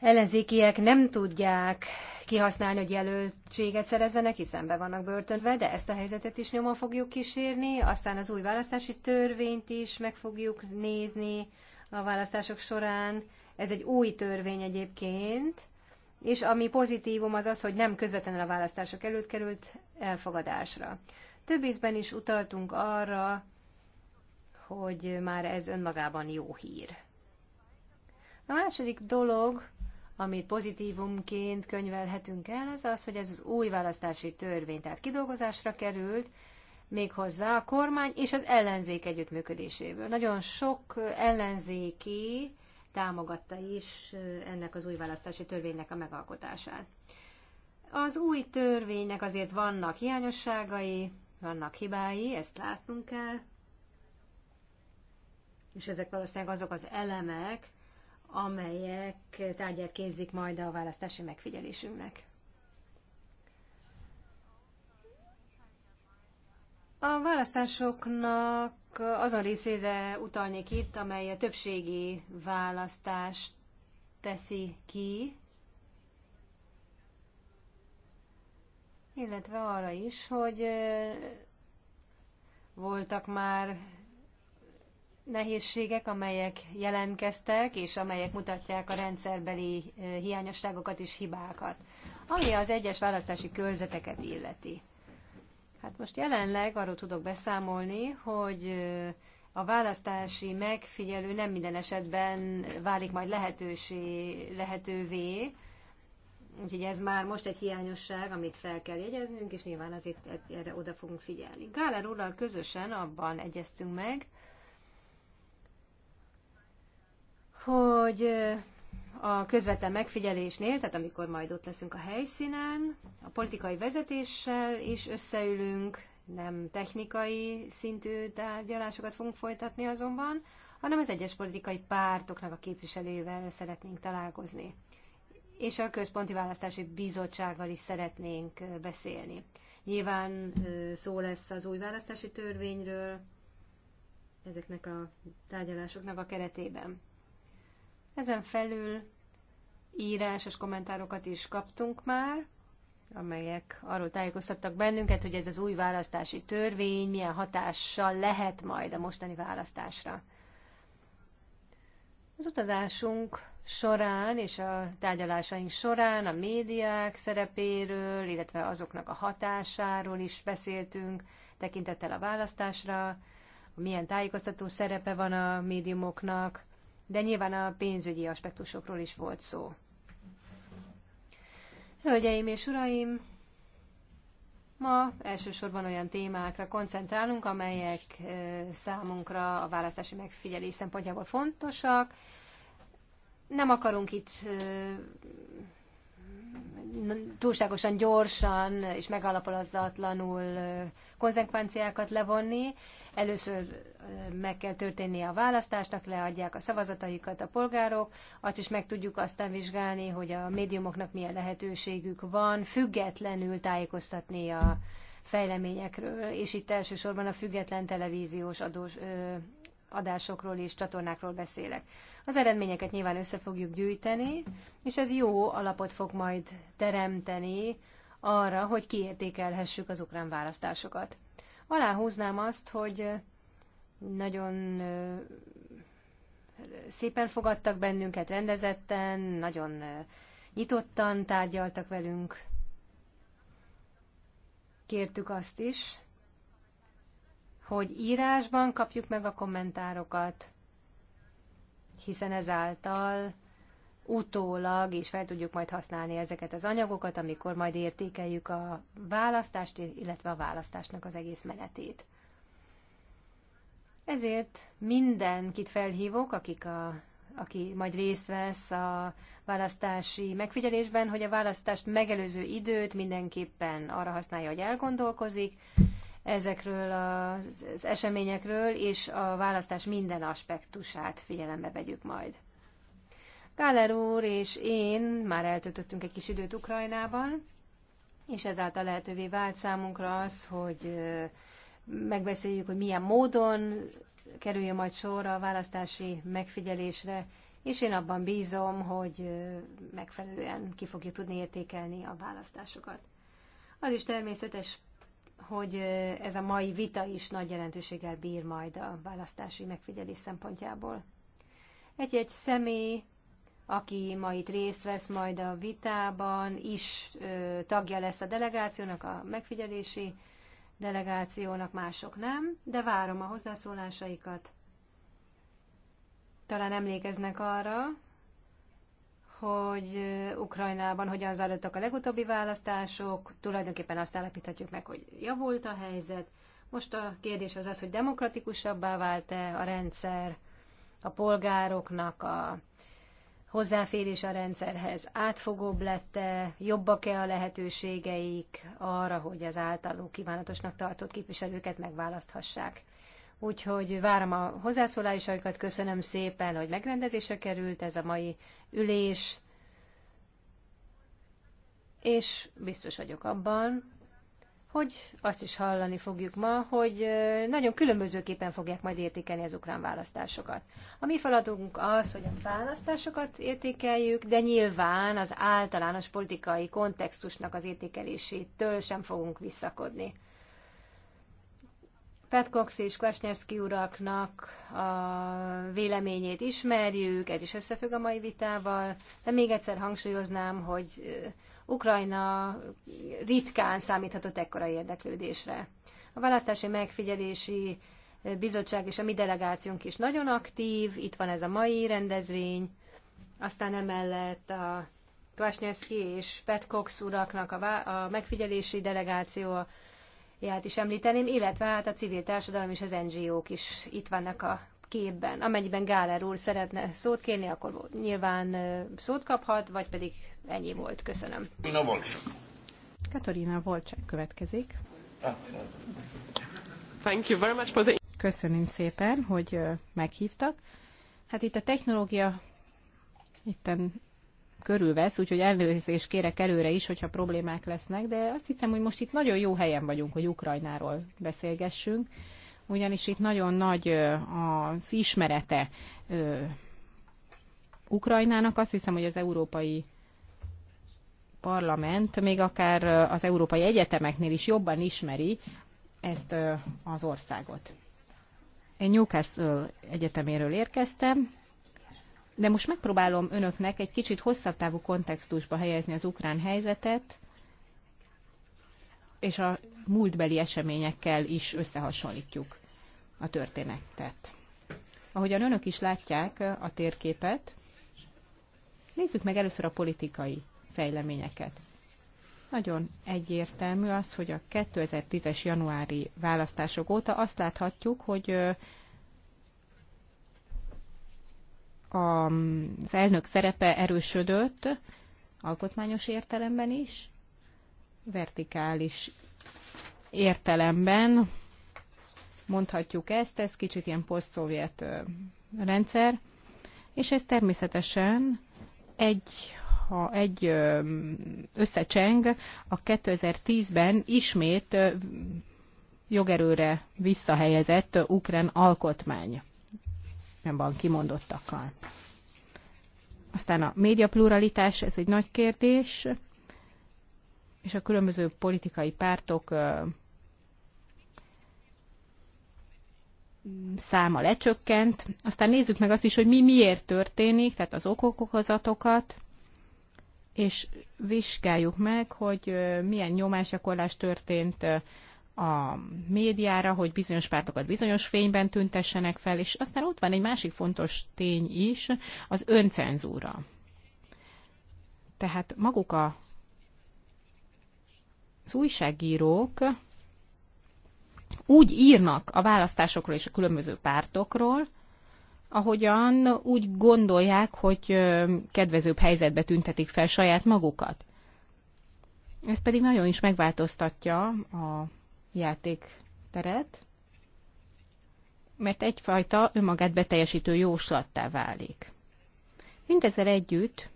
ellenzékiek nem tudják kihasználni, hogy jelöltséget szerezzenek, hiszen be vannak börtönve, de ezt a helyzetet is nyomon fogjuk kísérni, aztán az új választási törvényt is meg fogjuk nézni a választások során. Ez egy új törvény egyébként, és ami pozitívum az az, hogy nem közvetlenül a választások előtt került elfogadásra. Több ízben is utaltunk arra, hogy már ez önmagában jó hír. A második dolog, amit pozitívumként könyvelhetünk el, az az, hogy ez az új választási törvény, tehát kidolgozásra került, méghozzá a kormány és az ellenzék együttműködéséből. Nagyon sok ellenzéki támogatta is ennek az új választási törvénynek a megalkotását. Az új törvénynek azért vannak hiányosságai, vannak hibái, ezt látnunk kell, és ezek valószínűleg azok az elemek, amelyek tárgyát képzik majd a választási megfigyelésünknek. A választásoknak azon részére utalnék itt, amely a többségi választást teszi ki, illetve arra is, hogy voltak már nehézségek, amelyek jelentkeztek, és amelyek mutatják a rendszerbeli hiányosságokat és hibákat, ami az egyes választási körzeteket illeti. Hát most jelenleg arról tudok beszámolni, hogy a választási megfigyelő nem minden esetben válik majd lehetősé, lehetővé, úgyhogy ez már most egy hiányosság, amit fel kell jegyeznünk, és nyilván azért erre oda fogunk figyelni. Gáler úrral közösen abban egyeztünk meg, hogy a közvetlen megfigyelésnél, tehát amikor majd ott leszünk a helyszínen, a politikai vezetéssel is összeülünk, nem technikai szintű tárgyalásokat fogunk folytatni azonban, hanem az egyes politikai pártoknak a képviselővel szeretnénk találkozni. És a Központi Választási Bizottsággal is szeretnénk beszélni. Nyilván szó lesz az új választási törvényről, ezeknek a tárgyalásoknak a keretében. Ezen felül írásos kommentárokat is kaptunk már, amelyek arról tájékoztattak bennünket, hogy ez az új választási törvény milyen hatással lehet majd a mostani választásra. Az utazásunk során és a tárgyalásaink során a médiák szerepéről, illetve azoknak a hatásáról is beszéltünk, tekintettel a választásra, milyen tájékoztató szerepe van a médiumoknak, de nyilván a pénzügyi aspektusokról is volt szó. Hölgyeim és uraim, ma elsősorban olyan témákra koncentrálunk, amelyek számunkra a választási megfigyelés szempontjából fontosak. Nem akarunk itt túlságosan gyorsan és megalapozatlanul konzekvenciákat levonni. Először meg kell történnie a választásnak, leadják a szavazataikat a polgárok, azt is meg tudjuk aztán vizsgálni, hogy a médiumoknak milyen lehetőségük van függetlenül tájékoztatni a fejleményekről, és itt elsősorban a független televíziós adós, ö, adásokról és csatornákról beszélek. Az eredményeket nyilván össze fogjuk gyűjteni, és ez jó alapot fog majd teremteni arra, hogy kiértékelhessük az ukrán választásokat. Aláhúznám azt, hogy nagyon szépen fogadtak bennünket rendezetten, nagyon nyitottan tárgyaltak velünk. Kértük azt is, hogy írásban kapjuk meg a kommentárokat, hiszen ezáltal utólag és fel tudjuk majd használni ezeket az anyagokat, amikor majd értékeljük a választást, illetve a választásnak az egész menetét. Ezért mindenkit felhívok, akik a, aki majd részt vesz a választási megfigyelésben, hogy a választást megelőző időt mindenképpen arra használja, hogy elgondolkozik, ezekről az eseményekről, és a választás minden aspektusát figyelembe vegyük majd. Gáler úr és én már eltöltöttünk egy kis időt Ukrajnában, és ezáltal lehetővé vált számunkra az, hogy megbeszéljük, hogy milyen módon kerüljön majd sor a választási megfigyelésre, és én abban bízom, hogy megfelelően ki fogja tudni értékelni a választásokat. Az is természetes hogy ez a mai vita is nagy jelentőséggel bír majd a választási megfigyelés szempontjából. Egy-egy személy, aki ma itt részt vesz majd a vitában, is ö, tagja lesz a delegációnak, a megfigyelési delegációnak, mások nem, de várom a hozzászólásaikat. Talán emlékeznek arra, hogy Ukrajnában hogyan zajlottak a legutóbbi választások, tulajdonképpen azt állapíthatjuk meg, hogy javult a helyzet. Most a kérdés az az, hogy demokratikusabbá vált-e a rendszer, a polgároknak a hozzáférés a rendszerhez átfogóbb lett-e, jobbak-e a lehetőségeik arra, hogy az általuk kívánatosnak tartott képviselőket megválaszthassák. Úgyhogy várom a hozzászólásaikat, köszönöm szépen, hogy megrendezésre került ez a mai ülés, és biztos vagyok abban, hogy azt is hallani fogjuk ma, hogy nagyon különbözőképpen fogják majd értékelni az ukrán választásokat. A mi feladatunk az, hogy a választásokat értékeljük, de nyilván az általános politikai kontextusnak az értékelésétől sem fogunk visszakodni. Petcox és Kvasnyevszki uraknak a véleményét ismerjük, ez is összefügg a mai vitával, de még egyszer hangsúlyoznám, hogy Ukrajna ritkán számíthatott ekkora érdeklődésre. A választási megfigyelési bizottság és a mi delegációnk is nagyon aktív, itt van ez a mai rendezvény, aztán emellett a Kvasnyevszki és Petcox uraknak a, a megfigyelési delegáció ját is említeném, illetve hát a civil társadalom és az NGO-k is itt vannak a képben. Amennyiben Gáler úr szeretne szót kérni, akkor nyilván szót kaphat, vagy pedig ennyi volt. Köszönöm. Na Volcsák. Katarina Volcsák következik. Ah, Thank you very much for the... Köszönöm szépen, hogy meghívtak. Hát itt a technológia itten körülvesz, úgyhogy elnézést kérek előre is, hogyha problémák lesznek, de azt hiszem, hogy most itt nagyon jó helyen vagyunk, hogy Ukrajnáról beszélgessünk, ugyanis itt nagyon nagy az ismerete Ukrajnának. Azt hiszem, hogy az Európai Parlament, még akár az Európai Egyetemeknél is jobban ismeri ezt az országot. Én Newcastle Egyeteméről érkeztem, de most megpróbálom önöknek egy kicsit hosszabb távú kontextusba helyezni az ukrán helyzetet, és a múltbeli eseményekkel is összehasonlítjuk a történetet. Ahogyan önök is látják a térképet, nézzük meg először a politikai fejleményeket. Nagyon egyértelmű az, hogy a 2010-es januári választások óta azt láthatjuk, hogy az elnök szerepe erősödött, alkotmányos értelemben is, vertikális értelemben, mondhatjuk ezt, ez kicsit ilyen poszt rendszer, és ez természetesen egy ha egy összecseng, a 2010-ben ismét jogerőre visszahelyezett ukrán alkotmány ban kimondottakkal. Aztán a média pluralitás ez egy nagy kérdés, és a különböző politikai pártok száma lecsökkent. Aztán nézzük meg azt is, hogy mi miért történik, tehát az okokokozatokat, és vizsgáljuk meg, hogy milyen nyomásgyakorlás történt a médiára, hogy bizonyos pártokat bizonyos fényben tüntessenek fel, és aztán ott van egy másik fontos tény is, az öncenzúra. Tehát maguk a, az újságírók úgy írnak a választásokról és a különböző pártokról, ahogyan úgy gondolják, hogy kedvezőbb helyzetbe tüntetik fel saját magukat. Ez pedig nagyon is megváltoztatja a játékteret, mert egyfajta önmagát beteljesítő jóslattá válik. Mindezzel együtt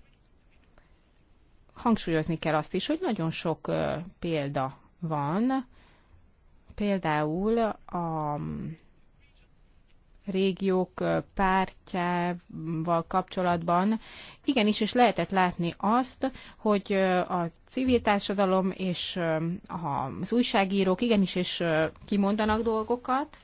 hangsúlyozni kell azt is, hogy nagyon sok példa van, például a régiók pártjával kapcsolatban igenis is lehetett látni azt, hogy a civil társadalom és az újságírók igenis is kimondanak dolgokat,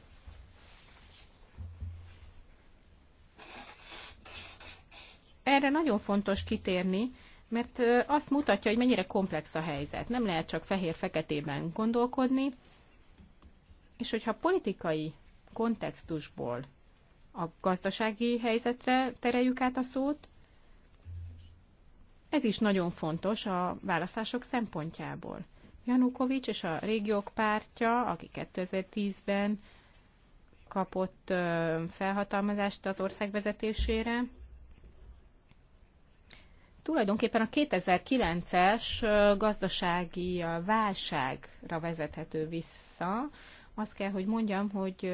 erre nagyon fontos kitérni, mert azt mutatja, hogy mennyire komplex a helyzet. Nem lehet csak fehér-feketében gondolkodni, és hogyha politikai kontextusból a gazdasági helyzetre tereljük át a szót. Ez is nagyon fontos a választások szempontjából. Janukovics és a régiók pártja, aki 2010-ben kapott felhatalmazást az ország vezetésére, tulajdonképpen a 2009-es gazdasági válságra vezethető vissza. Azt kell, hogy mondjam, hogy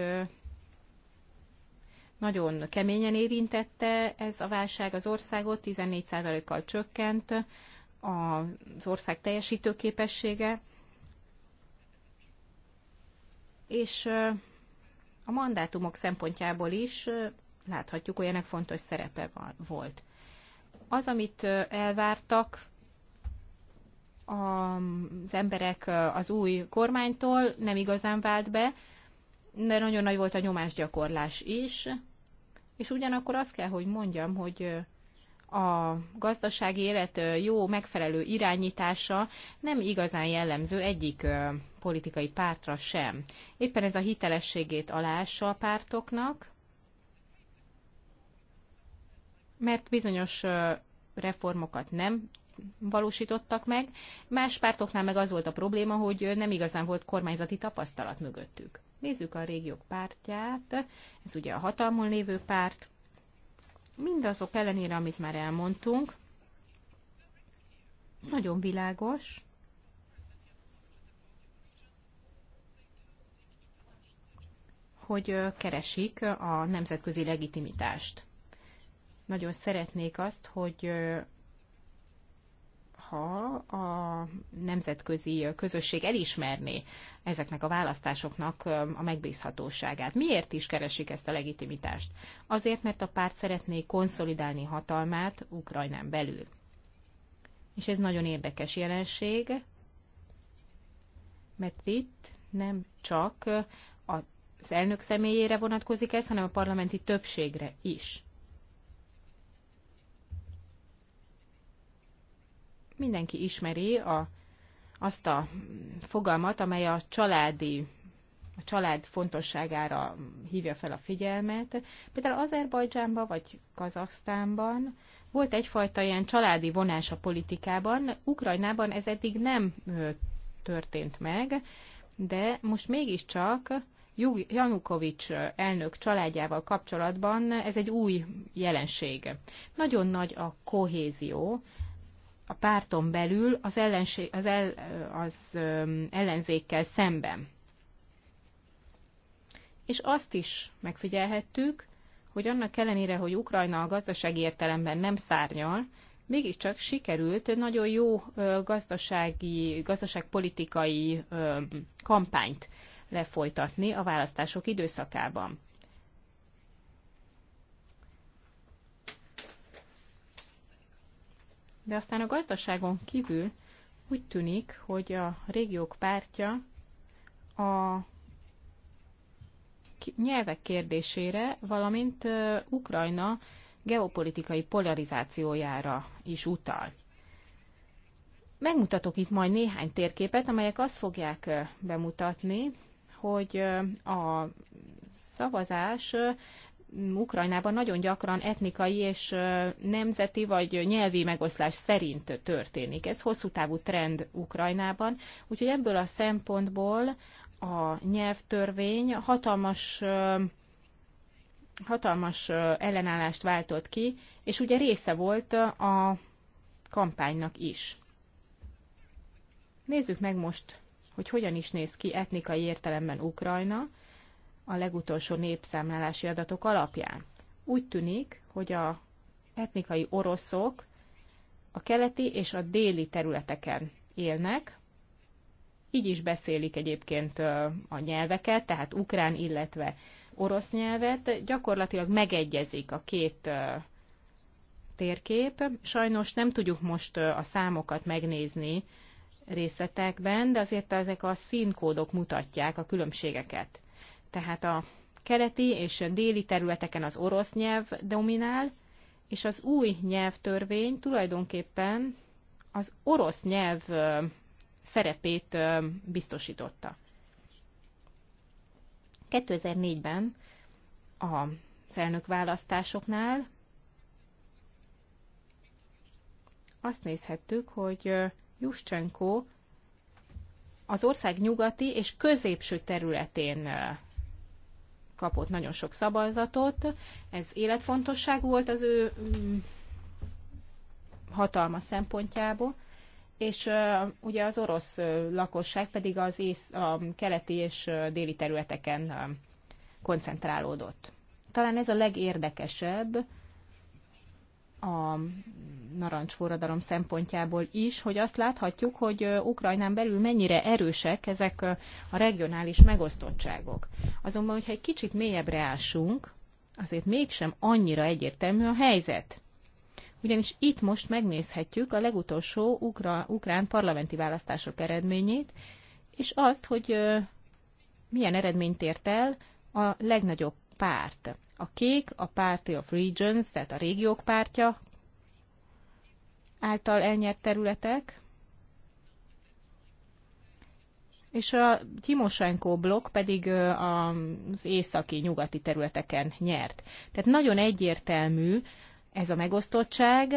nagyon keményen érintette ez a válság az országot, 14%-kal csökkent az ország teljesítőképessége, és a mandátumok szempontjából is láthatjuk, ennek fontos szerepe volt. Az, amit elvártak az emberek az új kormánytól, nem igazán vált be, de nagyon nagy volt a nyomásgyakorlás is, és ugyanakkor azt kell, hogy mondjam, hogy a gazdasági élet jó, megfelelő irányítása nem igazán jellemző egyik politikai pártra sem. Éppen ez a hitelességét alássa a pártoknak, mert bizonyos reformokat nem valósítottak meg, más pártoknál meg az volt a probléma, hogy nem igazán volt kormányzati tapasztalat mögöttük. Nézzük a régiók pártját, ez ugye a hatalmon lévő párt. Mindazok ellenére, amit már elmondtunk, nagyon világos, hogy keresik a nemzetközi legitimitást. Nagyon szeretnék azt, hogy hogyha a nemzetközi közösség elismerné ezeknek a választásoknak a megbízhatóságát. Miért is keresik ezt a legitimitást? Azért, mert a párt szeretné konszolidálni hatalmát Ukrajnán belül. És ez nagyon érdekes jelenség, mert itt nem csak az elnök személyére vonatkozik ez, hanem a parlamenti többségre is. Mindenki ismeri a, azt a fogalmat, amely a családi a család fontosságára hívja fel a figyelmet. Például Azerbajdzsánban vagy Kazaksztánban volt egyfajta ilyen családi vonás a politikában. Ukrajnában ez eddig nem történt meg, de most mégiscsak Janukovics elnök családjával kapcsolatban ez egy új jelenség. Nagyon nagy a kohézió a párton belül az, ellenség, az, el, az ellenzékkel szemben. És azt is megfigyelhettük, hogy annak ellenére, hogy Ukrajna a gazdasági értelemben nem szárnyal, mégiscsak sikerült nagyon jó gazdasági, gazdaságpolitikai kampányt lefolytatni a választások időszakában. De aztán a gazdaságon kívül úgy tűnik, hogy a régiók pártja a nyelvek kérdésére, valamint Ukrajna geopolitikai polarizációjára is utal. Megmutatok itt majd néhány térképet, amelyek azt fogják bemutatni, hogy a szavazás Ukrajnában nagyon gyakran etnikai és nemzeti vagy nyelvi megoszlás szerint történik. Ez hosszú távú trend Ukrajnában, úgyhogy ebből a szempontból a nyelvtörvény hatalmas hatalmas ellenállást váltott ki, és ugye része volt a kampánynak is. Nézzük meg most, hogy hogyan is néz ki etnikai értelemben Ukrajna a legutolsó népszámlálási adatok alapján. Úgy tűnik, hogy a etnikai oroszok a keleti és a déli területeken élnek, így is beszélik egyébként a nyelveket, tehát ukrán, illetve orosz nyelvet, gyakorlatilag megegyezik a két térkép. Sajnos nem tudjuk most a számokat megnézni részletekben, de azért ezek a színkódok mutatják a különbségeket. Tehát a keleti és déli területeken az orosz nyelv dominál, és az új nyelvtörvény tulajdonképpen az orosz nyelv szerepét biztosította. 2004-ben a elnök választásoknál azt nézhettük, hogy Juschenko az ország nyugati és középső területén kapott nagyon sok szabazatot. Ez életfontosság volt az ő mm, hatalma szempontjából. És ugye az orosz lakosság pedig az ész, a keleti és déli területeken koncentrálódott. Talán ez a legérdekesebb, a narancsforradalom szempontjából is, hogy azt láthatjuk, hogy Ukrajnán belül mennyire erősek ezek a regionális megosztottságok. Azonban, hogyha egy kicsit mélyebbre ásunk, azért mégsem annyira egyértelmű a helyzet. Ugyanis itt most megnézhetjük a legutolsó ukra, ukrán parlamenti választások eredményét, és azt, hogy milyen eredményt ért el a legnagyobb párt. A kék a Party of Regions, tehát a régiók pártja által elnyert területek, és a Timosenko blokk pedig az északi, nyugati területeken nyert. Tehát nagyon egyértelmű ez a megosztottság,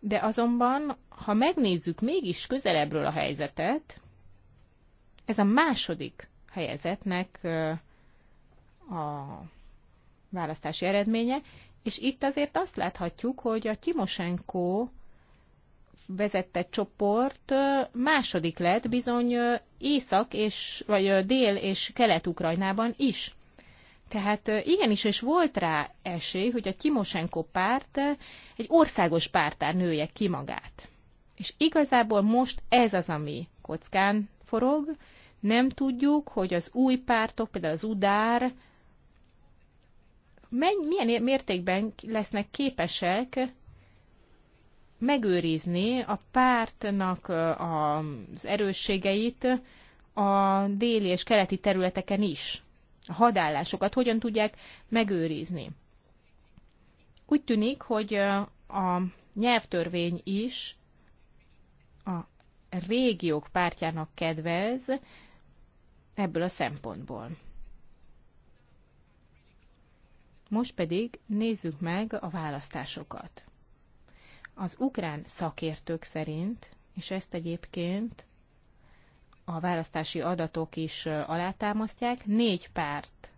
de azonban, ha megnézzük mégis közelebbről a helyzetet, ez a második helyzetnek a választási eredménye, és itt azért azt láthatjuk, hogy a Timosenko vezette csoport második lett bizony észak és, vagy dél és kelet-ukrajnában is. Tehát igenis, és volt rá esély, hogy a Timosenko párt egy országos pártár nője ki magát. És igazából most ez az, ami kockán forog. Nem tudjuk, hogy az új pártok, például az UDÁR milyen mértékben lesznek képesek megőrizni a pártnak az erősségeit a déli és keleti területeken is. A hadállásokat hogyan tudják megőrizni. Úgy tűnik, hogy a nyelvtörvény is a régiók pártjának kedvez ebből a szempontból. Most pedig nézzük meg a választásokat. Az ukrán szakértők szerint, és ezt egyébként a választási adatok is alátámasztják, négy párt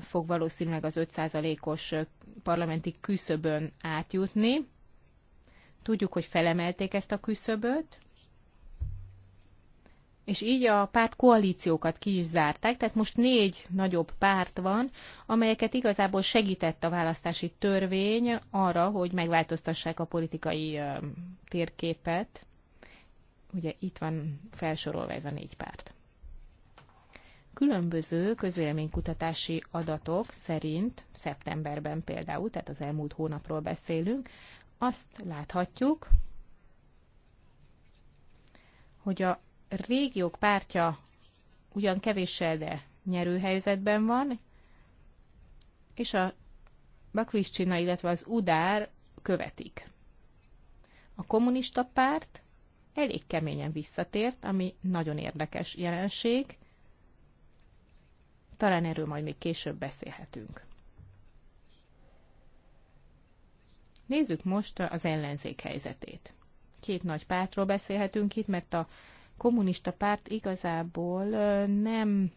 fog valószínűleg az 5%-os parlamenti küszöbön átjutni. Tudjuk, hogy felemelték ezt a küszöböt, és így a párt koalíciókat ki is zárták, tehát most négy nagyobb párt van, amelyeket igazából segített a választási törvény arra, hogy megváltoztassák a politikai térképet. Ugye itt van felsorolva ez a négy párt. Különböző közvéleménykutatási adatok szerint szeptemberben például, tehát az elmúlt hónapról beszélünk, azt láthatjuk, hogy a régiók pártja ugyan kevéssel, de nyerő helyzetben van, és a Bakriscsina, illetve az Udár követik. A kommunista párt elég keményen visszatért, ami nagyon érdekes jelenség. Talán erről majd még később beszélhetünk. Nézzük most az ellenzék helyzetét. Két nagy pártról beszélhetünk itt, mert a kommunista párt igazából nem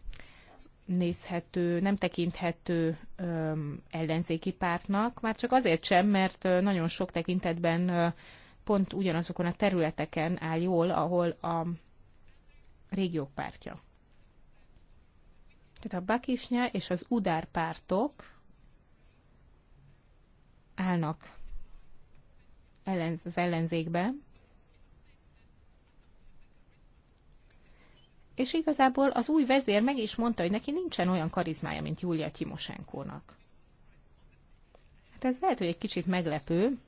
nézhető, nem tekinthető öm, ellenzéki pártnak, már csak azért sem, mert nagyon sok tekintetben ö, pont ugyanazokon a területeken áll jól, ahol a régiók pártja. Tehát a Bakisnya és az Udár pártok állnak ellenz, az ellenzékben, és igazából az új vezér meg is mondta, hogy neki nincsen olyan karizmája, mint Júlia Timosenkónak. Hát ez lehet, hogy egy kicsit meglepő,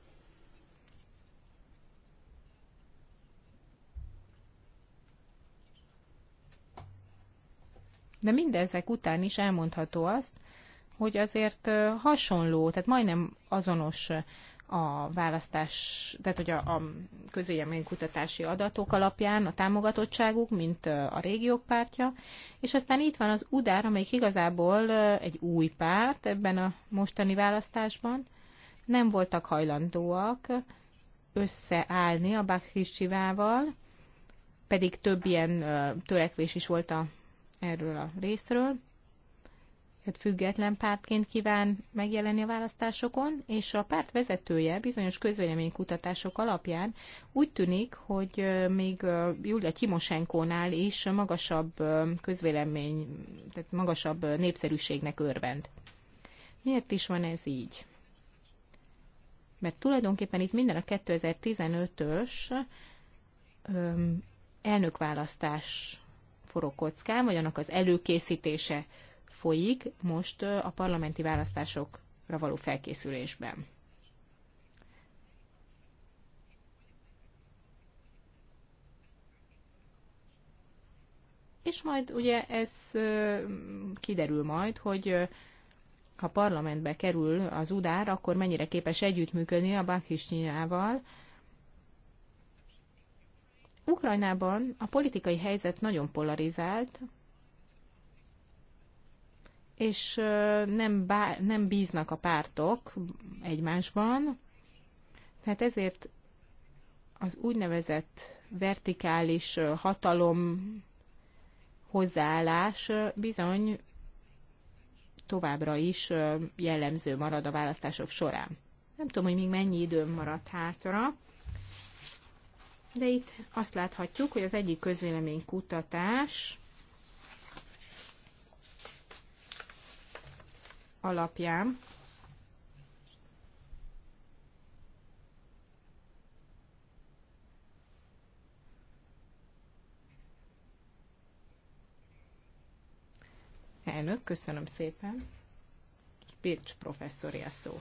De mindezek után is elmondható azt, hogy azért hasonló, tehát majdnem azonos a választás, tehát hogy a, a kutatási adatok alapján a támogatottságuk, mint a régiók pártja, és aztán itt van az UDÁR, amelyik igazából egy új párt ebben a mostani választásban, nem voltak hajlandóak összeállni a Bakhisivával, pedig több ilyen törekvés is volt a, erről a részről, tehát független pártként kíván megjelenni a választásokon, és a párt vezetője bizonyos közvéleménykutatások alapján úgy tűnik, hogy még Julia Timosenkónál is magasabb közvélemény, tehát magasabb népszerűségnek örvend. Miért is van ez így? Mert tulajdonképpen itt minden a 2015-ös elnökválasztás forog kockán, vagy annak az előkészítése folyik most a parlamenti választásokra való felkészülésben. És majd ugye ez kiderül majd, hogy ha parlamentbe kerül az udár, akkor mennyire képes együttműködni a Bakhisnyával. Ukrajnában a politikai helyzet nagyon polarizált, és nem, bá, nem bíznak a pártok egymásban, tehát ezért az úgynevezett vertikális hatalom hozzáállás bizony továbbra is jellemző marad a választások során. Nem tudom, hogy még mennyi időm maradt hátra, de itt azt láthatjuk, hogy az egyik közvélemény kutatás alapján Elnök, köszönöm szépen. Pécs professzori a szó.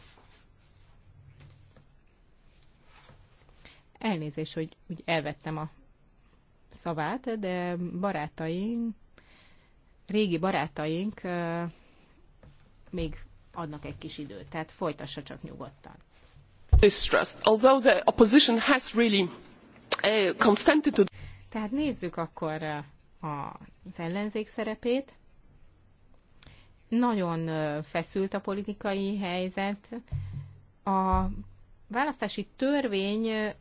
Elnézés, hogy úgy elvettem a szavát, de barátaink, régi barátaink még adnak egy kis időt. Tehát folytassa csak nyugodtan. Although the opposition has really uh, consented to... Tehát nézzük akkor uh, az ellenzék szerepét. Nagyon uh, feszült a politikai helyzet. A választási törvény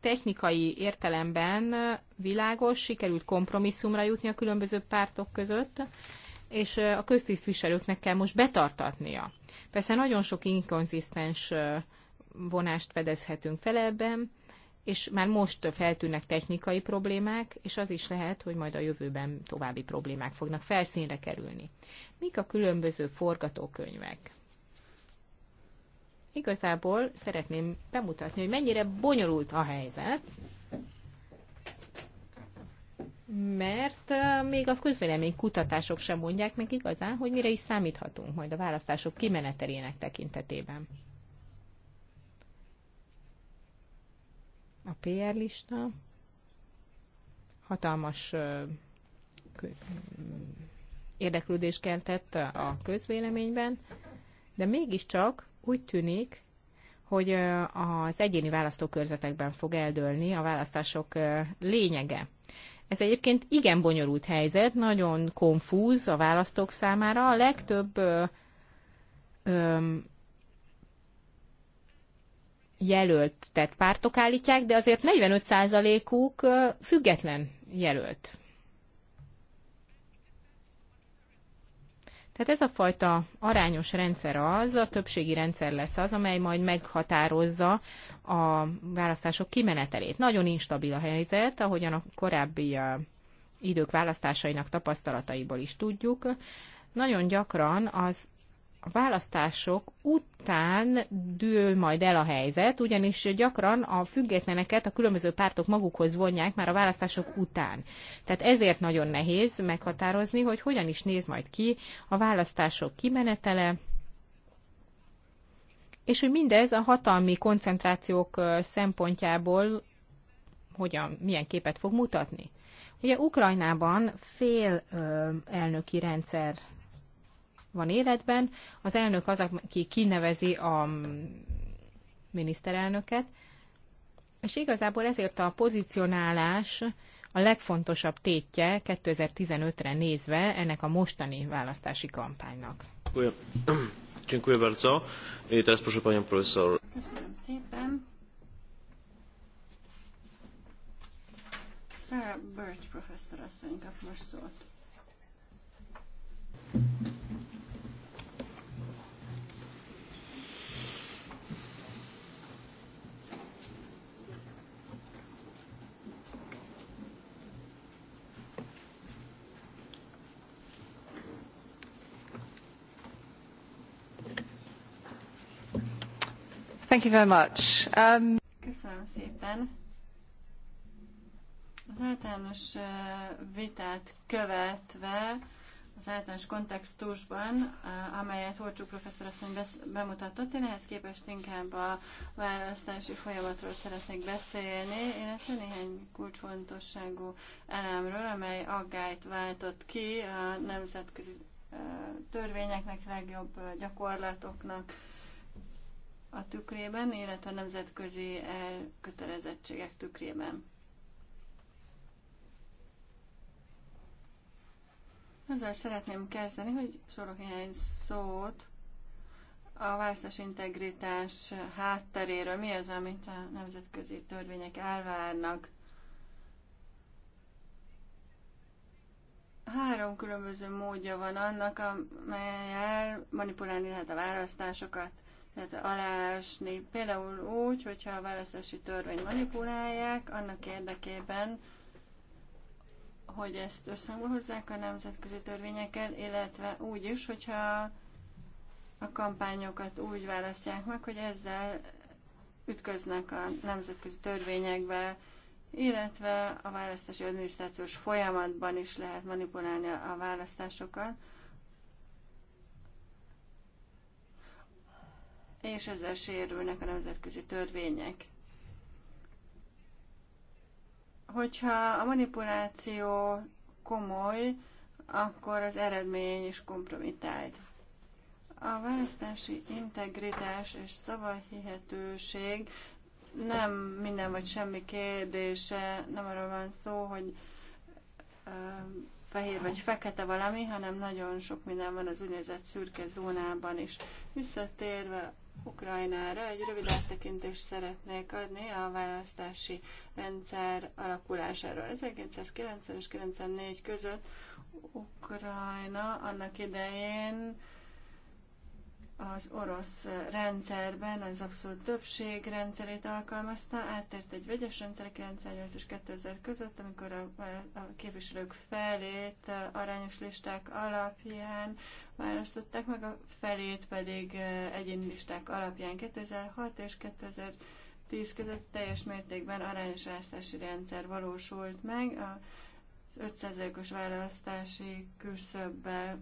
technikai értelemben világos, sikerült kompromisszumra jutni a különböző pártok között, és a köztisztviselőknek kell most betartatnia. Persze nagyon sok inkonzisztens vonást fedezhetünk fel ebben, és már most feltűnnek technikai problémák, és az is lehet, hogy majd a jövőben további problémák fognak felszínre kerülni. Mik a különböző forgatókönyvek? Igazából szeretném bemutatni, hogy mennyire bonyolult a helyzet, mert még a közvélemény kutatások sem mondják meg igazán, hogy mire is számíthatunk majd a választások kimenetelének tekintetében. A PR lista hatalmas érdeklődést keltett a közvéleményben, de mégiscsak úgy tűnik, hogy az egyéni választókörzetekben fog eldőlni a választások lényege. Ez egyébként igen bonyolult helyzet, nagyon konfúz a választók számára. A legtöbb ö, ö, jelölt, tehát pártok állítják, de azért 45%-uk független jelölt. Tehát ez a fajta arányos rendszer az, a többségi rendszer lesz az, amely majd meghatározza a választások kimenetelét. Nagyon instabil a helyzet, ahogyan a korábbi idők választásainak tapasztalataiból is tudjuk. Nagyon gyakran az a választások után dől majd el a helyzet, ugyanis gyakran a függetleneket a különböző pártok magukhoz vonják már a választások után. Tehát ezért nagyon nehéz meghatározni, hogy hogyan is néz majd ki a választások kimenetele, és hogy mindez a hatalmi koncentrációk szempontjából hogyan, milyen képet fog mutatni. Ugye Ukrajnában fél ö, elnöki rendszer van életben, az elnök az, aki kinevezi a miniszterelnöket, és igazából ezért a pozicionálás a legfontosabb tétje 2015-re nézve ennek a mostani választási kampánynak. teraz proszę panią profesor. Köszönöm szépen. Sarah Birch professzor asszony kap most szót. Um, Köszönöm szépen. Az általános vitát követve az általános kontextusban, amelyet Horcsú professzor asszony bemutatott, én ehhez képest inkább a választási folyamatról szeretnék beszélni, illetve néhány kulcsfontosságú elemről, amely aggályt váltott ki a nemzetközi törvényeknek, legjobb gyakorlatoknak a tükrében, illetve a nemzetközi elkötelezettségek tükrében. Ezzel szeretném kezdeni, hogy sorok néhány szót a választási integritás hátteréről. Mi az, amit a nemzetközi törvények elvárnak? Három különböző módja van annak, amelyel manipulálni lehet a választásokat – tehát aláásni. Például úgy, hogyha a választási törvény manipulálják, annak érdekében, hogy ezt összhangba hozzák a nemzetközi törvényekkel, illetve úgy is, hogyha a kampányokat úgy választják meg, hogy ezzel ütköznek a nemzetközi törvényekbe, illetve a választási adminisztrációs folyamatban is lehet manipulálni a választásokat. és ezzel sérülnek a nemzetközi törvények. Hogyha a manipuláció komoly, akkor az eredmény is kompromitált. A választási integritás és szavahihetőség nem minden vagy semmi kérdése, nem arról van szó, hogy fehér vagy fekete valami, hanem nagyon sok minden van az úgynevezett szürke zónában is. Visszatérve Ukrajnára egy rövid áttekintést szeretnék adni a választási rendszer alakulásáról. 1990 és 94 között Ukrajna annak idején az orosz rendszerben az abszolút többség rendszerét alkalmazta, áttért egy vegyes rendszer 98 és 2000 között, amikor a, a képviselők felét arányos listák alapján választották meg, a felét pedig e, egyéni listák alapján 2006 és 2010 között teljes mértékben arányos választási rendszer valósult meg. A, az os választási küszöbbel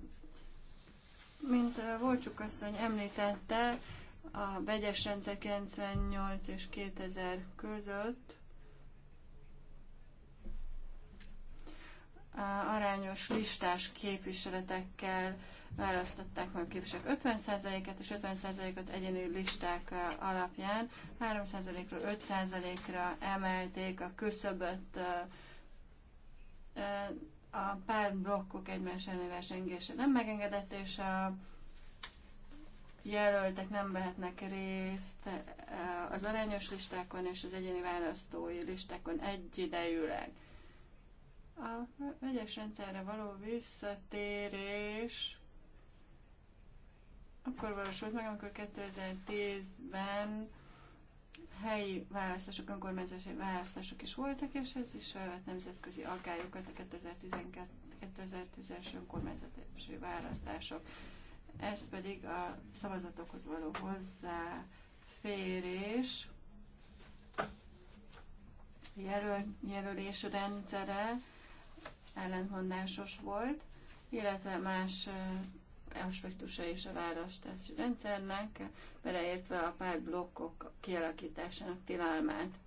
mint Volcsuk asszony említette, a vegyes 98 és 2000 között arányos listás képviseletekkel választották meg a képviselők 50%-et és 50%-ot egyéni listák alapján. 3%-ról 5%-ra emelték a küszöböt a pár blokkok egymás elleni versengése nem megengedett, és a jelöltek nem vehetnek részt eh, az arányos listákon és az egyéni választói listákon egyidejűleg. A vegyes rendszerre való visszatérés akkor valósult meg, amikor 2010-ben helyi választások, önkormányzási választások is voltak, és ez is felvett nemzetközi aggályokat a 2012-2010-es önkormányzati választások. Ez pedig a szavazatokhoz való hozzáférés, jelöl, jelölés rendszere ellentmondásos volt, illetve más aspektusa is a választási rendszernek, beleértve a pár blokkok kialakításának tilalmát.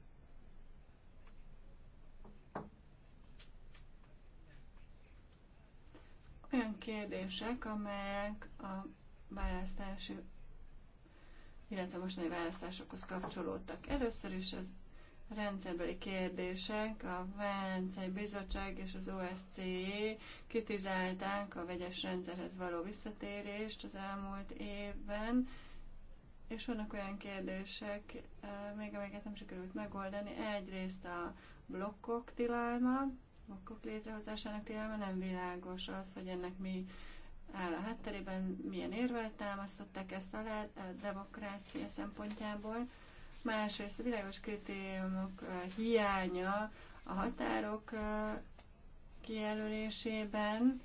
Olyan kérdések, amelyek a választási, illetve mostani választásokhoz kapcsolódtak. Először is az rendszerbeli kérdések, a Velencei Bizottság és az OSCE kritizálták a vegyes rendszerhez való visszatérést az elmúlt évben, és vannak olyan kérdések, eh, még amelyeket nem sikerült megoldani. Egyrészt a blokkok tilalma, blokkok létrehozásának tilalma nem világos az, hogy ennek mi áll a hátterében, milyen érvel támasztották ezt alá a demokrácia szempontjából másrészt a világos kritériumok hiánya a határok kijelölésében,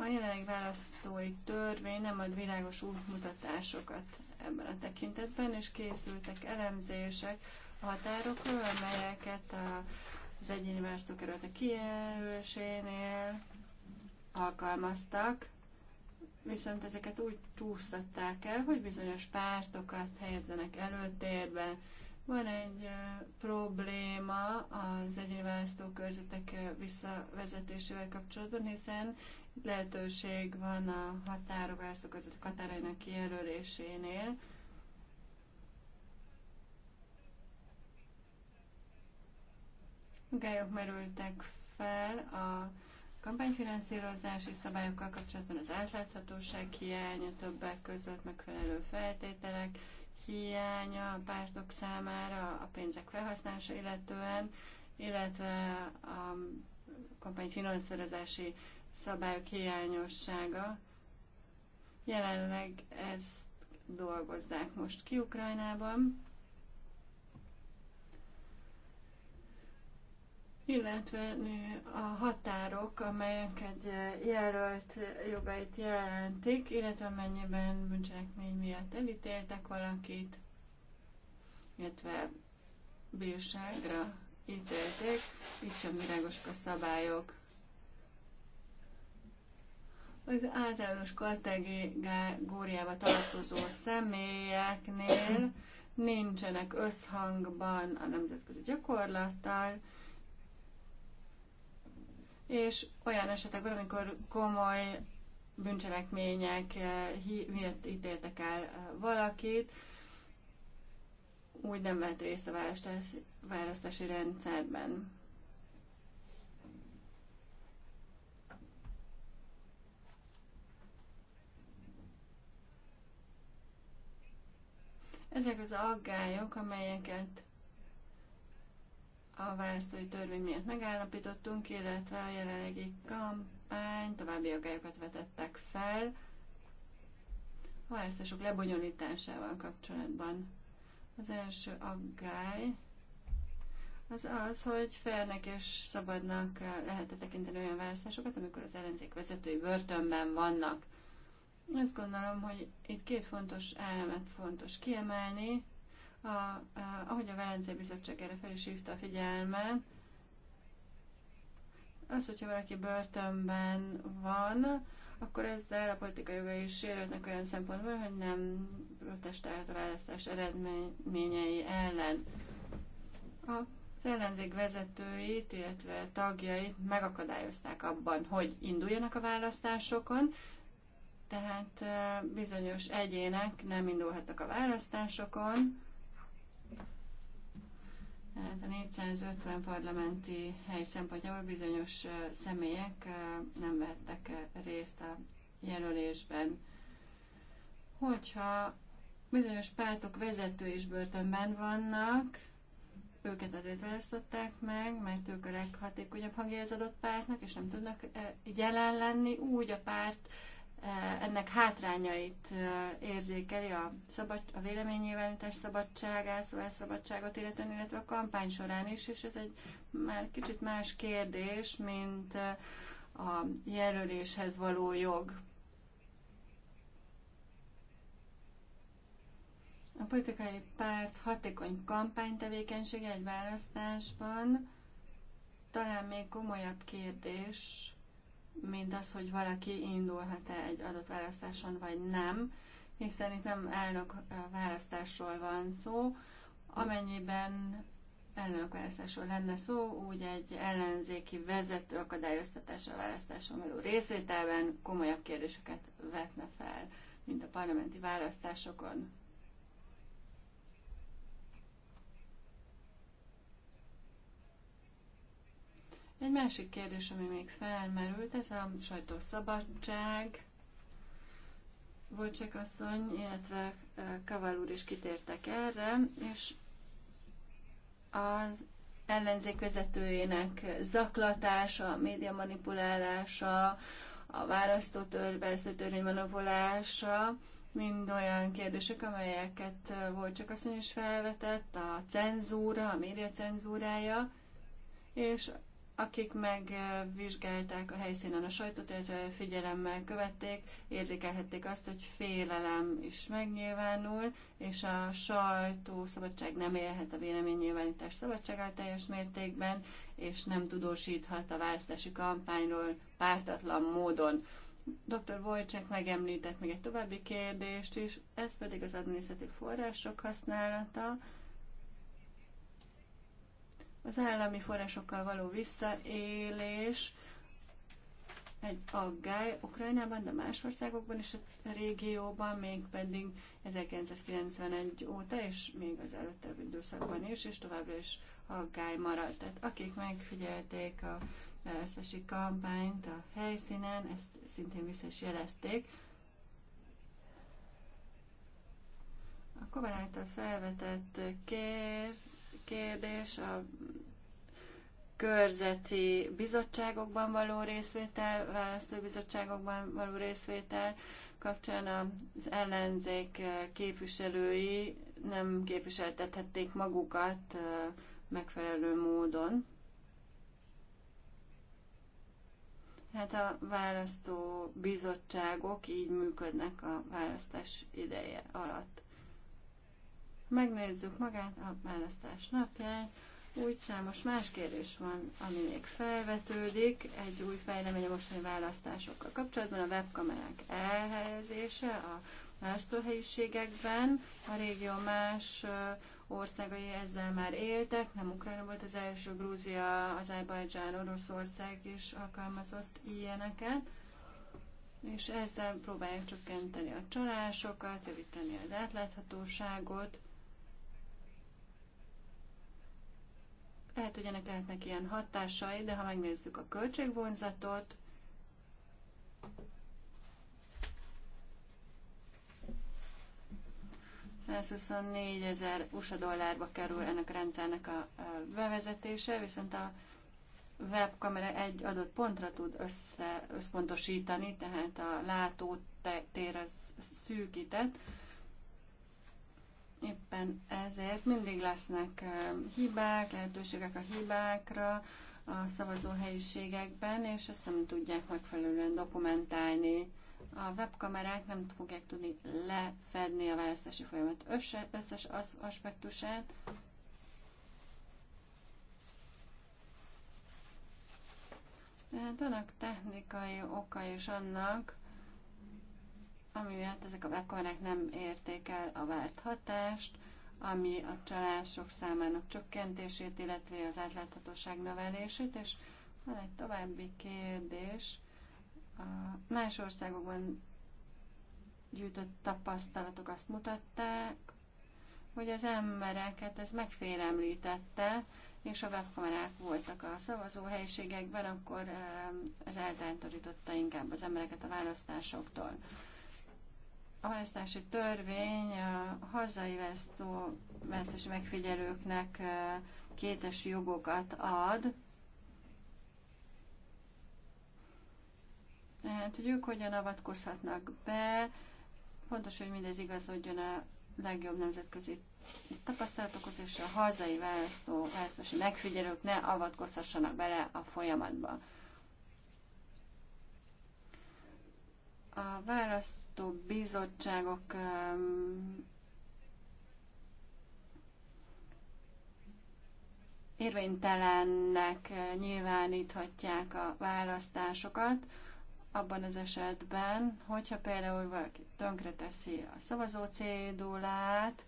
A jelenleg választói törvény nem ad világos útmutatásokat ebben a tekintetben, és készültek elemzések a határokról, amelyeket az egyéni választókerületek kijelölésénél alkalmaztak viszont ezeket úgy csúsztatták el, hogy bizonyos pártokat helyezzenek előtérbe. Van egy probléma az egyéni választókörzetek visszavezetésével kapcsolatban, hiszen itt lehetőség van a határok, választókörzetek határainak kijelölésénél, Gályok merültek fel a kampányfinanszírozási szabályokkal kapcsolatban az átláthatóság hiánya többek között, megfelelő feltételek hiánya a pártok számára, a pénzek felhasználása illetően, illetve a kampányfinanszírozási szabályok hiányossága. Jelenleg ezt dolgozzák most ki Ukrajnában. illetve a határok, amelyek egy jelölt jogait jelentik, illetve amennyiben bűncselekmény miatt elítéltek valakit, illetve bírságra ítélték, itt sem virágosak a szabályok. Az általános kategóriába tartozó személyeknél nincsenek összhangban a nemzetközi gyakorlattal, és olyan esetekben, amikor komoly bűncselekmények eh, miatt ítéltek el eh, valakit, úgy nem vett részt a választási, választási rendszerben. Ezek az aggályok, amelyeket a választói törvény miatt megállapítottunk, illetve a jelenlegi kampány további aggályokat vetettek fel a választások lebonyolításával kapcsolatban. Az első aggály az az, hogy felnek és szabadnak eh, lehet -e tekinteni olyan választásokat, amikor az ellenzék vezetői börtönben vannak. Azt gondolom, hogy itt két fontos elemet fontos kiemelni. A, a, ahogy a Velencei Bizottság erre fel is hívta a figyelmet, az, hogyha valaki börtönben van, akkor ezzel a politikai jogai is sérülnek olyan szempontból, hogy nem protestált a választás eredményei ellen. A ellenzék vezetőit, illetve tagjait megakadályozták abban, hogy induljanak a választásokon, tehát eh, bizonyos egyének nem indulhattak a választásokon, tehát a 450 parlamenti hely szempontjából bizonyos személyek nem vettek részt a jelölésben. Hogyha bizonyos pártok vezetői is börtönben vannak, őket azért választották meg, mert ők a leghatékonyabb hangja az adott pártnak, és nem tudnak jelen lenni, úgy a párt Eh, ennek hátrányait eh, érzékeli a, szabad, a véleményjelentés szabadságát, szabadságot illetően, illetve a kampány során is, és ez egy már kicsit más kérdés, mint eh, a jelöléshez való jog. A politikai párt hatékony kampánytevékenysége egy választásban talán még komolyabb kérdés, mint az, hogy valaki indulhat-e egy adott választáson, vagy nem, hiszen itt nem elnök választásról van szó. Amennyiben elnök választásról lenne szó, úgy egy ellenzéki vezető akadályoztatása választáson való részvételben komolyabb kérdéseket vetne fel, mint a parlamenti választásokon. Egy másik kérdés, ami még felmerült, ez a sajtószabadság. Volcsek asszony, illetve Kaval úr is kitértek erre, és az ellenzék vezetőjének zaklatása, a média manipulálása, a választótörvesztő törvény manipulálása, mind olyan kérdések, amelyeket volt csak asszony is felvetett, a cenzúra, a média cenzúrája, és akik megvizsgálták a helyszínen a sajtot, illetve figyelemmel követték, érzékelhették azt, hogy félelem is megnyilvánul, és a sajtó szabadság nem élhet a véleménynyilvánítás szabadságát teljes mértékben, és nem tudósíthat a választási kampányról pártatlan módon. Dr. Wojcik megemlített még egy további kérdést is, ez pedig az adminisztratív források használata az állami forrásokkal való visszaélés egy aggály Ukrajnában, de más országokban is a régióban, pedig 1991 óta, és még az előtte időszakban is, és továbbra is aggály maradt. Tehát akik megfigyelték a választási kampányt a helyszínen, ezt szintén vissza is jelezték. A Kovar által felvetett kérdés kérdés, a körzeti bizottságokban való részvétel, választóbizottságokban való részvétel kapcsán az ellenzék képviselői nem képviseltethették magukat megfelelő módon. Hát a választó bizottságok így működnek a választás ideje alatt megnézzük magát a választás napján, úgy számos más kérdés van, ami még felvetődik. Egy új fejlemény a mostani választásokkal kapcsolatban a webkamerák elhelyezése a választóhelyiségekben. A régió más országai ezzel már éltek, nem Ukrajna volt az első, Grúzia, Azerbajdzsán, Oroszország is alkalmazott ilyeneket. És ezzel próbálják csökkenteni a csalásokat, javítani az átláthatóságot Lehet, hogy ennek lehetnek ilyen hatásai, de ha megnézzük a költségvonzatot, ezer USA dollárba kerül ennek a rendszernek a bevezetése, viszont a webkamera egy adott pontra tud össze, összpontosítani, tehát a látótér az szűkített, Éppen ezért mindig lesznek hibák, lehetőségek a hibákra a szavazóhelyiségekben, és ezt nem tudják megfelelően dokumentálni. A webkamerák nem fogják tudni lefedni a választási folyamat összes az aspektusát, Tehát annak technikai okai is annak, ami miatt ezek a webkamerák nem érték el a várt hatást, ami a csalások számának csökkentését, illetve az átláthatóság növelését, és van egy további kérdés. A más országokban gyűjtött tapasztalatok azt mutatták, hogy az embereket ez megfélemlítette, és a webkamerák voltak a szavazóhelyiségekben, akkor ez eltántorította inkább az embereket a választásoktól a választási törvény a hazai vesztó, vesztési megfigyelőknek kétes jogokat ad. Tehát, hogy ők hogyan avatkozhatnak be, fontos, hogy mindez igazodjon a legjobb nemzetközi tapasztalatokhoz, és a hazai választó, választási megfigyelők ne avatkozhassanak bele a folyamatba. A választ választó bizottságok um, érvénytelennek uh, nyilváníthatják a választásokat, abban az esetben, hogyha például valaki tönkreteszi a szavazó cédulát,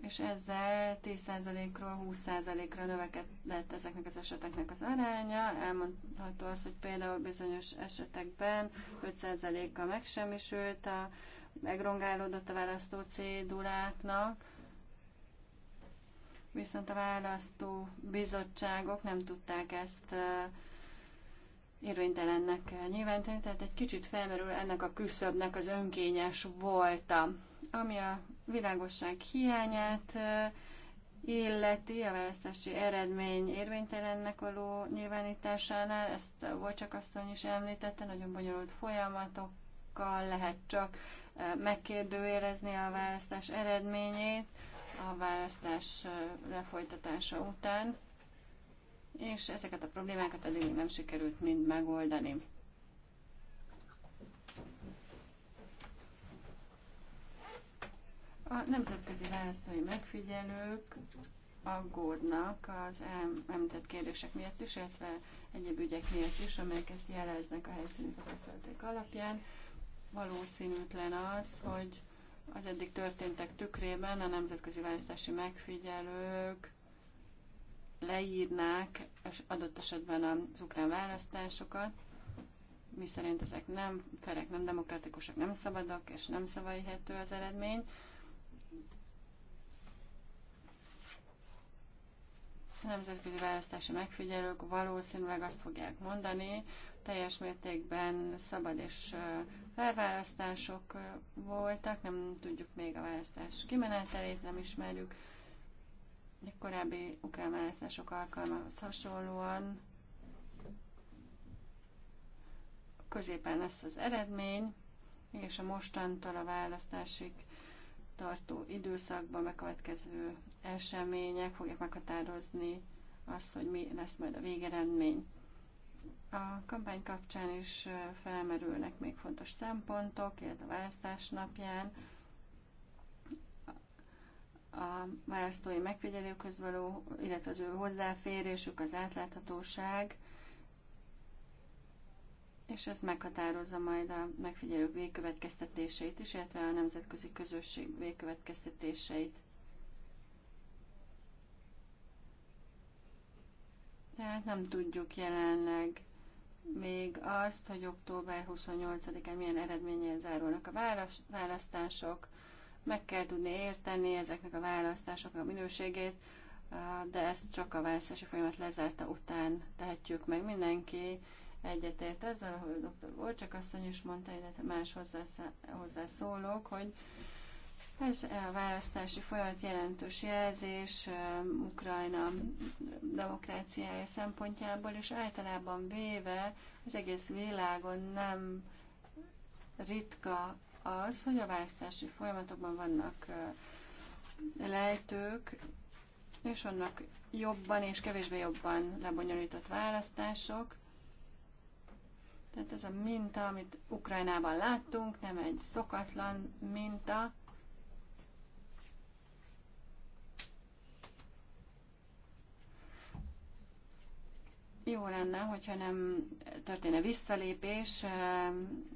és ezzel 10%-ról 20%-ra növekedett ezeknek az eseteknek az aránya. Elmondható az, hogy például bizonyos esetekben 5%-a megsemmisült, a, megrongálódott a választó céduláknak, viszont a választó bizottságok nem tudták ezt érvénytelennek nyilvántani, tehát egy kicsit felmerül ennek a küszöbnek az önkényes volta. Ami a világosság hiányát illeti a választási eredmény érvénytelennek való nyilvánításánál. Ezt Volcsak asszony is említette, nagyon bonyolult folyamatokkal lehet csak megkérdőjelezni a választás eredményét a választás lefolytatása után, és ezeket a problémákat eddig nem sikerült mind megoldani. A nemzetközi választói megfigyelők aggódnak az említett kérdések miatt is, illetve egyéb ügyek miatt is, amelyeket jeleznek a helyszíni tapasztalatok alapján. Valószínűtlen az, hogy az eddig történtek tükrében a nemzetközi választási megfigyelők leírnák és adott esetben az ukrán választásokat, miszerint ezek nem felek, nem demokratikusak, nem szabadak és nem szavahihető az eredmény. A nemzetközi választási megfigyelők valószínűleg azt fogják mondani, teljes mértékben szabad és felválasztások voltak, nem tudjuk még a választás kimenetelét, nem ismerjük. De korábbi ukrán választások alkalmához hasonlóan középen lesz az eredmény, és a mostantól a választásig tartó időszakban bekövetkező események fogják meghatározni azt, hogy mi lesz majd a végeredmény. A kampány kapcsán is felmerülnek még fontos szempontok, illetve a választás napján a választói megfigyelőkhöz való, illetve az ő hozzáférésük, az átláthatóság, és ez meghatározza majd a megfigyelők végkövetkeztetéseit is, illetve a nemzetközi közösség végkövetkeztetéseit. Tehát nem tudjuk jelenleg még azt, hogy október 28-án milyen eredményen zárulnak a választások. Meg kell tudni érteni ezeknek a választásoknak a minőségét, de ezt csak a választási folyamat lezárta után tehetjük meg mindenki egyetért ezzel, ahogy dr. Volcsak asszony is mondta, illetve más hozzászólók, hogy ez a választási folyamat jelentős jelzés um, Ukrajna demokráciája szempontjából, és általában véve az egész világon nem ritka az, hogy a választási folyamatokban vannak uh, lejtők, és vannak jobban és kevésbé jobban lebonyolított választások, tehát ez a minta, amit Ukrajnában láttunk, nem egy szokatlan minta. Jó lenne, hogyha nem történne visszalépés eh,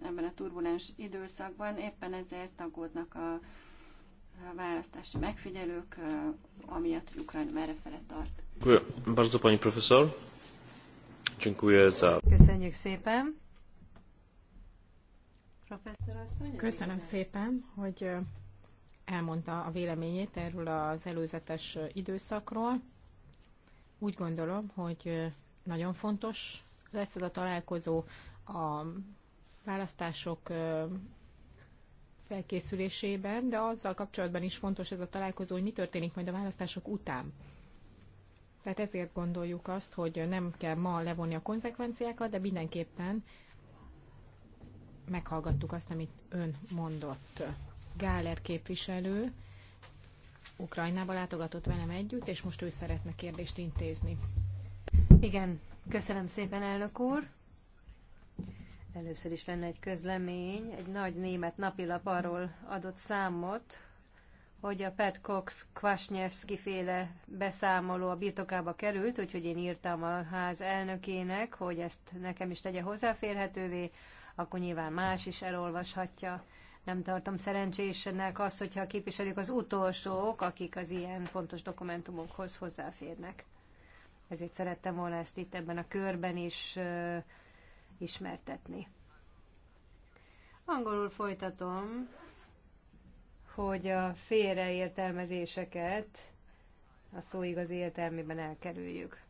ebben a turbulens időszakban, éppen ezért aggódnak a választási megfigyelők, eh, amiatt, hogy Ukrajna merre fele tart. Köszönjük szépen. Köszönöm szépen, hogy elmondta a véleményét erről az előzetes időszakról. Úgy gondolom, hogy nagyon fontos lesz ez a találkozó a választások felkészülésében, de azzal kapcsolatban is fontos ez a találkozó, hogy mi történik majd a választások után. Tehát ezért gondoljuk azt, hogy nem kell ma levonni a konzekvenciákat, de mindenképpen meghallgattuk azt, amit ön mondott. Gáler képviselő Ukrajnába látogatott velem együtt, és most ő szeretne kérdést intézni. Igen, köszönöm szépen, elnök úr. Először is lenne egy közlemény, egy nagy német napilap arról adott számot, hogy a Pat Cox Kvasnyevski féle beszámoló a birtokába került, úgyhogy én írtam a ház elnökének, hogy ezt nekem is tegye hozzáférhetővé akkor nyilván más is elolvashatja. Nem tartom szerencsésnek azt, hogyha a képviselők az utolsók, akik az ilyen fontos dokumentumokhoz hozzáférnek. Ezért szerettem volna ezt itt ebben a körben is ö, ismertetni. Angolul folytatom, hogy a félreértelmezéseket a szó igazi értelmében elkerüljük.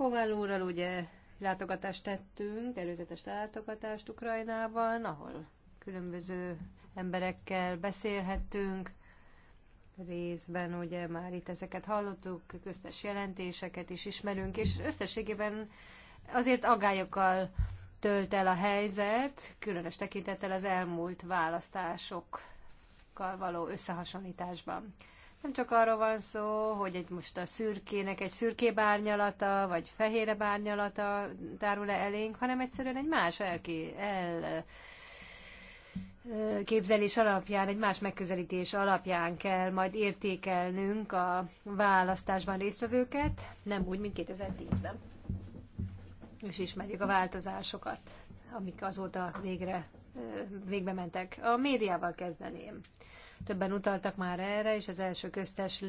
Kováll úrral ugye látogatást tettünk, előzetes látogatást Ukrajnában, ahol különböző emberekkel beszélhettünk, részben ugye már itt ezeket hallottuk, köztes jelentéseket is ismerünk, és összességében azért agályokkal tölt el a helyzet, különös tekintettel az elmúlt választásokkal való összehasonlításban. Nem csak arról van szó, hogy egy most a szürkének egy szürké bárnyalata, vagy fehére bárnyalata tárul-e elénk, hanem egyszerűen egy más elké, el, képzelés alapján, egy más megközelítés alapján kell majd értékelnünk a választásban résztvevőket, nem úgy, mint 2010-ben. És ismerjük a változásokat, amik azóta végre végbe mentek. A médiával kezdeném. Többen utaltak már erre, és az első köztes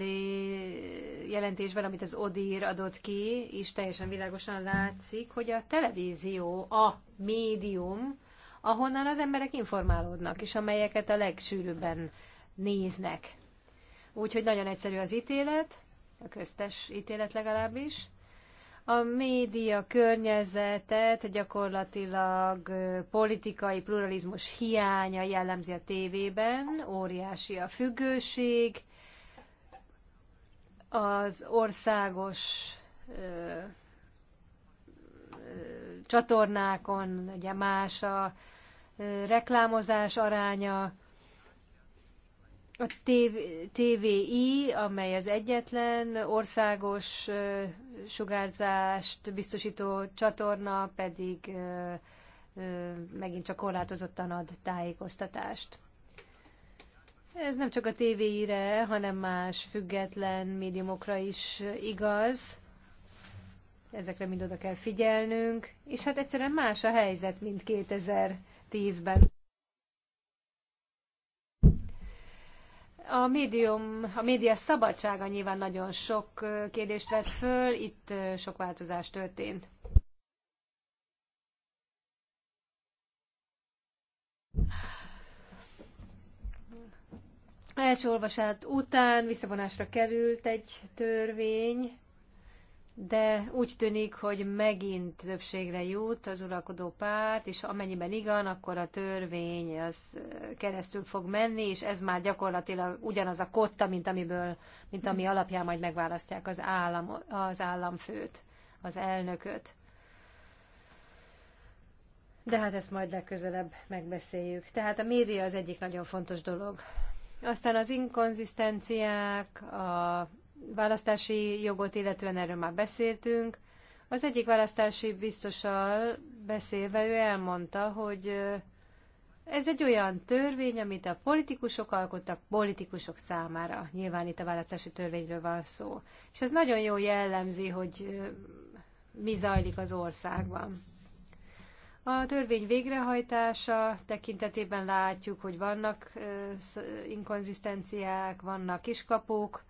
jelentésben, amit az Odír adott ki, is teljesen világosan látszik, hogy a televízió a médium, ahonnan az emberek informálódnak, és amelyeket a legsűrűbben néznek. Úgyhogy nagyon egyszerű az ítélet, a köztes ítélet legalábbis a média környezetet gyakorlatilag politikai pluralizmus hiánya jellemzi a tévében, óriási a függőség, az országos ö, ö, csatornákon ugye más a ö, reklámozás aránya, a TVI, amely az egyetlen országos sugárzást biztosító csatorna, pedig megint csak korlátozottan ad tájékoztatást. Ez nem csak a TVI-re, hanem más független médiumokra is igaz. Ezekre mind oda kell figyelnünk, és hát egyszerűen más a helyzet, mint 2010-ben. A, médium, a média szabadsága nyilván nagyon sok kérdést vett föl, itt sok változás történt. Első olvasát után visszavonásra került egy törvény, de úgy tűnik, hogy megint többségre jut az uralkodó párt, és amennyiben igen, akkor a törvény az keresztül fog menni, és ez már gyakorlatilag ugyanaz a kotta, mint, amiből, mint ami alapján majd megválasztják az, állam, az államfőt, az elnököt. De hát ezt majd legközelebb megbeszéljük. Tehát a média az egyik nagyon fontos dolog. Aztán az inkonzisztenciák, a választási jogot, illetően erről már beszéltünk. Az egyik választási biztossal beszélve ő elmondta, hogy ez egy olyan törvény, amit a politikusok alkottak politikusok számára. Nyilván itt a választási törvényről van szó. És ez nagyon jó jellemzi, hogy mi zajlik az országban. A törvény végrehajtása tekintetében látjuk, hogy vannak inkonzisztenciák, vannak kiskapuk,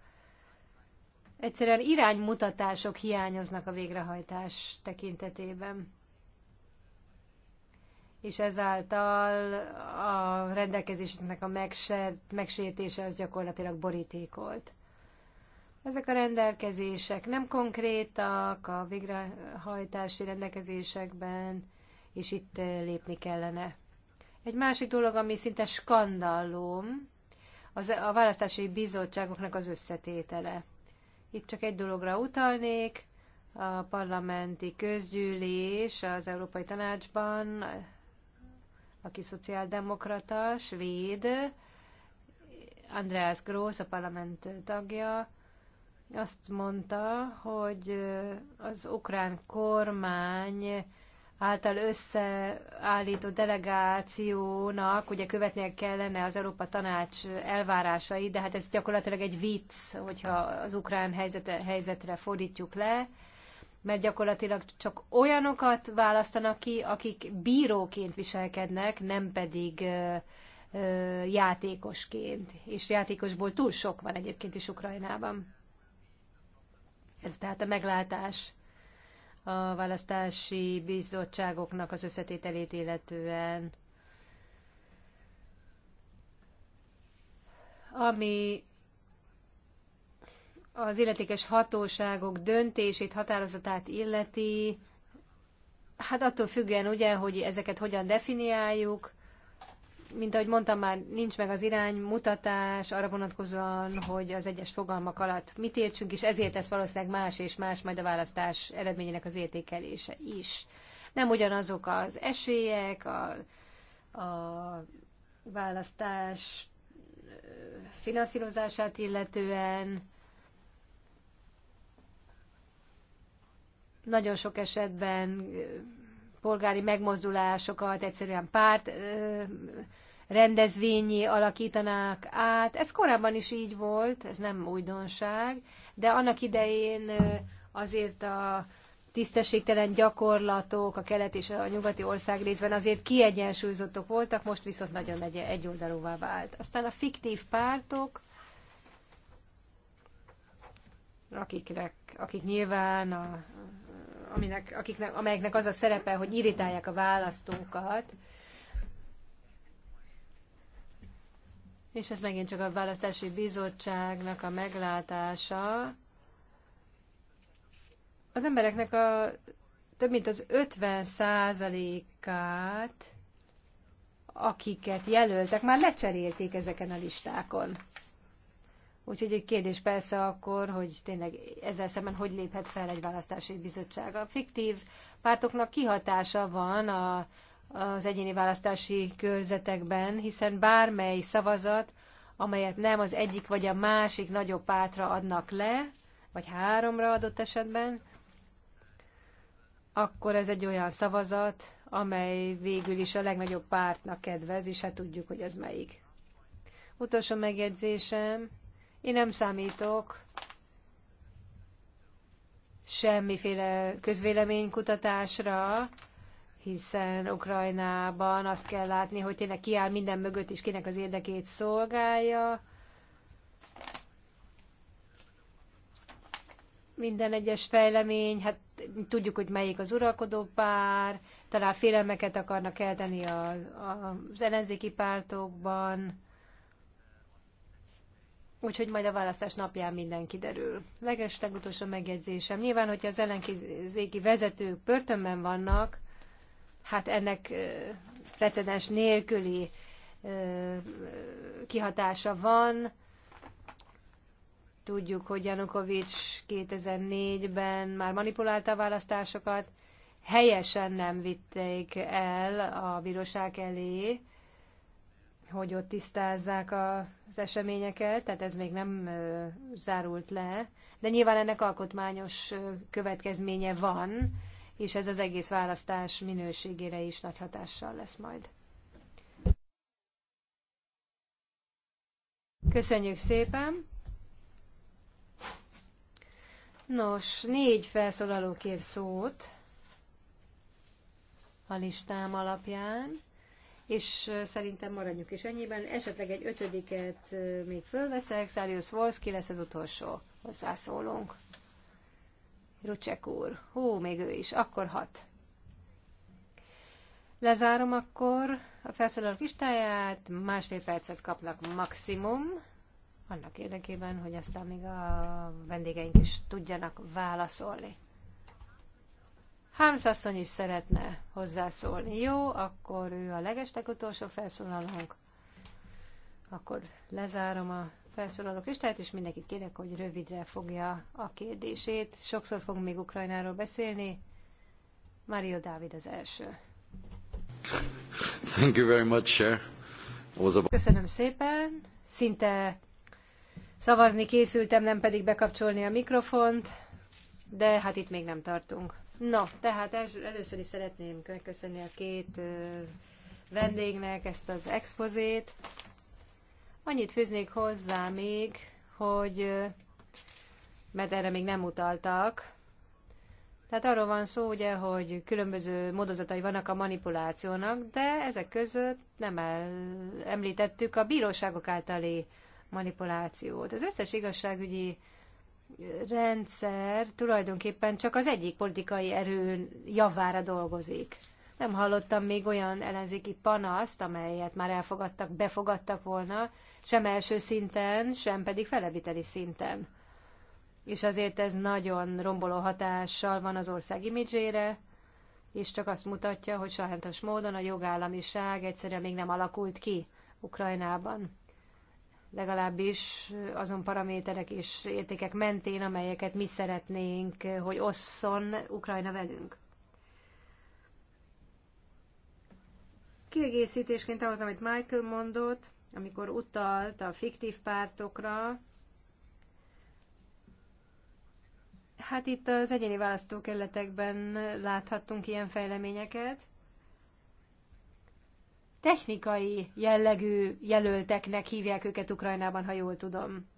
Egyszerűen iránymutatások hiányoznak a végrehajtás tekintetében. És ezáltal a rendelkezésnek a megsértése az gyakorlatilag borítékolt. Ezek a rendelkezések nem konkrétak a végrehajtási rendelkezésekben, és itt eh, lépni kellene. Egy másik dolog, ami szinte skandallum, az a választási bizottságoknak az összetétele. Itt csak egy dologra utalnék, a parlamenti közgyűlés az Európai Tanácsban, aki szociáldemokrata, svéd, Andreas Gross, a parlament tagja, azt mondta, hogy az ukrán kormány által összeállított delegációnak ugye követnie kellene az Európa Tanács elvárásait, de hát ez gyakorlatilag egy vicc, hogyha az ukrán helyzete, helyzetre fordítjuk le, mert gyakorlatilag csak olyanokat választanak ki, akik bíróként viselkednek, nem pedig ö, ö, játékosként. És játékosból túl sok van egyébként is Ukrajnában. Ez tehát a meglátás a választási bizottságoknak az összetételét illetően. Ami az illetékes hatóságok döntését, határozatát illeti, hát attól függően ugye, hogy ezeket hogyan definiáljuk, mint ahogy mondtam már, nincs meg az iránymutatás arra vonatkozóan, hogy az egyes fogalmak alatt mit értsünk, és ezért lesz valószínűleg más és más majd a választás eredményének az értékelése is. Nem ugyanazok az esélyek, a, a választás finanszírozását illetően, nagyon sok esetben polgári megmozdulásokat egyszerűen párt rendezvényi alakítanák át. Ez korábban is így volt, ez nem újdonság, de annak idején azért a tisztességtelen gyakorlatok a kelet és a nyugati ország részben azért kiegyensúlyozottok voltak, most viszont nagyon egy egyoldalúvá vált. Aztán a fiktív pártok, akiknek, akik nyilván a aminek, akiknek, amelyeknek az a szerepe, hogy irritálják a választókat. És ez megint csak a választási bizottságnak a meglátása. Az embereknek a több mint az 50 százalékát, akiket jelöltek, már lecserélték ezeken a listákon. Úgyhogy egy kérdés persze akkor, hogy tényleg ezzel szemben hogy léphet fel egy választási bizottság. A fiktív pártoknak kihatása van a, az egyéni választási körzetekben, hiszen bármely szavazat, amelyet nem az egyik vagy a másik nagyobb pártra adnak le, vagy háromra adott esetben, akkor ez egy olyan szavazat, amely végül is a legnagyobb pártnak kedvez, és hát tudjuk, hogy ez melyik. Utolsó megjegyzésem, én nem számítok semmiféle közvéleménykutatásra, hiszen Ukrajnában azt kell látni, hogy tényleg kiáll minden mögött, és kinek az érdekét szolgálja. Minden egyes fejlemény, hát tudjuk, hogy melyik az uralkodó pár, talán félelmeket akarnak eltenni az, az ellenzéki pártokban, Úgyhogy majd a választás napján minden kiderül. Leges legutolsó megjegyzésem. Nyilván, hogyha az ellenkezéki vezetők börtönben vannak, hát ennek precedens nélküli kihatása van. Tudjuk, hogy Janukovics 2004-ben már manipulálta a választásokat, helyesen nem vitték el a bíróság elé, hogy ott tisztázzák az eseményeket, tehát ez még nem zárult le, de nyilván ennek alkotmányos következménye van, és ez az egész választás minőségére is nagy hatással lesz majd. Köszönjük szépen! Nos, négy felszólaló kér szót a listám alapján és szerintem maradjuk is ennyiben. Esetleg egy ötödiket még fölveszek, Szárius ki lesz az utolsó hozzászólónk. Rucsek úr. Hú, még ő is. Akkor hat. Lezárom akkor a felszólalók listáját, másfél percet kapnak maximum, annak érdekében, hogy aztán még a vendégeink is tudjanak válaszolni. Hámsz asszony is szeretne hozzászólni. Jó, akkor ő a legestek utolsó felszólalónk. Akkor lezárom a felszólalók listáját, is, mindenkit kérek, hogy rövidre fogja a kérdését. Sokszor fogunk még Ukrajnáról beszélni. Mario Dávid az első. Thank you very much, sir. Köszönöm szépen. Szinte szavazni készültem, nem pedig bekapcsolni a mikrofont, de hát itt még nem tartunk. Na, tehát először is szeretném megköszönni a két vendégnek ezt az expozét. Annyit fűznék hozzá még, hogy, mert erre még nem utaltak, tehát arról van szó, ugye, hogy különböző módozatai vannak a manipulációnak, de ezek között nem el, említettük a bíróságok általi manipulációt. Az összes igazságügyi rendszer tulajdonképpen csak az egyik politikai erő javára dolgozik. Nem hallottam még olyan ellenzéki panaszt, amelyet már elfogadtak, befogadtak volna, sem első szinten, sem pedig feleviteli szinten. És azért ez nagyon romboló hatással van az ország imidzsére, és csak azt mutatja, hogy sajnos módon a jogállamiság egyszerűen még nem alakult ki Ukrajnában legalábbis azon paraméterek és értékek mentén, amelyeket mi szeretnénk, hogy osszon Ukrajna velünk. Kiegészítésként ahhoz, amit Michael mondott, amikor utalt a fiktív pártokra, hát itt az egyéni választókerületekben láthattunk ilyen fejleményeket, technikai jellegű jelölteknek hívják őket Ukrajnában, ha jól tudom.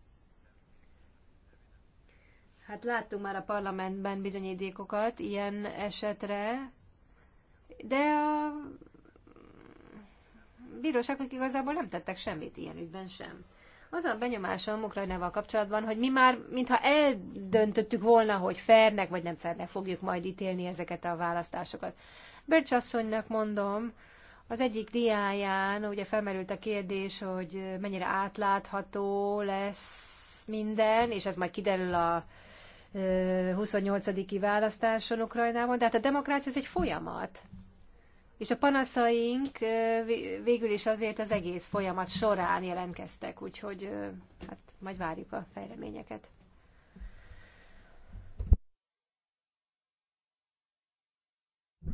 Hát láttunk már a parlamentben bizonyítékokat ilyen esetre, de a bíróságok igazából nem tettek semmit ilyen ügyben sem. Az a benyomásom Ukrajnával kapcsolatban, hogy mi már, mintha eldöntöttük volna, hogy fernek vagy nem fernek fogjuk majd ítélni ezeket a választásokat. Bercsasszonynak mondom, az egyik diáján ugye felmerült a kérdés, hogy mennyire átlátható lesz minden, és ez majd kiderül a 28. választáson Ukrajnában, de hát a demokrácia ez egy folyamat. És a panaszaink végül is azért az egész folyamat során jelentkeztek, úgyhogy hát majd várjuk a fejleményeket.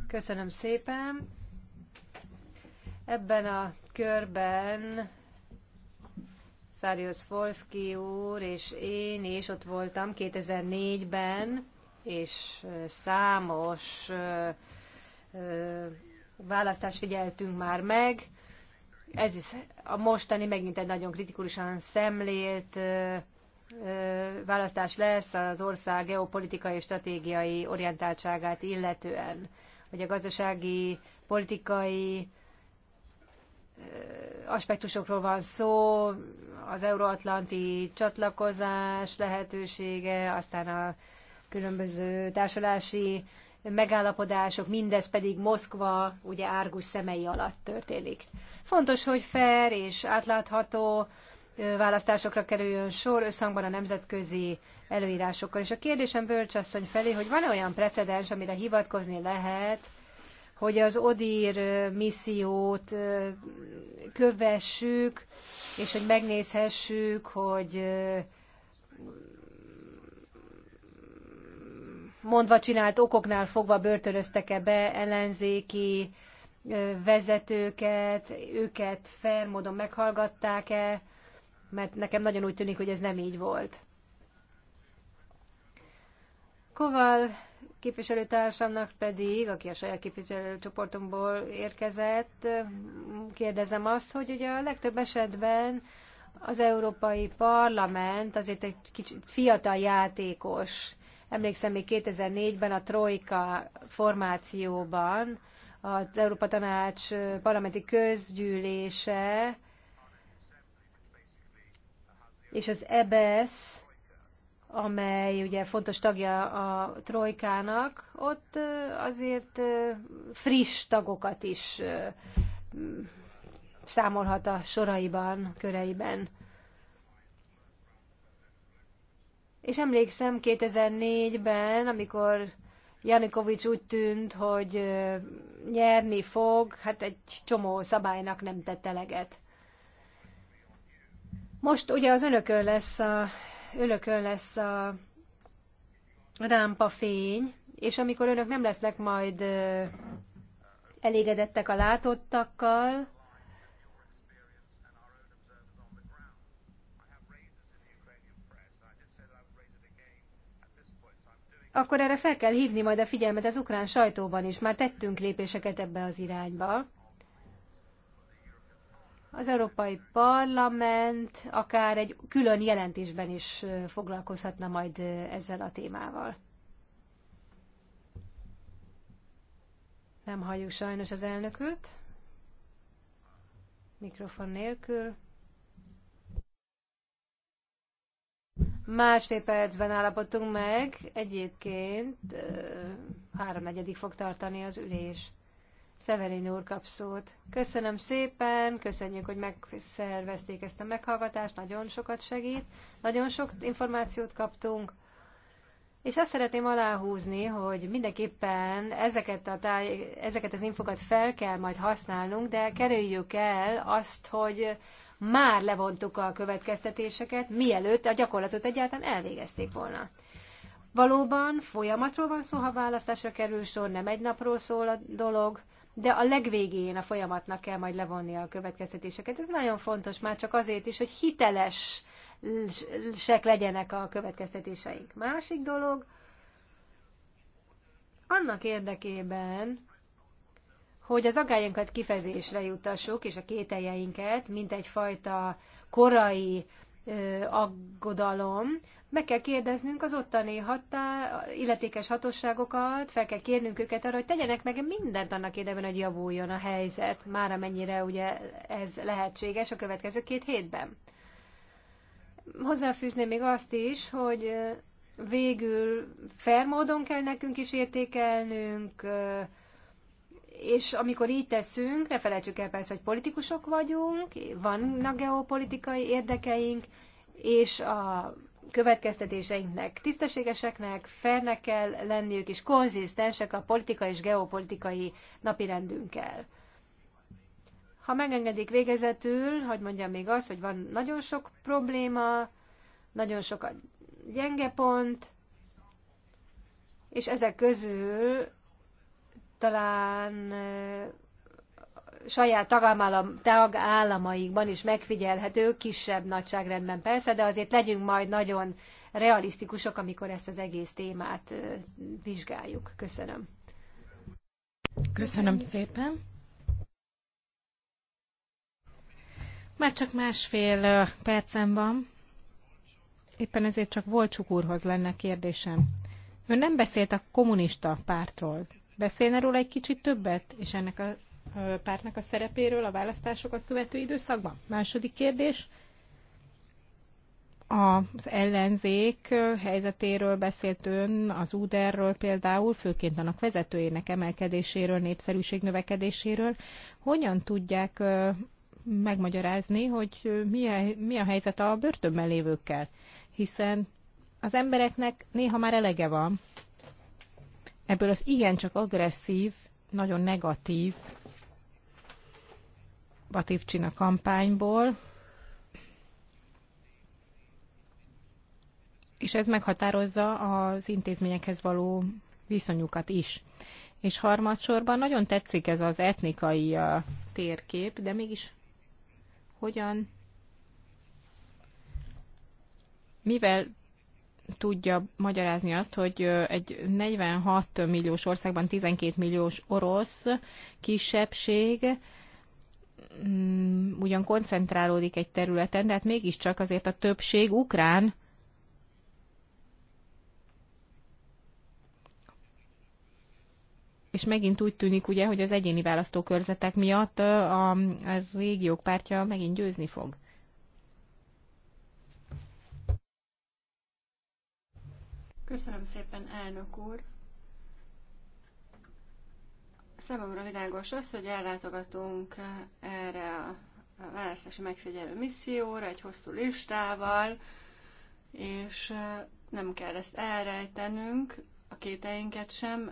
Köszönöm szépen. Ebben a körben Szárjusz Folszki úr és én is ott voltam 2004-ben, és számos választást figyeltünk már meg. Ez is a mostani megint egy nagyon kritikusan szemlélt választás lesz az ország geopolitikai és stratégiai orientáltságát illetően, hogy a gazdasági, politikai aspektusokról van szó, az euróatlanti csatlakozás lehetősége, aztán a különböző társulási megállapodások, mindez pedig Moszkva ugye árgus szemei alatt történik. Fontos, hogy fair és átlátható választásokra kerüljön sor összhangban a nemzetközi előírásokkal. És a kérdésem Bölcsasszony felé, hogy van-e olyan precedens, amire hivatkozni lehet, hogy az Odír missziót kövessük, és hogy megnézhessük, hogy mondva csinált okoknál fogva börtönöztek-e be ellenzéki vezetőket, őket fair módon meghallgatták-e, mert nekem nagyon úgy tűnik, hogy ez nem így volt. Koval képviselőtársamnak pedig, aki a saját képviselőcsoportomból érkezett, kérdezem azt, hogy ugye a legtöbb esetben az Európai Parlament azért egy kicsit fiatal játékos. Emlékszem, még 2004-ben a Trojka formációban az Európa Tanács parlamenti közgyűlése és az EBS e amely ugye fontos tagja a trojkának, ott azért friss tagokat is számolhat a soraiban, köreiben. És emlékszem 2004-ben, amikor Janikovics úgy tűnt, hogy nyerni fog, hát egy csomó szabálynak nem tett eleget. Most ugye az önökön lesz a önökön lesz a fény és amikor önök nem lesznek majd elégedettek a látottakkal, akkor erre fel kell hívni majd a figyelmet az ukrán sajtóban is. Már tettünk lépéseket ebbe az irányba az Európai Parlament akár egy külön jelentésben is foglalkozhatna majd ezzel a témával. Nem halljuk sajnos az elnököt. Mikrofon nélkül. Másfél percben állapodtunk meg, egyébként háromnegyedig fog tartani az ülés. Szeverin úr kap szót. Köszönöm szépen, köszönjük, hogy megszervezték ezt a meghallgatást, nagyon sokat segít, nagyon sok információt kaptunk. És azt szeretném aláhúzni, hogy mindenképpen ezeket, a táj, ezeket az infokat fel kell majd használnunk, de kerüljük el azt, hogy már levontuk a következtetéseket, mielőtt a gyakorlatot egyáltalán elvégezték volna. Valóban folyamatról van szó, ha választásra kerül sor, nem egy napról szól a dolog, de a legvégén a folyamatnak kell majd levonni a következtetéseket. Ez nagyon fontos már csak azért is, hogy hitelesek legyenek a következtetéseink. Másik dolog, annak érdekében, hogy az agályainkat kifezésre jutassuk, és a kételjeinket, mint egyfajta korai aggodalom, meg kell kérdeznünk az ottani hatá, illetékes hatóságokat, fel kell kérnünk őket arra, hogy tegyenek meg mindent annak érdekében, hogy javuljon a helyzet, már amennyire ugye ez lehetséges a következő két hétben. Hozzáfűzném még azt is, hogy végül fair módon kell nekünk is értékelnünk, és amikor így teszünk, ne felejtsük el persze, hogy politikusok vagyunk, vannak geopolitikai érdekeink, és a következtetéseinknek tisztességeseknek, fernek kell lenniük, és konzisztensek a politikai és geopolitikai napirendünkkel. Ha megengedik végezetül, hogy mondjam még az, hogy van nagyon sok probléma, nagyon sok a gyenge pont, és ezek közül talán saját tagállam, tagállamaikban is megfigyelhető, kisebb nagyságrendben persze, de azért legyünk majd nagyon realisztikusok, amikor ezt az egész témát vizsgáljuk. Köszönöm. Köszönöm szépen. Már csak másfél percem van. Éppen ezért csak Volcsuk úrhoz lenne kérdésem. Ön nem beszélt a kommunista pártról. Beszélne róla egy kicsit többet, és ennek a pártnak a szerepéről a választásokat követő időszakban? Második kérdés. Az ellenzék helyzetéről beszélt ön, az úderről például, főként annak vezetőjének emelkedéséről, népszerűség növekedéséről. Hogyan tudják megmagyarázni, hogy mi a, mi a helyzet a börtönben lévőkkel? Hiszen az embereknek néha már elege van ebből az igencsak agresszív, nagyon negatív Batív Csina kampányból, és ez meghatározza az intézményekhez való viszonyukat is. És harmadsorban nagyon tetszik ez az etnikai térkép, de mégis hogyan, mivel tudja magyarázni azt, hogy egy 46 milliós országban 12 milliós orosz kisebbség Mm, ugyan koncentrálódik egy területen, de hát mégiscsak azért a többség ukrán. És megint úgy tűnik, ugye, hogy az egyéni választókörzetek miatt a, a régiók pártja megint győzni fog. Köszönöm szépen, elnök úr! Számomra világos az, hogy ellátogatunk erre a választási megfigyelő misszióra egy hosszú listával, és nem kell ezt elrejtenünk, a kéteinket sem.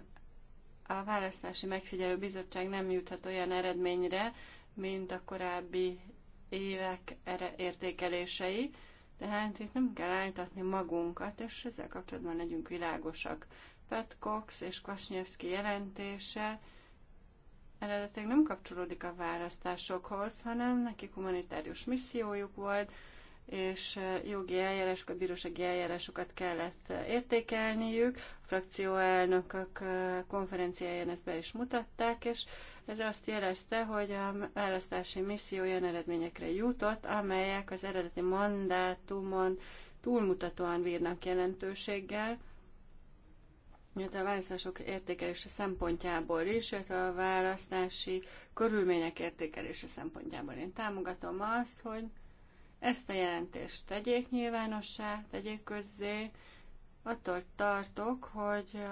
A választási megfigyelő bizottság nem juthat olyan eredményre, mint a korábbi évek értékelései, tehát itt nem kell álltatni magunkat, és ezzel kapcsolatban legyünk világosak. Pat Cox és Kwasniewski jelentése eredetileg nem kapcsolódik a választásokhoz, hanem nekik humanitárius missziójuk volt, és jogi eljárásokat, bírósági eljárásokat kellett értékelniük. A frakcióelnökök konferenciáján ezt be is mutatták, és ez azt jelezte, hogy a választási misszió olyan eredményekre jutott, amelyek az eredeti mandátumon túlmutatóan bírnak jelentőséggel, illetve a választások értékelése szempontjából is, illetve a választási körülmények értékelése szempontjából. Én támogatom azt, hogy ezt a jelentést tegyék nyilvánossá, tegyék közzé. Attól tartok, hogy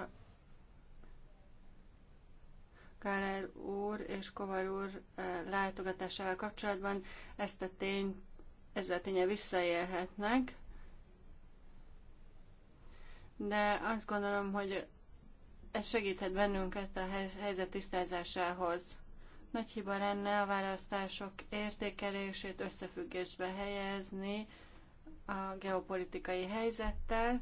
Káler úr és Kovar úr eh, látogatásával kapcsolatban ezt a tény ezzel a ténye visszaélhetnek, de azt gondolom, hogy ez segíthet bennünket a helyzet tisztázásához. Nagy hiba lenne a választások értékelését összefüggésbe helyezni a geopolitikai helyzettel,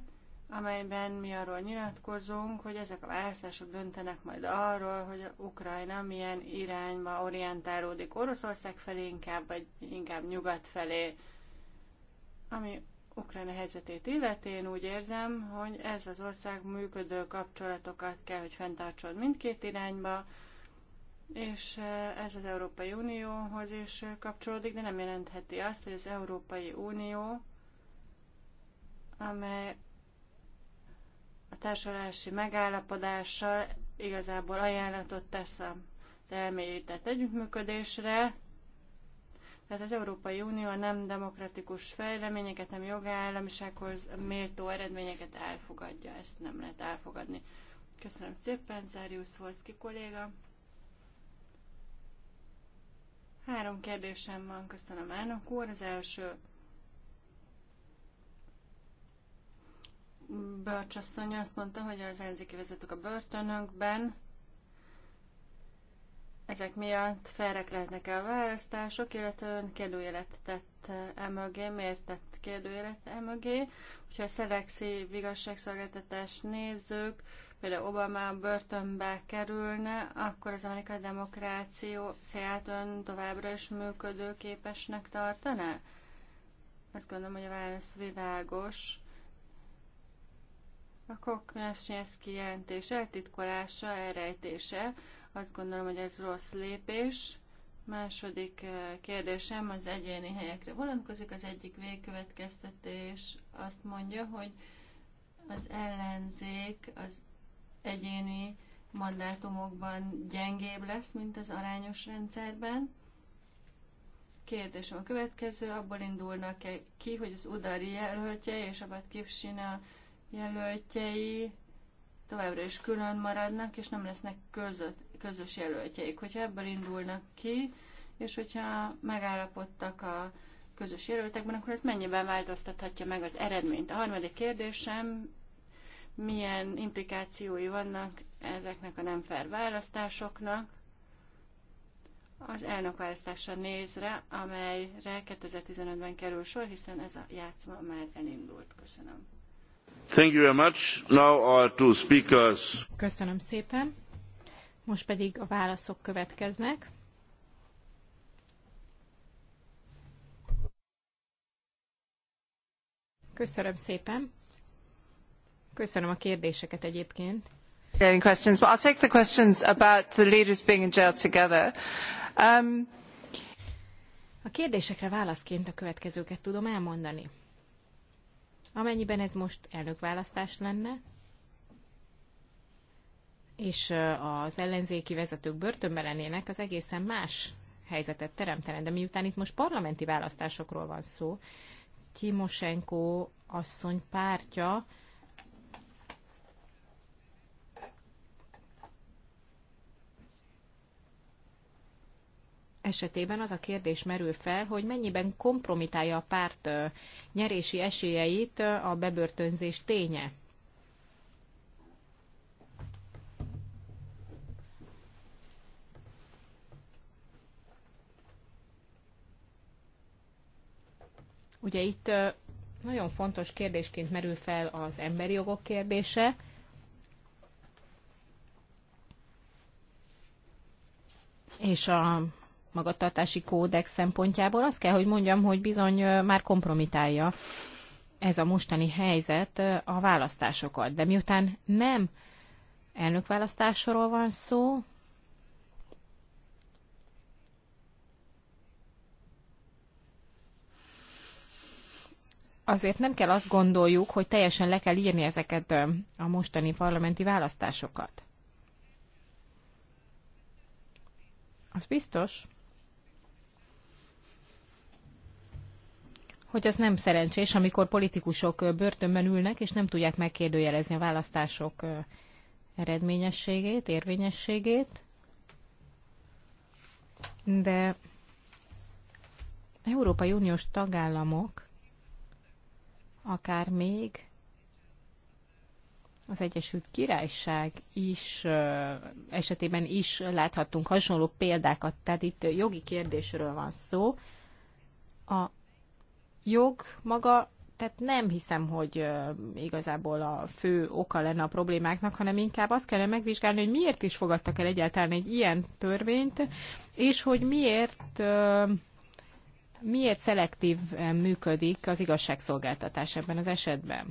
amelyben mi arról nyilatkozunk, hogy ezek a választások döntenek majd arról, hogy a Ukrajna milyen irányba orientálódik Oroszország felé inkább, vagy inkább nyugat felé. Ami Ukrajna helyzetét illeti, én úgy érzem, hogy ez az ország működő kapcsolatokat kell, hogy fenntartson mindkét irányba, és eh, ez az Európai Unióhoz is eh, kapcsolódik, de nem jelentheti azt, hogy az Európai Unió, amely a társadalási megállapodással igazából ajánlatot tesz a elmélyített együttműködésre, tehát az Európai Unió a nem demokratikus fejleményeket, nem jogállamisághoz méltó eredményeket elfogadja. Ezt nem lehet elfogadni. Köszönöm szépen, Zárius Holszki kolléga. Három kérdésem van, köszönöm elnök úr. Az első bölcsasszony azt mondta, hogy az ellenzéki vezetők a börtönökben ezek miatt lehetnek el választások, illetve ön kérdőjelet tett emögé, miért tett kérdőjelet emögé. Hogyha a szelexív igazságszolgáltatást nézzük, például Obama börtönbe kerülne, akkor az amerikai demokráciát ön továbbra is működőképesnek tartaná? Azt gondolom, hogy a válasz világos. A Koknyasnyeszki jelentés eltitkolása, elrejtése azt gondolom, hogy ez rossz lépés. Második eh, kérdésem az egyéni helyekre vonatkozik. Az egyik végkövetkeztetés azt mondja, hogy az ellenzék az egyéni mandátumokban gyengébb lesz, mint az arányos rendszerben. Kérdésem a következő, abból indulnak -e ki, hogy az Udari jelöltje és a Batkivsina jelöltjei továbbra is külön maradnak, és nem lesznek között közös jelöltjeik. Hogyha ebből indulnak ki, és hogyha megállapodtak a közös jelöltekben, akkor ez mennyiben változtathatja meg az eredményt? A harmadik kérdésem, milyen implikációi vannak ezeknek a nem fair választásoknak az elnökválasztásra nézre, amelyre 2015-ben kerül sor, hiszen ez a játszma már elindult. Köszönöm. Thank you very much. Now our two speakers. Köszönöm szépen. Most pedig a válaszok következnek. Köszönöm szépen. Köszönöm a kérdéseket egyébként. Getting questions, but I'll take the questions about the leaders being in jail together. Um... A kérdésekre válaszként a következőket tudom elmondani. Amennyiben ez most elnökválasztás lenne, és az ellenzéki vezetők börtönben lennének, az egészen más helyzetet teremtene. De miután itt most parlamenti választásokról van szó, Timosenko asszony pártja esetében az a kérdés merül fel, hogy mennyiben kompromitálja a párt nyerési esélyeit a bebörtönzés ténye. Ugye itt nagyon fontos kérdésként merül fel az emberi jogok kérdése. És a magatartási kódex szempontjából azt kell, hogy mondjam, hogy bizony már kompromitálja ez a mostani helyzet a választásokat. De miután nem elnökválasztásról van szó, azért nem kell azt gondoljuk, hogy teljesen le kell írni ezeket a mostani parlamenti választásokat. Az biztos, hogy az nem szerencsés, amikor politikusok börtönben ülnek, és nem tudják megkérdőjelezni a választások eredményességét, érvényességét. De Európai Uniós tagállamok akár még az Egyesült Királyság is esetében is láthattunk hasonló példákat, tehát itt jogi kérdésről van szó. A jog maga, tehát nem hiszem, hogy igazából a fő oka lenne a problémáknak, hanem inkább azt kellene megvizsgálni, hogy miért is fogadtak el egyáltalán egy ilyen törvényt, és hogy miért miért szelektív eh, működik az igazságszolgáltatás ebben az esetben?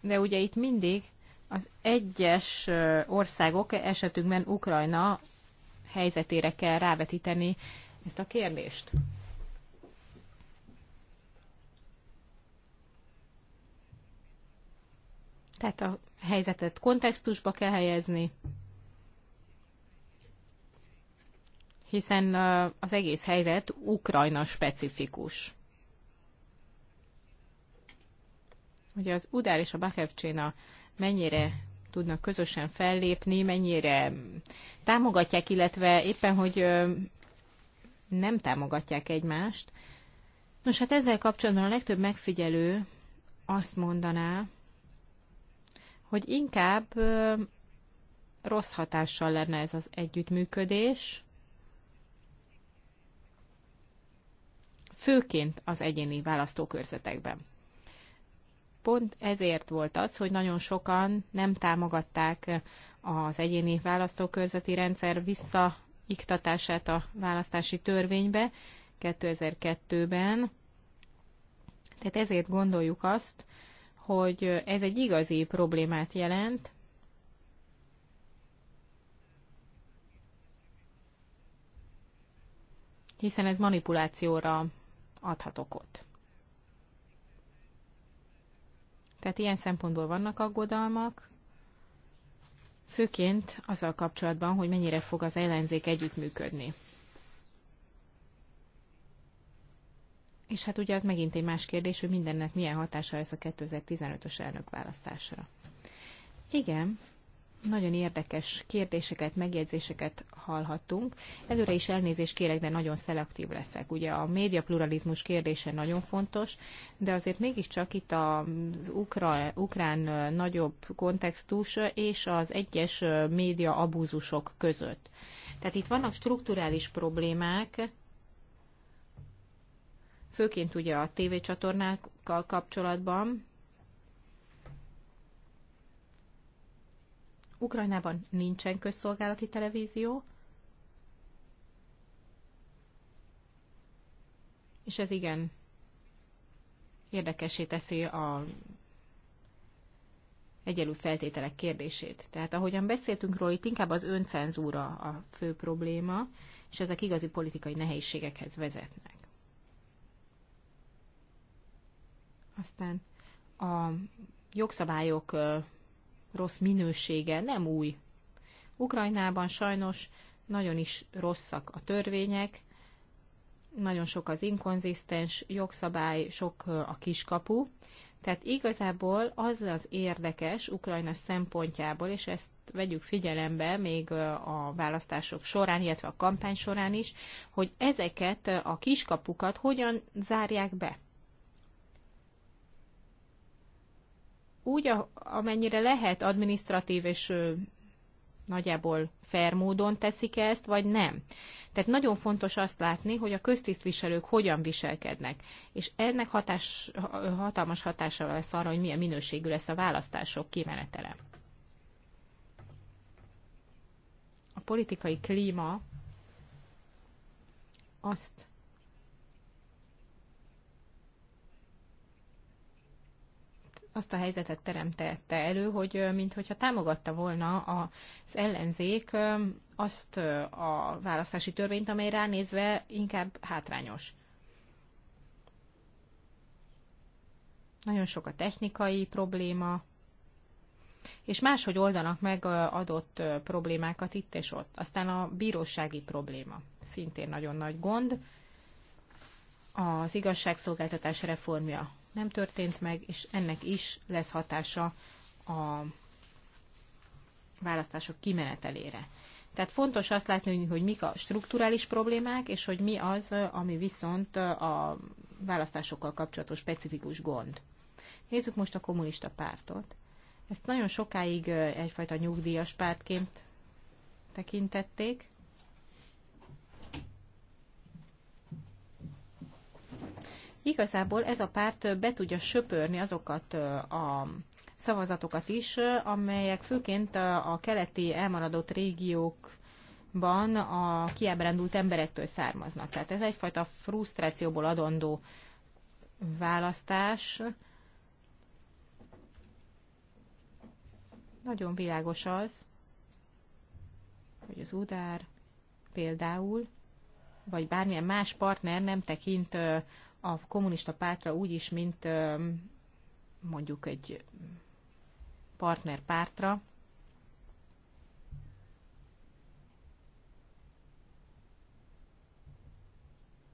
De ugye itt mindig az egyes eh, országok, esetünkben Ukrajna helyzetére kell rávetíteni ezt a kérdést. Tehát a helyzetet kontextusba kell helyezni, hiszen az egész helyzet Ukrajna specifikus. Ugye az Udár és a Bakevcséna mennyire tudnak közösen fellépni, mennyire támogatják, illetve éppen, hogy nem támogatják egymást. Nos, hát ezzel kapcsolatban a legtöbb megfigyelő azt mondaná, hogy inkább rossz hatással lenne ez az együttműködés, főként az egyéni választókörzetekben. Pont ezért volt az, hogy nagyon sokan nem támogatták az egyéni választókörzeti rendszer visszaiktatását a választási törvénybe 2002-ben. Tehát ezért gondoljuk azt, hogy ez egy igazi problémát jelent, hiszen ez manipulációra adhat okot. Tehát ilyen szempontból vannak aggodalmak, főként azzal kapcsolatban, hogy mennyire fog az ellenzék együttműködni. És hát ugye az megint egy más kérdés, hogy mindennek milyen hatása lesz a 2015-ös elnökválasztásra. Igen, nagyon érdekes kérdéseket, megjegyzéseket hallhattunk. Előre is elnézést kérek, de nagyon szelektív leszek. Ugye a média pluralizmus kérdése nagyon fontos, de azért mégiscsak itt az ukra, ukrán nagyobb kontextus és az egyes média abúzusok között. Tehát itt vannak strukturális problémák, főként ugye a tévécsatornákkal kapcsolatban, Ukrajnában nincsen közszolgálati televízió, és ez igen érdekessé teszi a egyelő feltételek kérdését. Tehát ahogyan beszéltünk róla, itt inkább az öncenzúra a fő probléma, és ezek igazi politikai nehézségekhez vezetnek. Aztán a jogszabályok rossz minősége nem új. Ukrajnában sajnos nagyon is rosszak a törvények, nagyon sok az inkonzisztens jogszabály, sok a kiskapu. Tehát igazából az az érdekes Ukrajna szempontjából, és ezt vegyük figyelembe még a választások során, illetve a kampány során is, hogy ezeket a kiskapukat hogyan zárják be. úgy, amennyire lehet administratív és nagyjából fair módon teszik -e ezt, vagy nem. Tehát nagyon fontos azt látni, hogy a köztisztviselők hogyan viselkednek, és ennek hatás, hatalmas hatása lesz arra, hogy milyen minőségű lesz a választások kimenetele. A politikai klíma azt azt a helyzetet teremtette elő, hogy minthogyha támogatta volna az ellenzék azt a választási törvényt, amely ránézve inkább hátrányos. Nagyon sok a technikai probléma, és máshogy oldanak meg adott problémákat itt és ott. Aztán a bírósági probléma szintén nagyon nagy gond. Az igazságszolgáltatás reformja nem történt meg, és ennek is lesz hatása a választások kimenetelére. Tehát fontos azt látni, hogy mik a strukturális problémák, és hogy mi az, ami viszont a választásokkal kapcsolatos specifikus gond. Nézzük most a kommunista pártot. Ezt nagyon sokáig eh, egyfajta nyugdíjas pártként tekintették, igazából ez a párt be tudja söpörni azokat a szavazatokat is, amelyek főként a keleti elmaradott régiók ban a kiábrándult emberektől származnak. Tehát ez egyfajta frusztrációból adandó választás. Nagyon világos az, hogy az udár például, vagy bármilyen más partner nem tekint a kommunista pártra úgy is, mint mondjuk egy partnerpártra.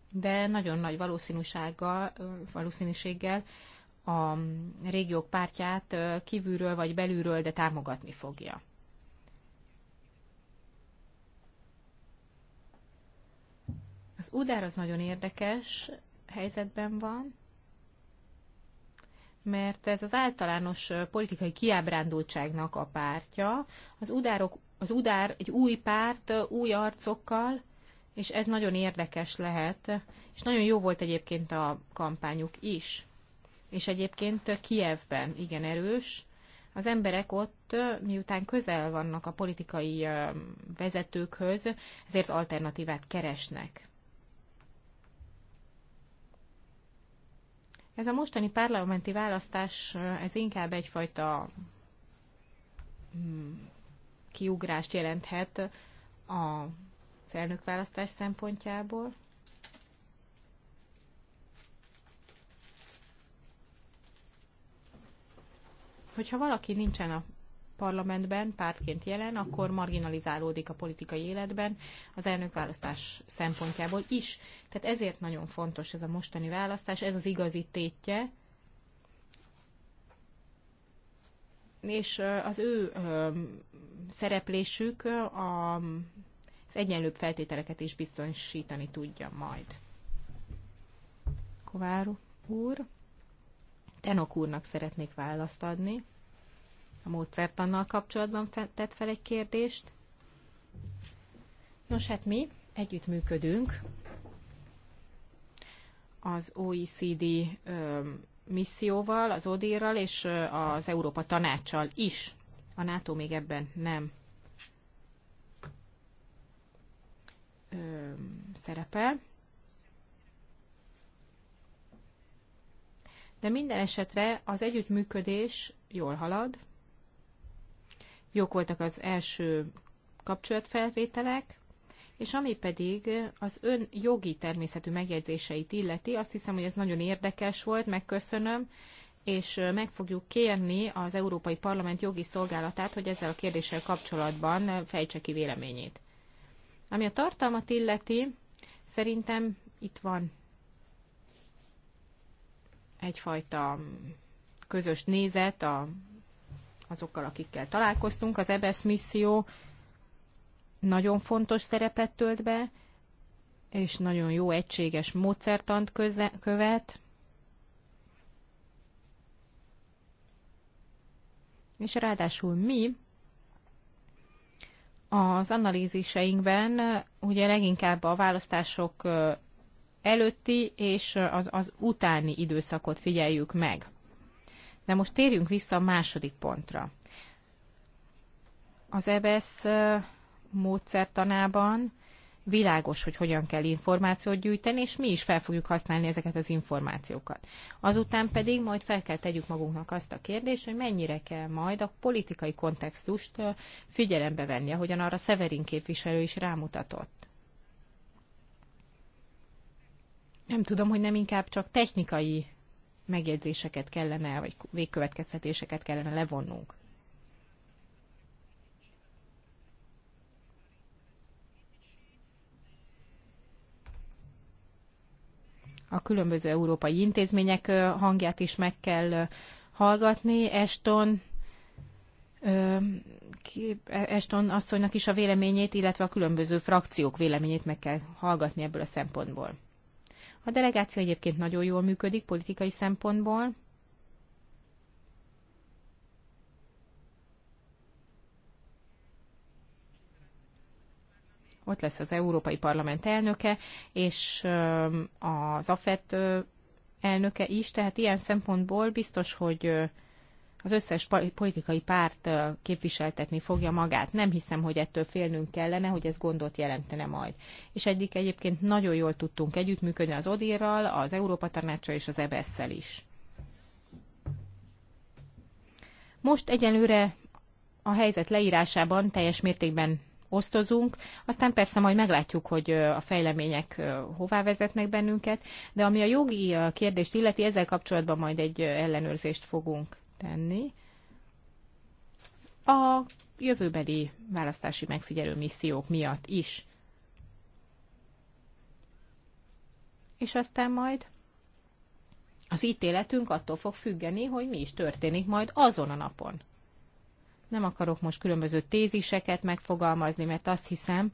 De nagyon nagy valószínűséggel, valószínűséggel a régiók pártját kívülről vagy belülről, de támogatni fogja. Az udár az nagyon érdekes, helyzetben van, mert ez az általános politikai kiábrándultságnak a pártja. Az, udárok, az udár egy új párt, új arcokkal, és ez nagyon érdekes lehet, és nagyon jó volt egyébként a kampányuk is. És egyébként Kievben igen erős. Az emberek ott, miután közel vannak a politikai vezetőkhöz, ezért alternatívát keresnek. Ez a mostani parlamenti választás, ez inkább egyfajta hmm, kiugrást jelenthet az elnökválasztás szempontjából. Hogyha valaki nincsen a parlamentben pártként jelen, akkor marginalizálódik a politikai életben az elnökválasztás szempontjából is. Tehát ezért nagyon fontos ez a mostani választás, ez az igazi tétje, és az ő szereplésük az egyenlőbb feltételeket is biztosítani tudja majd. Kováru úr, Tenok úrnak szeretnék választ adni a módszertannal kapcsolatban tett fel egy kérdést. Nos, hát mi együttműködünk az OECD misszióval, az ODIR-ral és az Európa Tanácssal is. A NATO még ebben nem szerepel. De minden esetre az együttműködés jól halad, jók voltak az első kapcsolatfelvételek, és ami pedig az ön jogi természetű megjegyzéseit illeti, azt hiszem, hogy ez nagyon érdekes volt, megköszönöm, és meg fogjuk kérni az Európai Parlament jogi szolgálatát, hogy ezzel a kérdéssel kapcsolatban fejtse ki véleményét. Ami a tartalmat illeti, szerintem itt van egyfajta közös nézet a azokkal, akikkel találkoztunk. Az EBSZ e misszió nagyon fontos szerepet tölt be, és nagyon jó egységes módszertant köze- követ. És ráadásul mi az analíziseinkben ugye leginkább a választások előtti és az, az utáni időszakot figyeljük meg. De most térjünk vissza a második pontra. Az EBSZ e módszertanában világos, hogy hogyan kell információt gyűjteni, és mi is fel fogjuk használni ezeket az információkat. Azután pedig majd fel kell tegyük magunknak azt a kérdést, hogy mennyire kell majd a politikai kontextust figyelembe venni, ahogyan arra Severin képviselő is rámutatott. Nem tudom, hogy nem inkább csak technikai megjegyzéseket kellene, vagy végkövetkeztetéseket kellene levonnunk. A különböző európai intézmények hangját is meg kell hallgatni. Eston Eston asszonynak is a véleményét, illetve a különböző frakciók véleményét meg kell hallgatni ebből a szempontból. A delegáció egyébként nagyon jól működik politikai szempontból. Ott lesz az Európai Parlament elnöke, és az AFET elnöke is, tehát ilyen szempontból biztos, hogy az összes politikai párt képviseltetni fogja magát. Nem hiszem, hogy ettől félnünk kellene, hogy ez gondot jelentene majd. És egyik egyébként nagyon jól tudtunk együttműködni az Odírral, az Európa Tanácsa és az EBS-szel e is. Most egyelőre a helyzet leírásában teljes mértékben osztozunk, aztán persze majd meglátjuk, hogy a fejlemények hová vezetnek bennünket, de ami a jogi kérdést illeti, ezzel kapcsolatban majd egy ellenőrzést fogunk tenni. A jövőbeli választási megfigyelő missziók miatt is. És aztán majd az ítéletünk attól fog függeni, hogy mi is történik majd azon a napon. Nem akarok most különböző téziseket megfogalmazni, mert azt hiszem,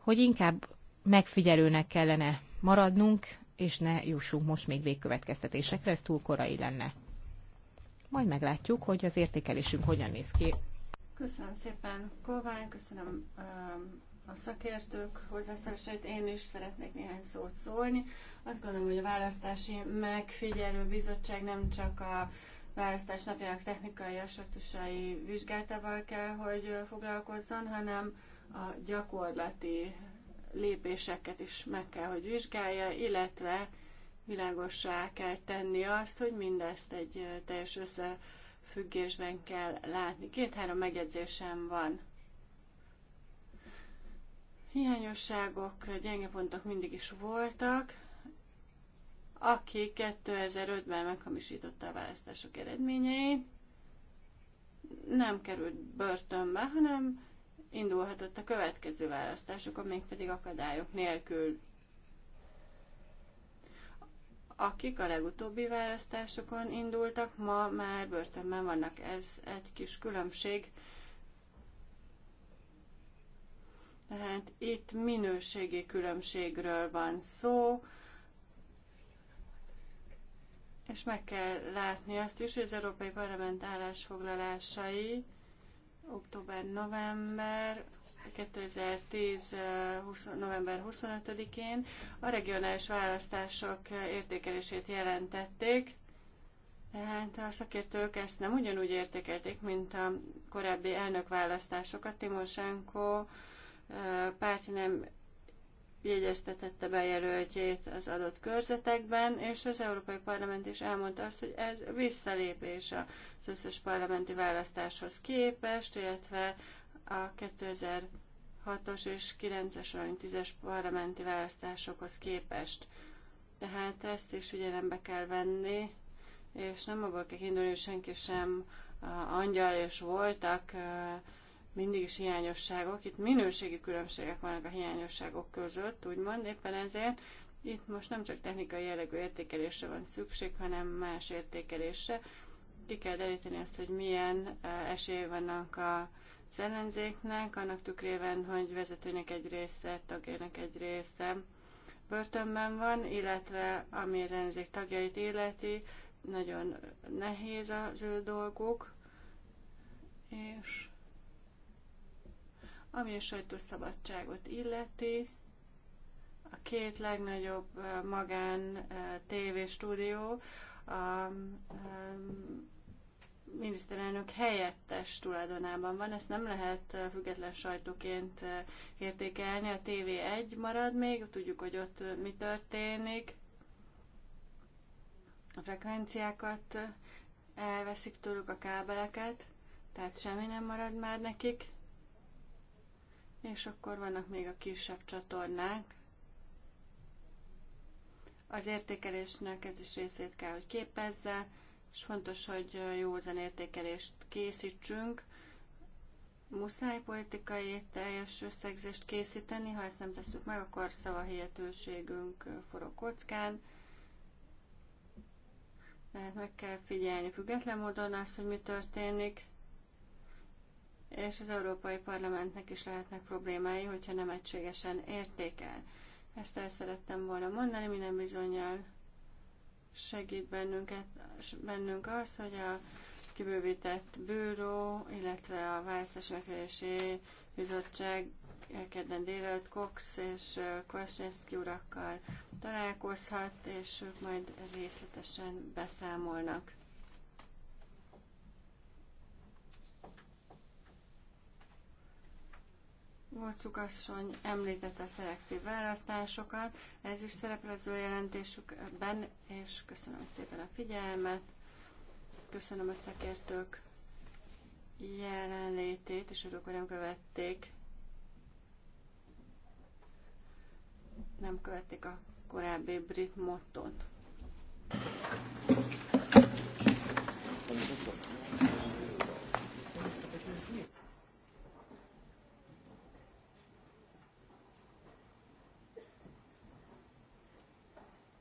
hogy inkább megfigyelőnek kellene maradnunk, és ne jussunk most még végkövetkeztetésekre, ez túl korai lenne majd meglátjuk, hogy az értékelésünk hogyan néz ki. Köszönöm szépen, Kovány, köszönöm um, a szakértők hozzászólásait. Én is szeretnék néhány szót szólni. Azt gondolom, hogy a választási megfigyelő bizottság nem csak a választás napjának technikai aspektusai vizsgátával kell, hogy uh, foglalkozzon, hanem a gyakorlati lépéseket is meg kell, hogy vizsgálja, illetve világossá kell tenni azt, hogy mindezt egy teljes összefüggésben kell látni. Két-három megjegyzésem van. Hiányosságok, gyenge pontok mindig is voltak. Aki 2005-ben meghamisította a választások eredményeit, nem került börtönbe, hanem indulhatott a következő választásokon, mégpedig akadályok nélkül akik a legutóbbi választásokon indultak, ma már börtönben vannak. Ez egy kis különbség. Tehát itt minőségi különbségről van szó, és meg kell látni azt is, hogy az Európai Parlament állásfoglalásai október-november 2010. 20, eh, november 25-én a regionális választások eh, értékelését jelentették, tehát a szakértők ezt nem ugyanúgy értékelték, mint a korábbi elnökválasztásokat. Timoshenko eh, párt nem jegyeztetette be jelöltjét az adott körzetekben, és az Európai Parlament is elmondta azt, hogy ez visszalépés az összes parlamenti választáshoz képest, illetve a 2006-os és 9-es vagy 10-es parlamenti választásokhoz képest. Tehát ezt is figyelembe kell venni, és nem abból kell indulni, hogy senki sem angyal, és voltak mindig is hiányosságok. Itt minőségi különbségek vannak a hiányosságok között, úgymond éppen ezért itt most nem csak technikai jellegű értékelésre van szükség, hanem más értékelésre. Ki kell deríteni azt, hogy milyen esély vannak a az ellenzéknek, annak tükrében, hogy vezetőnek egy része, tagjának egy része börtönben van, illetve ami az ellenzék tagjait életi, nagyon nehéz az ő dolguk, és ami a sajtószabadságot illeti, a két legnagyobb eh, magán eh, TV stúdió a miniszterelnök helyettes tulajdonában van, ezt nem lehet eh, független sajtóként eh, értékelni, a TV1 marad még, tudjuk, hogy ott eh, mi történik, a frekvenciákat elveszik tőlük a kábeleket, tehát semmi nem marad már nekik, és akkor vannak még a kisebb csatornák, az értékelésnek ez is részét kell, hogy képezze, és fontos, hogy jó értékelést készítsünk. Muszáj politikai teljes összegzést készíteni, ha ezt nem tesszük meg, akkor szavahihetőségünk forog kockán. Tehát meg kell figyelni független módon azt, hogy mi történik, és az Európai Parlamentnek is lehetnek problémái, hogyha nem egységesen értékel. Ezt el szerettem volna mondani, minden bizonyal segít bennünket, bennünk az, hogy a kibővített bőró, illetve a választási megfelelési bizottság kedden délelőtt Cox és Kwasniewski urakkal találkozhat, és ők majd részletesen beszámolnak. Volcuk asszony említette a szelektív választásokat, ez is szerepel az ő jelentésükben, és köszönöm szépen a figyelmet, köszönöm a szakértők jelenlétét, és örülök, hogy nem követték, nem követték a korábbi brit motton.